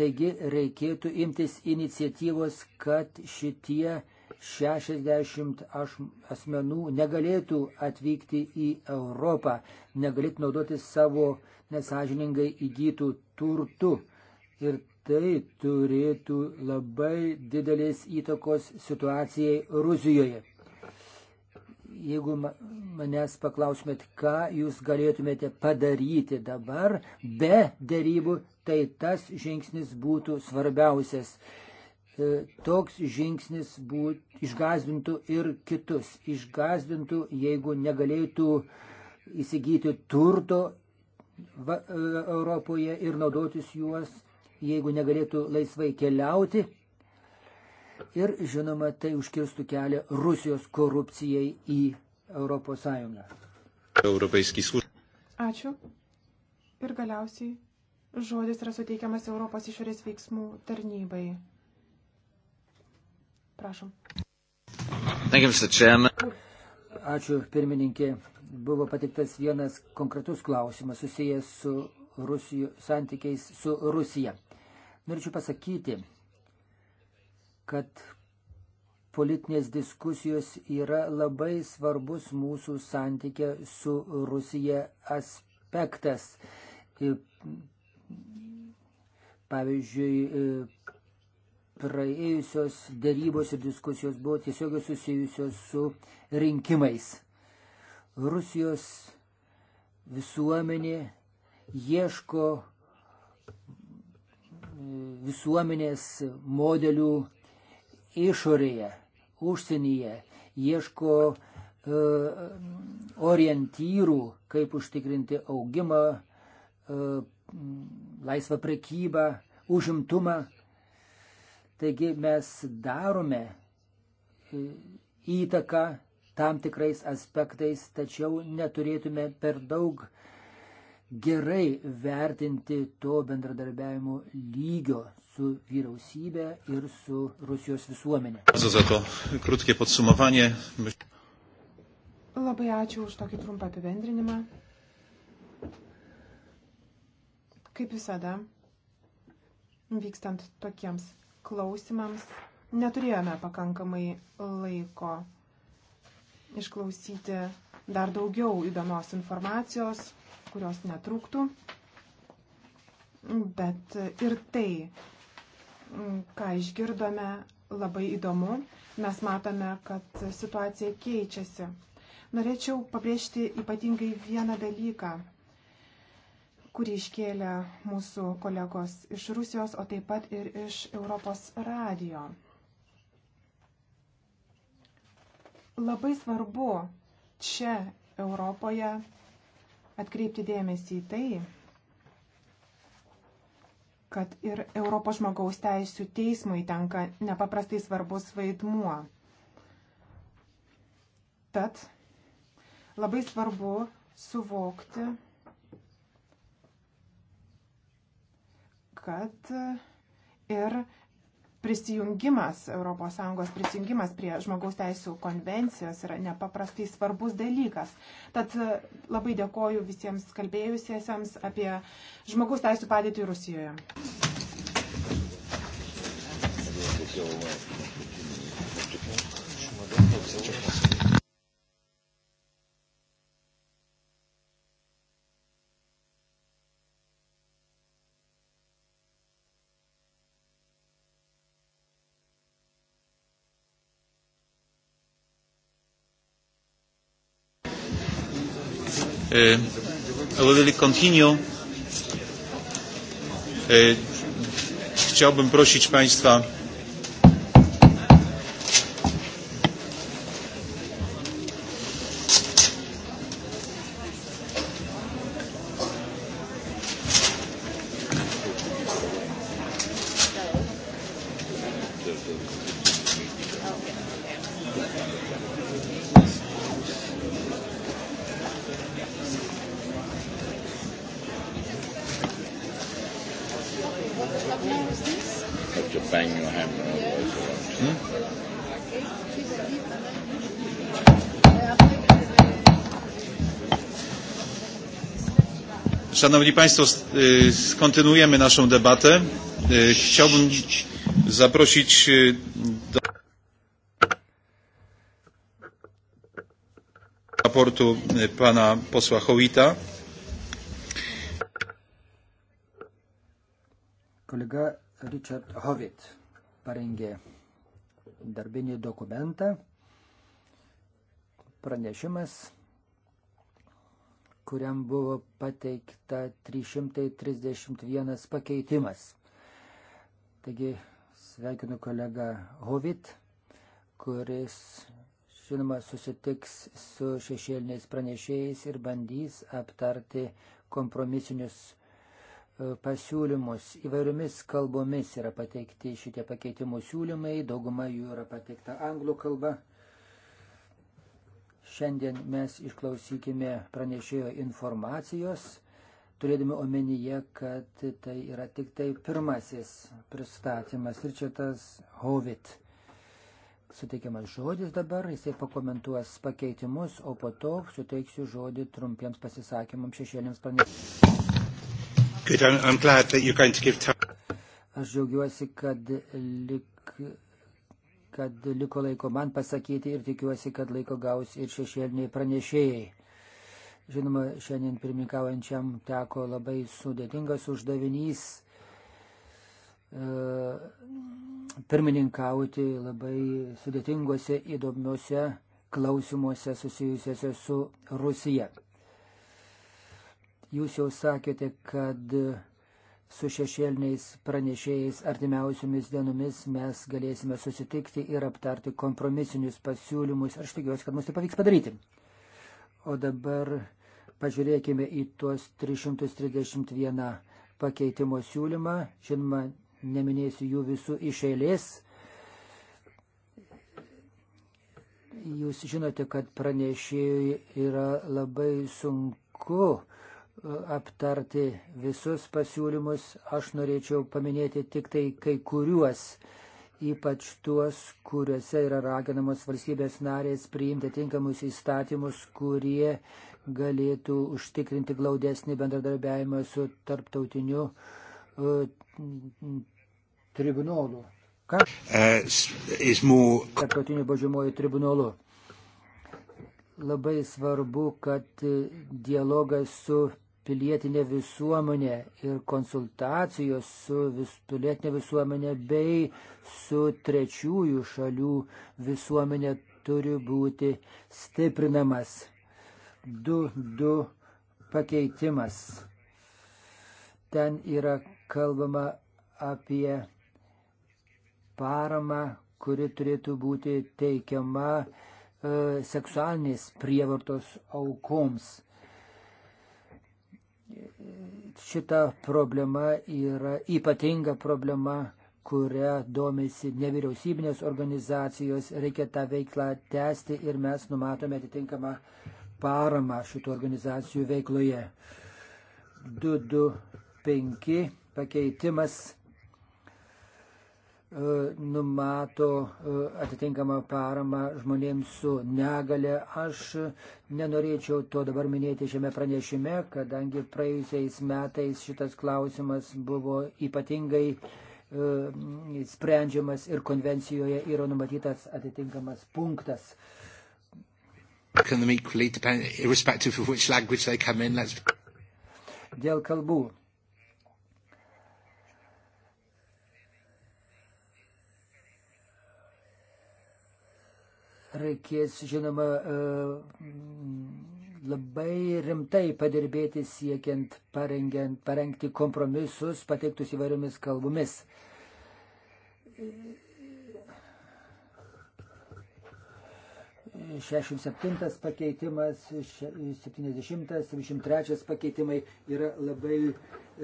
Taigi reikėtų imtis iniciatyvos, kad šitie 60 asmenų negalėtų atvykti į Europą, negalėtų naudoti savo nesažiningai įgytų turtų. Ir tai turėtų labai didelės įtakos situacijai Rusijoje jeigu manęs paklausumėt, ką jūs galėtumėte padaryti dabar be dėrybų, tai tas žingsnis būtų svarbiausias. E, toks žingsnis būt, išgazdintų ir kitus. Išgazdintų, jeigu negalėtų įsigyti turto va, e, Europoje ir naudotis juos, jeigu negalėtų laisvai keliauti ir žinoma tai užkirstų kelią Rusijos korupcijai į ES. Ačiū. Ir galiausiai žodis yra suteikiamas Europos išorės veiksmų tarnybai. Prašom. Ačiū, pirmininkė. Buvo patiktas vienas konkretus klausimas susijęs su Rusijų, santykiais su Rusija. Norėčiau pasakyti, kad politinės diskusijos yra labai svarbus mūsų santykė su Rusija aspektas. Pavyzdžiui, praėjusios dėrybos ir diskusijos buvo tiesiog susijusios su rinkimais. Rusijos visuomenė ieško visuomenės modelių išorėje, užsienyje ieško uh, orientyrų, kaip užtikrinti augimą, uh, laisvą prekybą, užimtumą. Taigi mes darome e, įtaką tam tikrais aspektais, tačiau neturėtume per daug uh, gerai vertinti to bendradarbiavimo lygio su vyriausybė ir su Rusijos visuomenė. Labai ačiū už tokį trumpą apibendrinimą. Kaip visada, vykstant tokiems klausimams, neturėjome pakankamai laiko išklausyti dar daugiau įdomios informacijos kurios netrūktų, bet ir tai, ką išgirdome, labai įdomu. Mes matome, kad situacija keičiasi. Norėčiau pabrėžti ypatingai vieną dalyką kurį iškėlė mūsų kolegos iš Rusijos, o taip pat ir iš Europos radio. Labai svarbu čia Europoje atkreipti dėmesį į tai, kad ir Europos žmogaus teisų teismui tenka nepaprastai svarbus vaidmuo. Tad labai svarbu suvokti, kad ir prisijungimas, ES prisijungimas prie žmogaus teisų konvencijos yra nepaprastai svarbus dalykas. Tad e, labai dėkoju visiems kalbėjusiesiems apie žmogaus teisų padėtį Rusijoje. Thank you. Uh, we will continue. Uh, chciałbym prosić Państwa Szanowni Państwo, kontynuujemy naszą debatę. Chciałbym zaprosić do raportu pana posła Howita. Kolega Richard Hovit parengė darbinį dokumentą. Pranešimas kuriam buvo pateikta 331 pakeitimas. Taigi sveikinu kolegą Hovit, kuris, žinoma, susitiks su šešėliniais pranešėjais ir bandys aptarti kompromisinius e, pasiūlymus. Įvairiomis kalbomis yra pateikti šitie pakeitimų siūlymai, dauguma jų yra pateikta anglų kalba. Šiandien mes išklausykime pranešėjo informacijos, turėdami omenyje, kad tai yra tik tai pirmasis pristatymas. Ir čia tas Hovit suteikiamas žodis dabar, jisai pakomentuos pakeitimus, o po to suteiksiu žodį trumpiems pasisakymams šešėlėms pranešimams. Aš džiaugiuosi, kad lik kad liko laiko man pasakyti ir tikiuosi, kad laiko gaus ir šešėliniai pranešėjai. Žinoma, šiandien pirmininkaujančiam teko labai sudėtingas uždavinys e, pirmininkauti labai sudėtingose įdomiuose klausimuose susijusiuose su Rusija. Jūs jau sakėte, kad su šešėliniais pranešėjais artimiausiomis dienomis mes galėsime susitikti ir aptarti kompromisinius pasiūlymus. Aš tikiuosi, kad mums tai pavyks padaryti. O dabar pažiūrėkime į tuos 331 pakeitimo siūlymą. Žinoma, neminėsiu jų visų iš eilės. Jūs žinote, kad pranešėjai yra labai sunku aptarti visus pasiūlymus. Aš norėčiau paminėti tik tai kai kuriuos, ypač tuos, kuriuose yra raginamos valstybės narės priimti tinkamus įstatymus, kurie galėtų užtikrinti glaudesnį bendradarbiavimą su tarptautiniu uh, tribunolu. Ką? Uh, more... Tarptautiniu baudžiamoju tribunolu. Labai svarbu, kad dialogas su pilietinė visuomenė ir konsultacijos su vis, pilietinė visuomenė bei su trečiųjų šalių visuomenė turi būti stiprinamas. 2.2 pakeitimas. Ten yra kalbama apie paramą, kuri turėtų būti teikiama E, seksualinės prievartos aukoms. Šita problema yra ypatinga problema, kuria domisi nevyriausybinės organizacijos, reikia tą veiklą tęsti ir mes numatome atitinkamą paramą šitų organizacijų veikloje. 225 pakeitimas E, numato e, atitinkamą paramą žmonėms su negale. Aš nenorėčiau to dabar minėti šiame pranešime, kadangi praėjusiais metais šitas klausimas buvo ypatingai e, sprendžiamas ir konvencijoje yra numatytas atitinkamas punktas. Depend, in, Dėl kalbų reikės, žinoma, e, labai rimtai padirbėti siekiant parengti kompromisus pateiktus įvairiomis kalbomis. Šešim septintas pakeitimas, septyniasdešimtas, septyniasdešimt trečias pakeitimai yra labai e,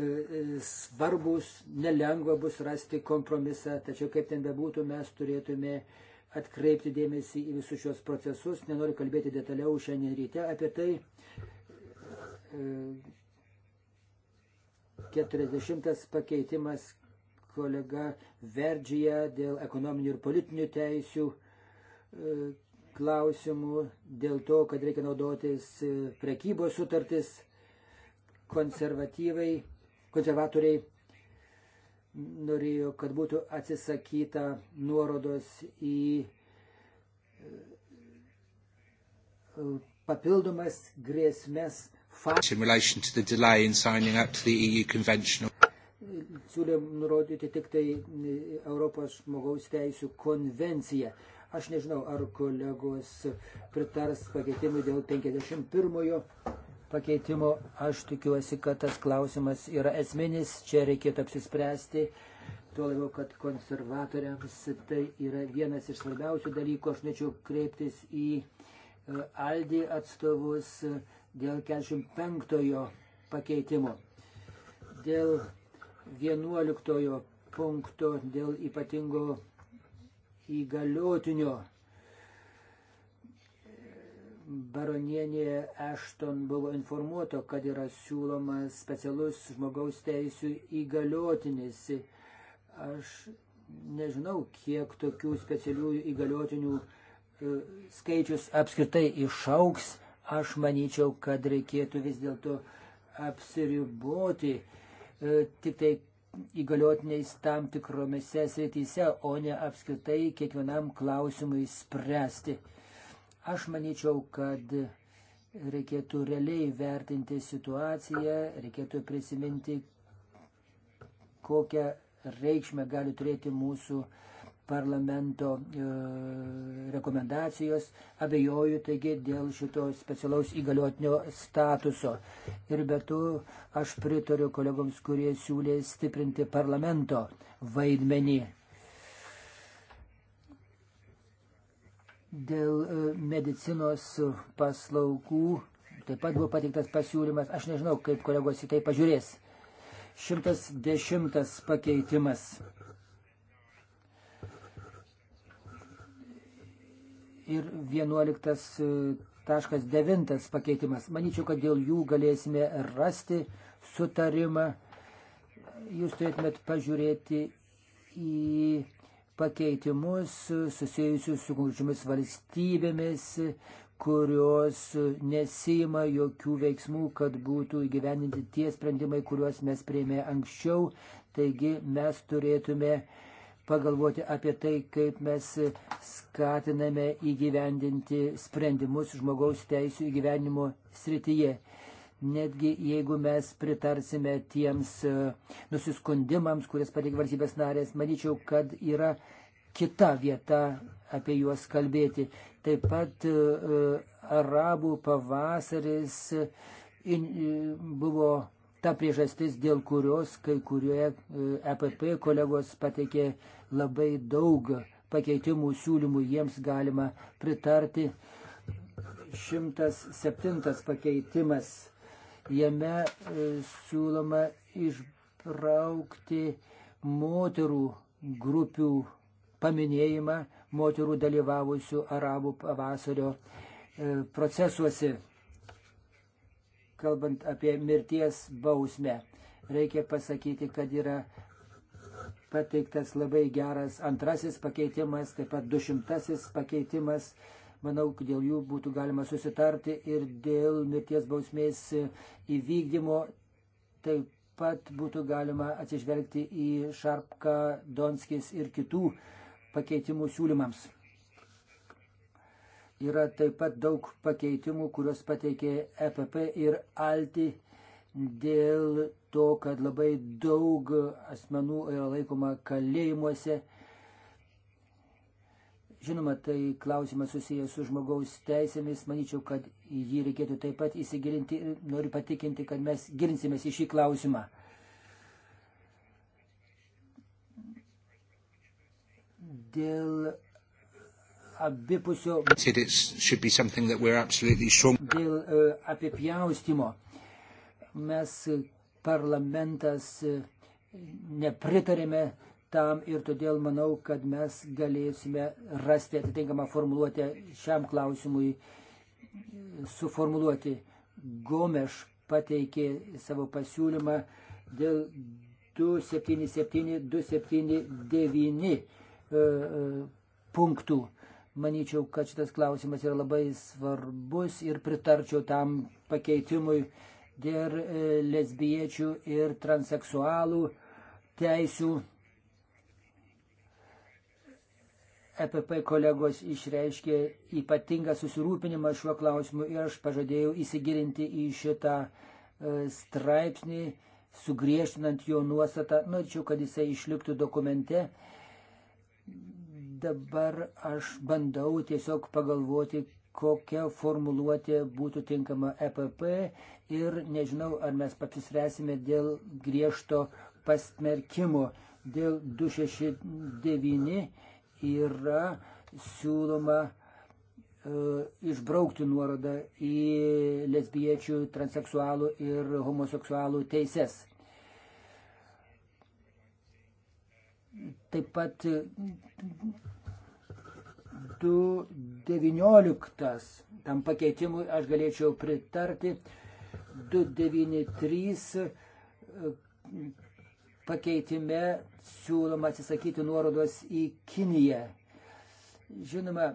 e, svarbus, nelengva bus rasti kompromisą, tačiau kaip ten bebūtų, mes turėtume uh, atkreipti dėmesį į visus šios procesus. Nenoriu kalbėti detaliau šiandien ryte apie tai. 40 e, pakeitimas kolega Verdžyje dėl ekonominių ir politinių teisių e, klausimų, dėl to, kad reikia naudotis e, prekybos sutartis, konservatyvai, konservatoriai norėjo, kad būtų atsisakyta nuorodos į e, papildomas grėsmės faktą. E Siūlėm nurodyti tik tai e, Europos žmogaus teisų konvenciją. Aš nežinau, ar kolegos pritars pakeitimui dėl 51 pakeitimo. Aš tikiuosi, kad tas klausimas yra esminis, čia reikėtų apsispręsti. Tuo labiau, kad konservatoriams tai yra vienas iš svarbiausių dalykų. Aš norėčiau kreiptis į e, Aldi atstovus e, dėl 45 pakeitimo. Dėl 11 punkto, dėl ypatingo įgaliotinio baronienė Ešton buvo informuota, kad yra siūlomas specialus žmogaus teisų įgaliotinis. Aš nežinau, kiek tokių specialiųjų įgaliotinių e, skaičius apskritai išauks. Aš manyčiau, kad reikėtų vis dėlto apsiriboti e, tik tai įgaliotiniais tam tikromise srityse, o ne apskritai kiekvienam klausimui spręsti. Aš manyčiau, kad reikėtų realiai vertinti situaciją, reikėtų prisiminti, kokią reikšmę gali turėti mūsų parlamento e, rekomendacijos, abejoju taigi dėl šito specialaus įgaliotinio statuso. Ir be to aš pritariu kolegoms, kurie siūlė stiprinti parlamento vaidmenį. Dėl e, medicinos paslaugų taip pat buvo pateiktas pasiūlymas, aš nežinau, kaip kolegos į tai pažiūrės. 110 pakeitimas. Ir 11.9 e, pakeitimas. Manyčiau, kad dėl jų galėsime rasti sutarimą. Jūs turėtumėt pažiūrėti į pakeitimus susijusius su konkrečiomis valstybėmis, kurios nesima jokių veiksmų, kad būtų įgyveninti tie sprendimai, kuriuos mes prieimė anksčiau. Taigi mes turėtume pagalvoti apie tai, kaip mes skatiname įgyvendinti sprendimus žmogaus teisų įgyvenimo srityje netgi jeigu mes pritarsime tiems e, nusiskundimams, kurias pateikė valstybės narės, manyčiau, kad yra kita vieta apie juos kalbėti. Taip pat e, e, arabų pavasaris buvo ta priežastis, dėl kurios kai kurioje EPP kolegos pateikė labai daug pakeitimų siūlymų, jiems galima pritarti. 107 pakeitimas Jame e, siūloma išbraukti moterų grupių paminėjimą, moterų dalyvavusių arabų pavasario e, procesuose. Kalbant apie mirties bausmę, reikia pasakyti, kad yra pateiktas labai geras antrasis pakeitimas, taip pat dušimtasis pakeitimas Manau, kad dėl jų būtų galima susitarti ir dėl mirties bausmės įvykdymo. Taip pat būtų galima atsižvelgti į Šarpką, Donskis ir kitų pakeitimų siūlymams. Yra taip pat daug pakeitimų, kuriuos pateikė EPP ir ALTI dėl to, kad labai daug asmenų yra laikoma kalėjimuose Žinoma, tai klausimas susijęs su žmogaus teisėmis. Manyčiau, kad į jį reikėtų taip pat įsigilinti ir noriu patikinti, kad mes gilinsimės į šį klausimą. Dėl abipusio. Dėl e, apipjaustimo mes e, parlamentas e, nepritarėme tam ir todėl manau, kad mes galėsime rasti atitinkamą formuluotę šiam klausimui e, suformuluoti. Gomeš pateikė savo pasiūlymą dėl 277-279 e, e, punktų. Manyčiau, kad šitas klausimas yra labai svarbus ir pritarčiau tam pakeitimui dėl lesbiečių ir transeksualų teisių EPP kolegos išreiškė ypatingą susirūpinimą šiuo klausimu ir aš pažadėjau įsigilinti į šitą e, straipsnį, sugriežtinant jo nuostatą. Norėčiau, kad jisai išliktų dokumente. Dabar aš bandau tiesiog pagalvoti, kokia formuluotė būtų tinkama EPP ir nežinau, ar mes pasisvesime dėl griežto pasmerkimo, dėl 269 yra siūloma e, išbraukti nuorodą į lesbiečių, transseksualų ir homoseksualų teises. Taip pat 219 tam pakeitimui aš galėčiau pritarti 293 pakeitime siūloma atsisakyti nuorodos į Kiniją. Žinoma,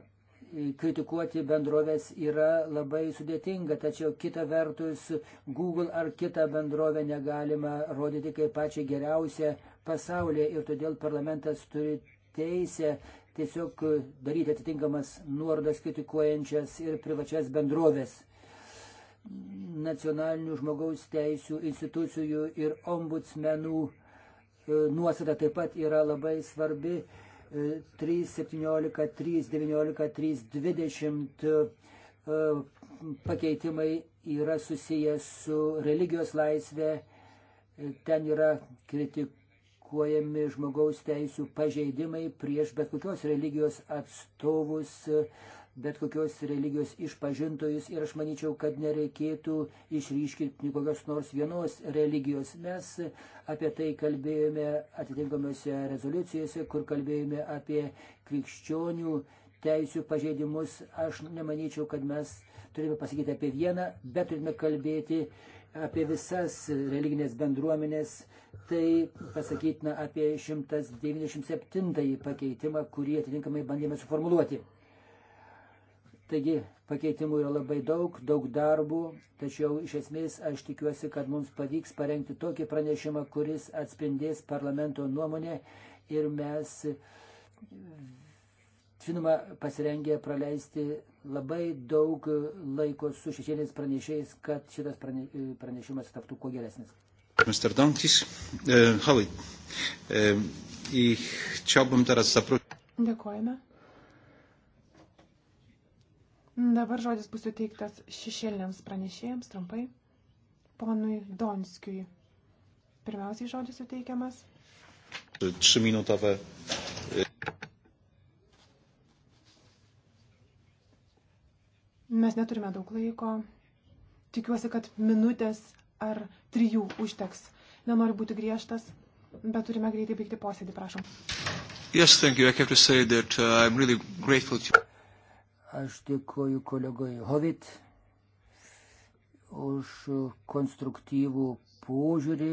kritikuoti bendrovės yra labai sudėtinga, tačiau kita vertus Google ar kitą bendrovę negalima rodyti kaip pačią geriausią pasaulyje ir todėl parlamentas turi teisę tiesiog daryti atitinkamas nuorodas kritikuojančias ir privačias bendrovės. Nacionalinių žmogaus teisų institucijų ir ombudsmenų E, nuostata taip pat yra labai svarbi. 3.17, 3.19, 3.20 pakeitimai yra susijęs su religijos laisvė. E, ten yra kritikuojami žmogaus teisų pažeidimai prieš bet kokios religijos atstovus bet kokios religijos išpažintojus ir aš manyčiau, kad nereikėtų išryškinti kokios nors vienos religijos. Mes apie tai kalbėjome atitinkamose rezoliucijose, kur kalbėjome apie krikščionių teisių pažeidimus. Aš nemanyčiau, kad mes turime pasakyti apie vieną, bet turime kalbėti apie visas religinės bendruomenės. Tai pasakytina apie 197 pakeitimą, kurį atitinkamai bandėme suformuluoti. Taigi pakeitimų yra labai daug, daug darbų, tačiau iš esmės aš tikiuosi, kad mums pavyks parengti tokį pranešimą, kuris atspindės parlamento nuomonę ir mes, žinoma, pasirengę praleisti labai daug laiko su šešėliais pranešėjais, kad šitas pranešimas taptų kuo geresnis. Mr. Donkis, uh, e, Howard, uh, e, chciałbym teraz zaprosić. Dėkojame. Dabar žodis bus suteiktas šešėliniams pranešėjams trumpai. Ponui Donskiui. Pirmiausiai žodis suteikiamas. 3 minutave. Mes neturime daug laiko. Tikiuosi, kad minutės ar trijų užteks. Nenoriu būti griežtas, bet turime greitai baigti posėdį, prašom. Yes, thank you. I have to say that uh, I'm really grateful to you. Aš dėkoju kolegoj Hovit už konstruktyvų požiūrį.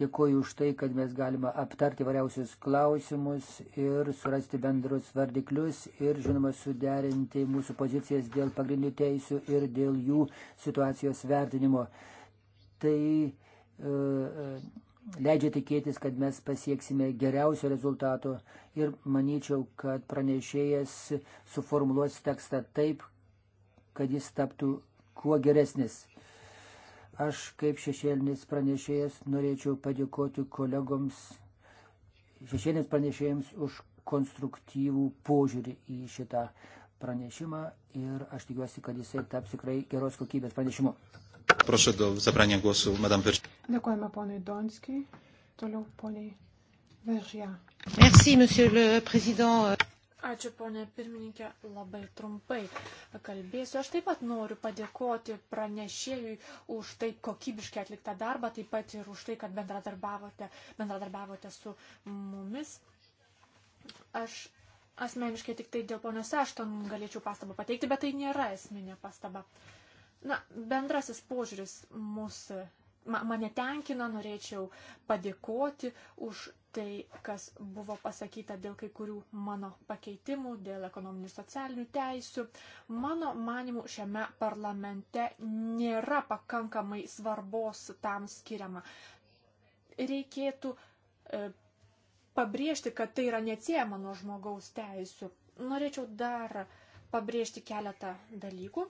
Dėkoju už tai, kad mes galime aptarti variausius klausimus ir surasti bendrus vardiklius ir, žinoma, suderinti mūsų pozicijas dėl pagrindinių teisių ir dėl jų situacijos vertinimo. Tai e, e leidžia tikėtis, kad mes pasieksime geriausio rezultato ir manyčiau, kad pranešėjas suformuluos tekstą taip, kad jis taptų kuo geresnis. Aš kaip šešėlinis pranešėjas norėčiau padėkoti kolegoms, šešėlinis pranešėjams už konstruktyvų požiūrį į šitą pranešimą ir aš tikiuosi, kad jisai taps tikrai geros kokybės pranešimu. Proszę do zabrania głosu Madame Virch. Dėkojame ponui Donskijui. Toliau poniai Veržia. Merci, monsieur le président. Ačiū, ponė pirmininkė, labai trumpai kalbėsiu. Aš taip pat noriu padėkoti pranešėjui už taip kokybiškai atliktą darbą, taip pat ir už tai, kad bendradarbiavote, bendradarbiavote su mumis. Aš asmeniškai tik tai dėl ponios Ešton galėčiau pastabą pateikti, bet tai nėra esminė pastaba. Na, bendrasis požiūris mūsų mane tenkina, norėčiau padėkoti už tai, kas buvo pasakyta dėl kai kurių mano pakeitimų, dėl ekonominių socialinių teisių. Mano manimų šiame parlamente nėra pakankamai svarbos tam skiriama. Reikėtų e, pabrėžti, kad tai yra neatsiejama nuo žmogaus teisių. Norėčiau dar pabrėžti keletą dalykų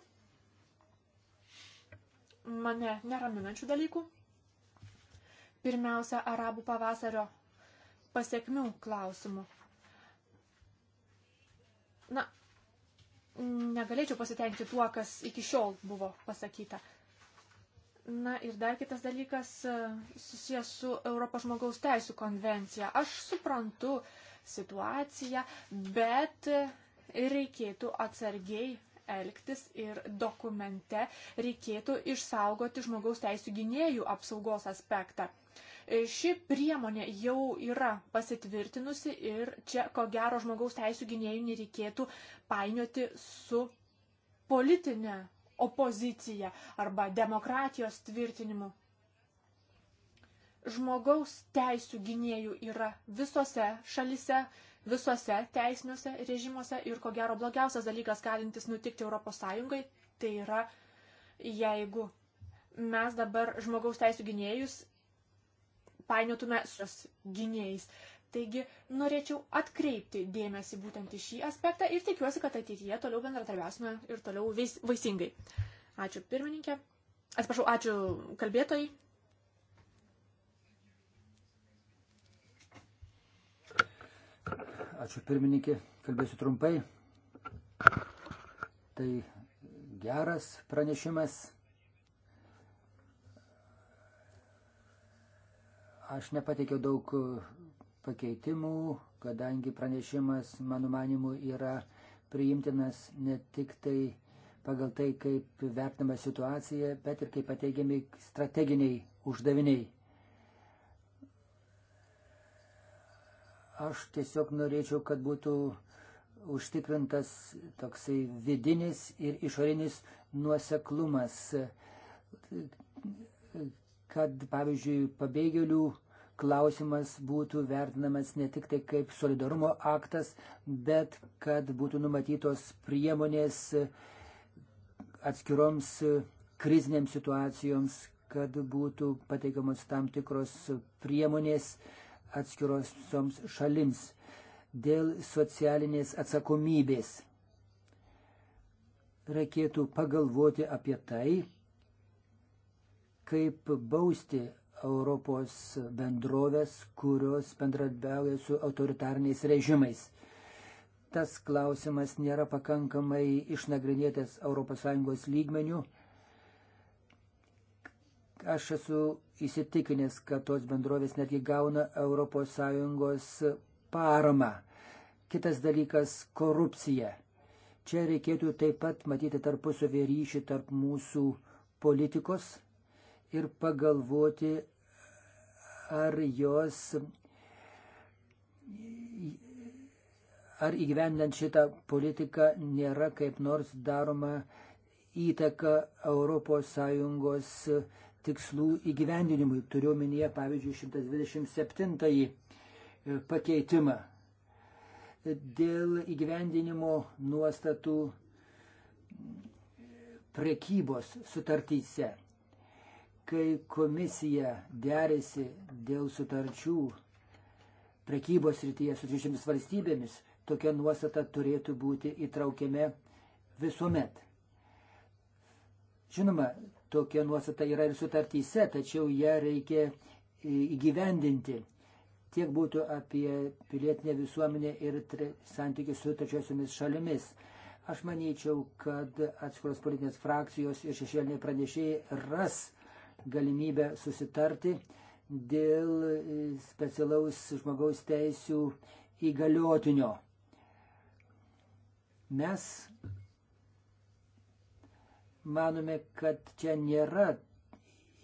mane neraminančių dalykų. Pirmiausia, arabų pavasario pasiekmių klausimų. Na, negalėčiau pasitenkti tuo, kas iki šiol buvo pasakyta. Na ir dar kitas dalykas e, susijęs su Europos žmogaus teisų konvencija. Aš suprantu situaciją, bet reikėtų atsargiai elgtis ir dokumente reikėtų išsaugoti žmogaus teisų gynėjų apsaugos aspektą. Ši priemonė jau yra pasitvirtinusi ir čia, ko gero, žmogaus teisų gynėjų nereikėtų painioti su politinė opozicija arba demokratijos tvirtinimu. Žmogaus teisų gynėjų yra visose šalise, visuose teisiniuose režimuose ir ko gero blogiausias dalykas galintis nutikti ES, tai yra jeigu mes dabar žmogaus teisų gynėjus painiotume su gynėjais. Taigi norėčiau atkreipti dėmesį būtent į šį aspektą ir tikiuosi, kad ateityje toliau bendratarbiausime ir toliau vais, vaisingai. Ačiū pirmininkė. Atsiprašau, ačiū kalbėtojai. Ačiū pirmininkė, kalbėsiu trumpai. Tai geras pranešimas. Aš nepateikiau daug pakeitimų, kadangi pranešimas, mano manimu, yra priimtinas ne tik tai pagal tai, kaip vertinama situacija, bet ir kaip pateigiami strateginiai uždaviniai. Aš tiesiog norėčiau, kad būtų užtikrintas toksai vidinis ir išorinis nuoseklumas, kad, pavyzdžiui, pabėgėlių klausimas būtų vertinamas ne tik tai kaip solidarumo aktas, bet kad būtų numatytos priemonės atskiroms krizinėms situacijoms, kad būtų pateikiamos tam tikros priemonės, uh, atskirosioms šalims dėl socialinės atsakomybės. Reikėtų pagalvoti apie tai, kaip bausti Europos bendrovės, kurios bendradarbiauja su autoritarniais režimais. Tas klausimas nėra pakankamai išnagrinėtas ES lygmenių Aš esu įsitikinęs, kad tos bendrovės netgi gauna ES paramą. Kitas dalykas - korupcija. Čia reikėtų taip pat matyti tarpusavį ryšį tarp mūsų politikos ir pagalvoti, ar jos, ar įgyvendant šitą politiką nėra kaip nors daroma įtaka ES tikslų įgyvendinimui. Turiu omenyje, pavyzdžiui, 127 e, pakeitimą. Dėl įgyvendinimo nuostatų mm, prekybos sutartyse, kai komisija derėsi dėl sutarčių prekybos rytyje su trišiamis valstybėmis, tokia nuostata turėtų būti įtraukiame visuomet. Žinoma, Tokia nuostata yra ir sutartyse, tačiau ją reikia įgyvendinti. Tiek būtų apie pilietinę visuomenę ir santykius su trečiosiomis šalimis. Aš manyčiau, kad atskiros politinės frakcijos ir šešėliniai pranešėjai ras galimybę susitarti dėl e, specialaus žmogaus teisų įgaliotinio. Mes manome, kad čia nėra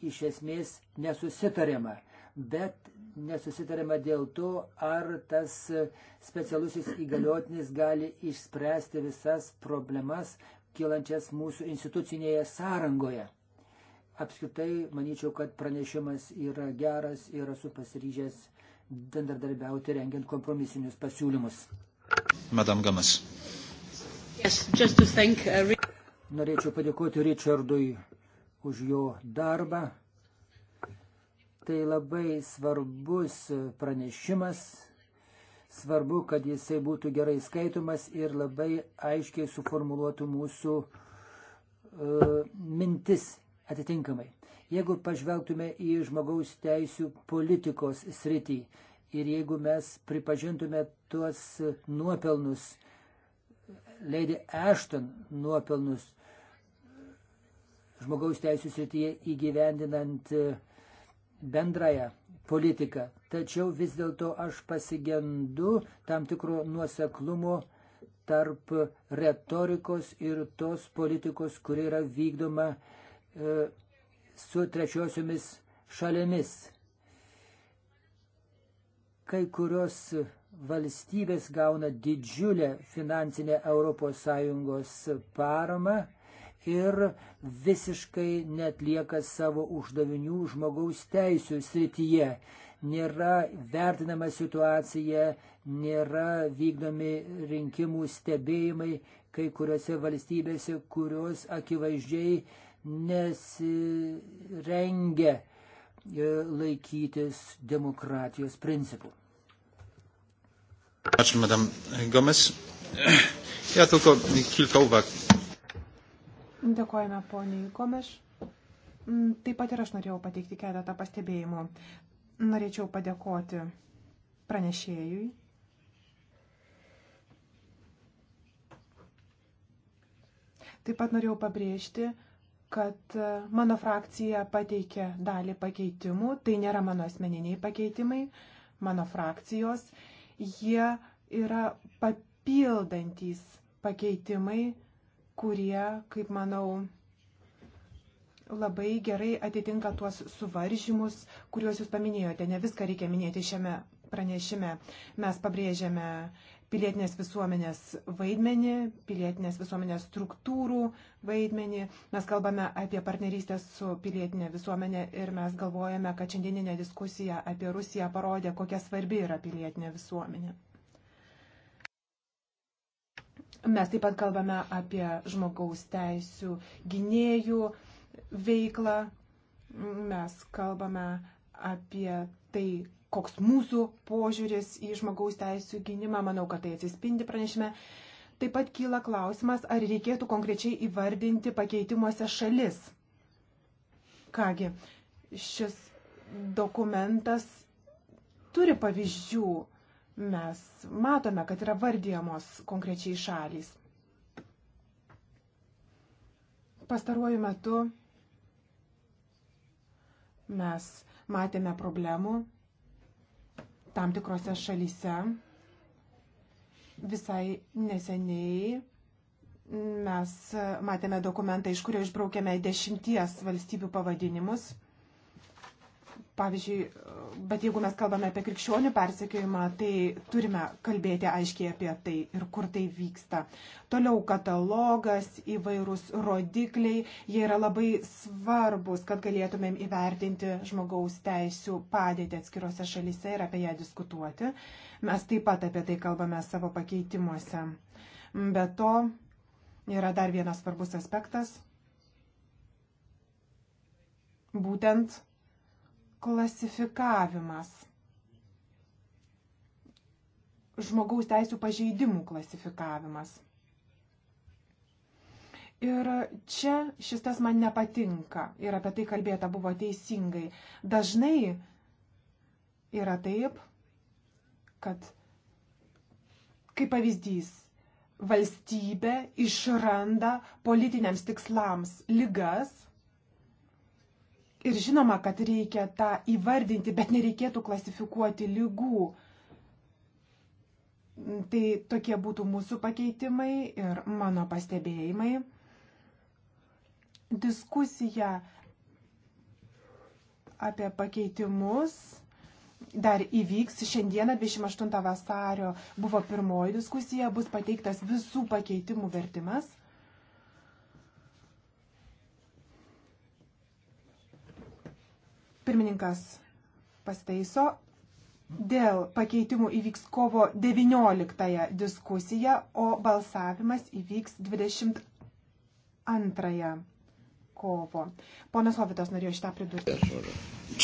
iš esmės nesusitarima, bet nesusitarima dėl to, ar tas specialusis įgaliotinis gali išspręsti visas problemas kylančias mūsų institucinėje sąrangoje. Apskritai, manyčiau, kad pranešimas yra geras ir esu pasiryžęs bendradarbiauti rengiant kompromisinius pasiūlymus. Madam Gamas. Yes, just to thank, uh, Norėčiau padėkoti Richardui už jo darbą. Tai labai svarbus pranešimas. Svarbu, kad jisai būtų gerai skaitomas ir labai aiškiai suformuluotų mūsų uh, mintis atitinkamai. Jeigu pažvelgtume į žmogaus teisų politikos sritį ir jeigu mes pripažintume tuos nuopelnus, Lady Ashton nuopelnus žmogaus teisų srityje įgyvendinant e, bendrąją politiką. Tačiau vis dėlto aš pasigendu tam tikro nuoseklumo tarp retorikos ir tos politikos, kuri yra vykdoma e, su trečiosiomis šalėmis. Kai kurios valstybės gauna didžiulę finansinę ES paramą ir visiškai netlieka savo uždavinių žmogaus teisų srityje. Nėra vertinama situacija, nėra vykdomi rinkimų stebėjimai kai kuriuose valstybėse, kurios akivaizdžiai nesirengia e, laikytis demokratijos principų. Patrz, madam Gomes. Jā, tulko kilka uvāk. Dėkojame poniai Gomes. Mm, taip pat ir aš norėjau pateikti keletą pastebėjimų. Norėčiau padėkoti pranešėjui. Taip pat norėjau pabrėžti, kad e, mano frakcija pateikė dalį pakeitimų, tai nėra mano asmeniniai pakeitimai, mano frakcijos jie yra papildantis pakeitimai, kurie, kaip manau, labai gerai atitinka tuos suvaržymus, kuriuos jūs paminėjote. Ne viską reikia minėti šiame pranešime. Mes pabrėžiame pilietinės visuomenės vaidmenį, pilietinės visuomenės struktūrų vaidmenį. Mes kalbame apie partnerystę su pilietinė visuomenė ir mes galvojame, kad šiandieninė diskusija apie Rusiją parodė, kokia svarbi yra pilietinė visuomenė. Mes taip pat kalbame apie žmogaus teisų gynėjų veiklą. Mes kalbame apie tai, koks mūsų požiūris į žmogaus teisų gynimą, manau, kad tai atsispindi pranešime. Taip pat kyla klausimas, ar reikėtų konkrečiai įvardinti pakeitimuose šalis. Kągi, šis dokumentas turi pavyzdžių. Mes matome, kad yra vardijamos konkrečiai šalys. Pastaruoju metu mes matėme problemų tam tikrose šalyse visai neseniai mes matėme dokumentą, iš kurio išbraukėme dešimties valstybių pavadinimus. Pavyzdžiui, bet jeigu mes kalbame apie krikščionių persekiojimą, tai turime kalbėti aiškiai apie tai ir kur tai vyksta. Toliau katalogas, įvairūs rodikliai, jie yra labai svarbus, kad galėtumėm įvertinti žmogaus teisų padėtį atskirose šalyse ir apie ją diskutuoti. Mes taip pat apie tai kalbame savo pakeitimuose. Be to, yra dar vienas svarbus aspektas. Būtent klasifikavimas. Žmogaus teisų pažeidimų klasifikavimas. Ir čia šis tas man nepatinka ir apie tai kalbėta buvo teisingai. Dažnai yra taip, kad kaip pavyzdys valstybė išranda politiniams tikslams lygas, Ir žinoma, kad reikia tą įvardinti, bet nereikėtų klasifikuoti lygų. Tai tokie būtų mūsų pakeitimai ir mano pastebėjimai. Diskusija apie pakeitimus dar įvyks. Šiandieną 28 vasario buvo pirmoji diskusija, bus pateiktas visų pakeitimų vertimas. Pirmininkas pasteiso. Dėl pakeitimų įvyks kovo 19 diskusija, o balsavimas įvyks 22 kovo. Ponas Hovitas norėjo šitą pridurti.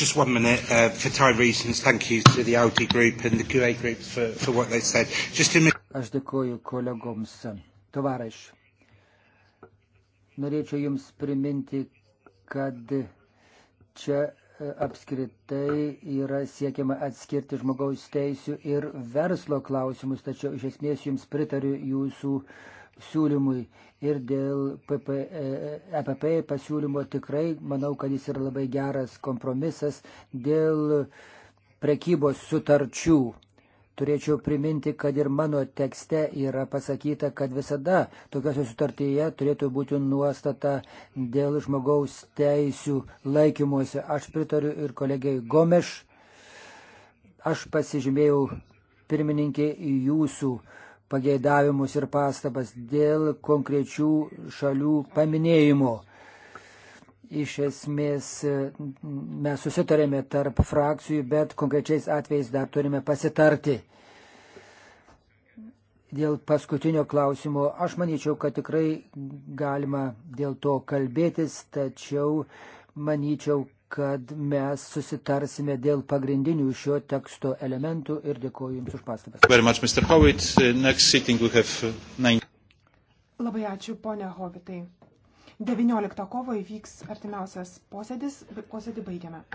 Just one minute, uh, for time reasons, thank you to the Audi group and the QA group for, for what they said. Just in... Aš dėkoju kolegoms. Tovaraš, norėčiau Jums priminti, kad čia apskritai yra siekiama atskirti žmogaus teisų ir verslo klausimus, tačiau iš esmės jums pritariu jūsų siūlymui ir dėl PP, EPP e pasiūlymo tikrai manau, kad jis yra labai geras kompromisas dėl prekybos sutarčių. Turėčiau priminti, kad ir mano tekste yra pasakyta, kad visada tokiose sutartyje turėtų būti nuostata dėl žmogaus teisių laikymuose. Aš pritariu ir kolegiai Gomeš. Aš pasižymėjau pirmininkė į jūsų pageidavimus ir pastabas dėl konkrečių šalių paminėjimo iš esmės mes susitarėme tarp frakcijų, bet konkrečiais atvejais dar turime pasitarti. Dėl paskutinio klausimo aš manyčiau, kad tikrai galima dėl to kalbėtis, tačiau manyčiau, kad mes susitarsime dėl pagrindinių šio teksto elementų ir dėkoju Jums už pastabas. Uh, uh, Labai ačiū, ponia Hovitai. 19 kovo įvyks artimiausias posėdis, posėdį baigiame.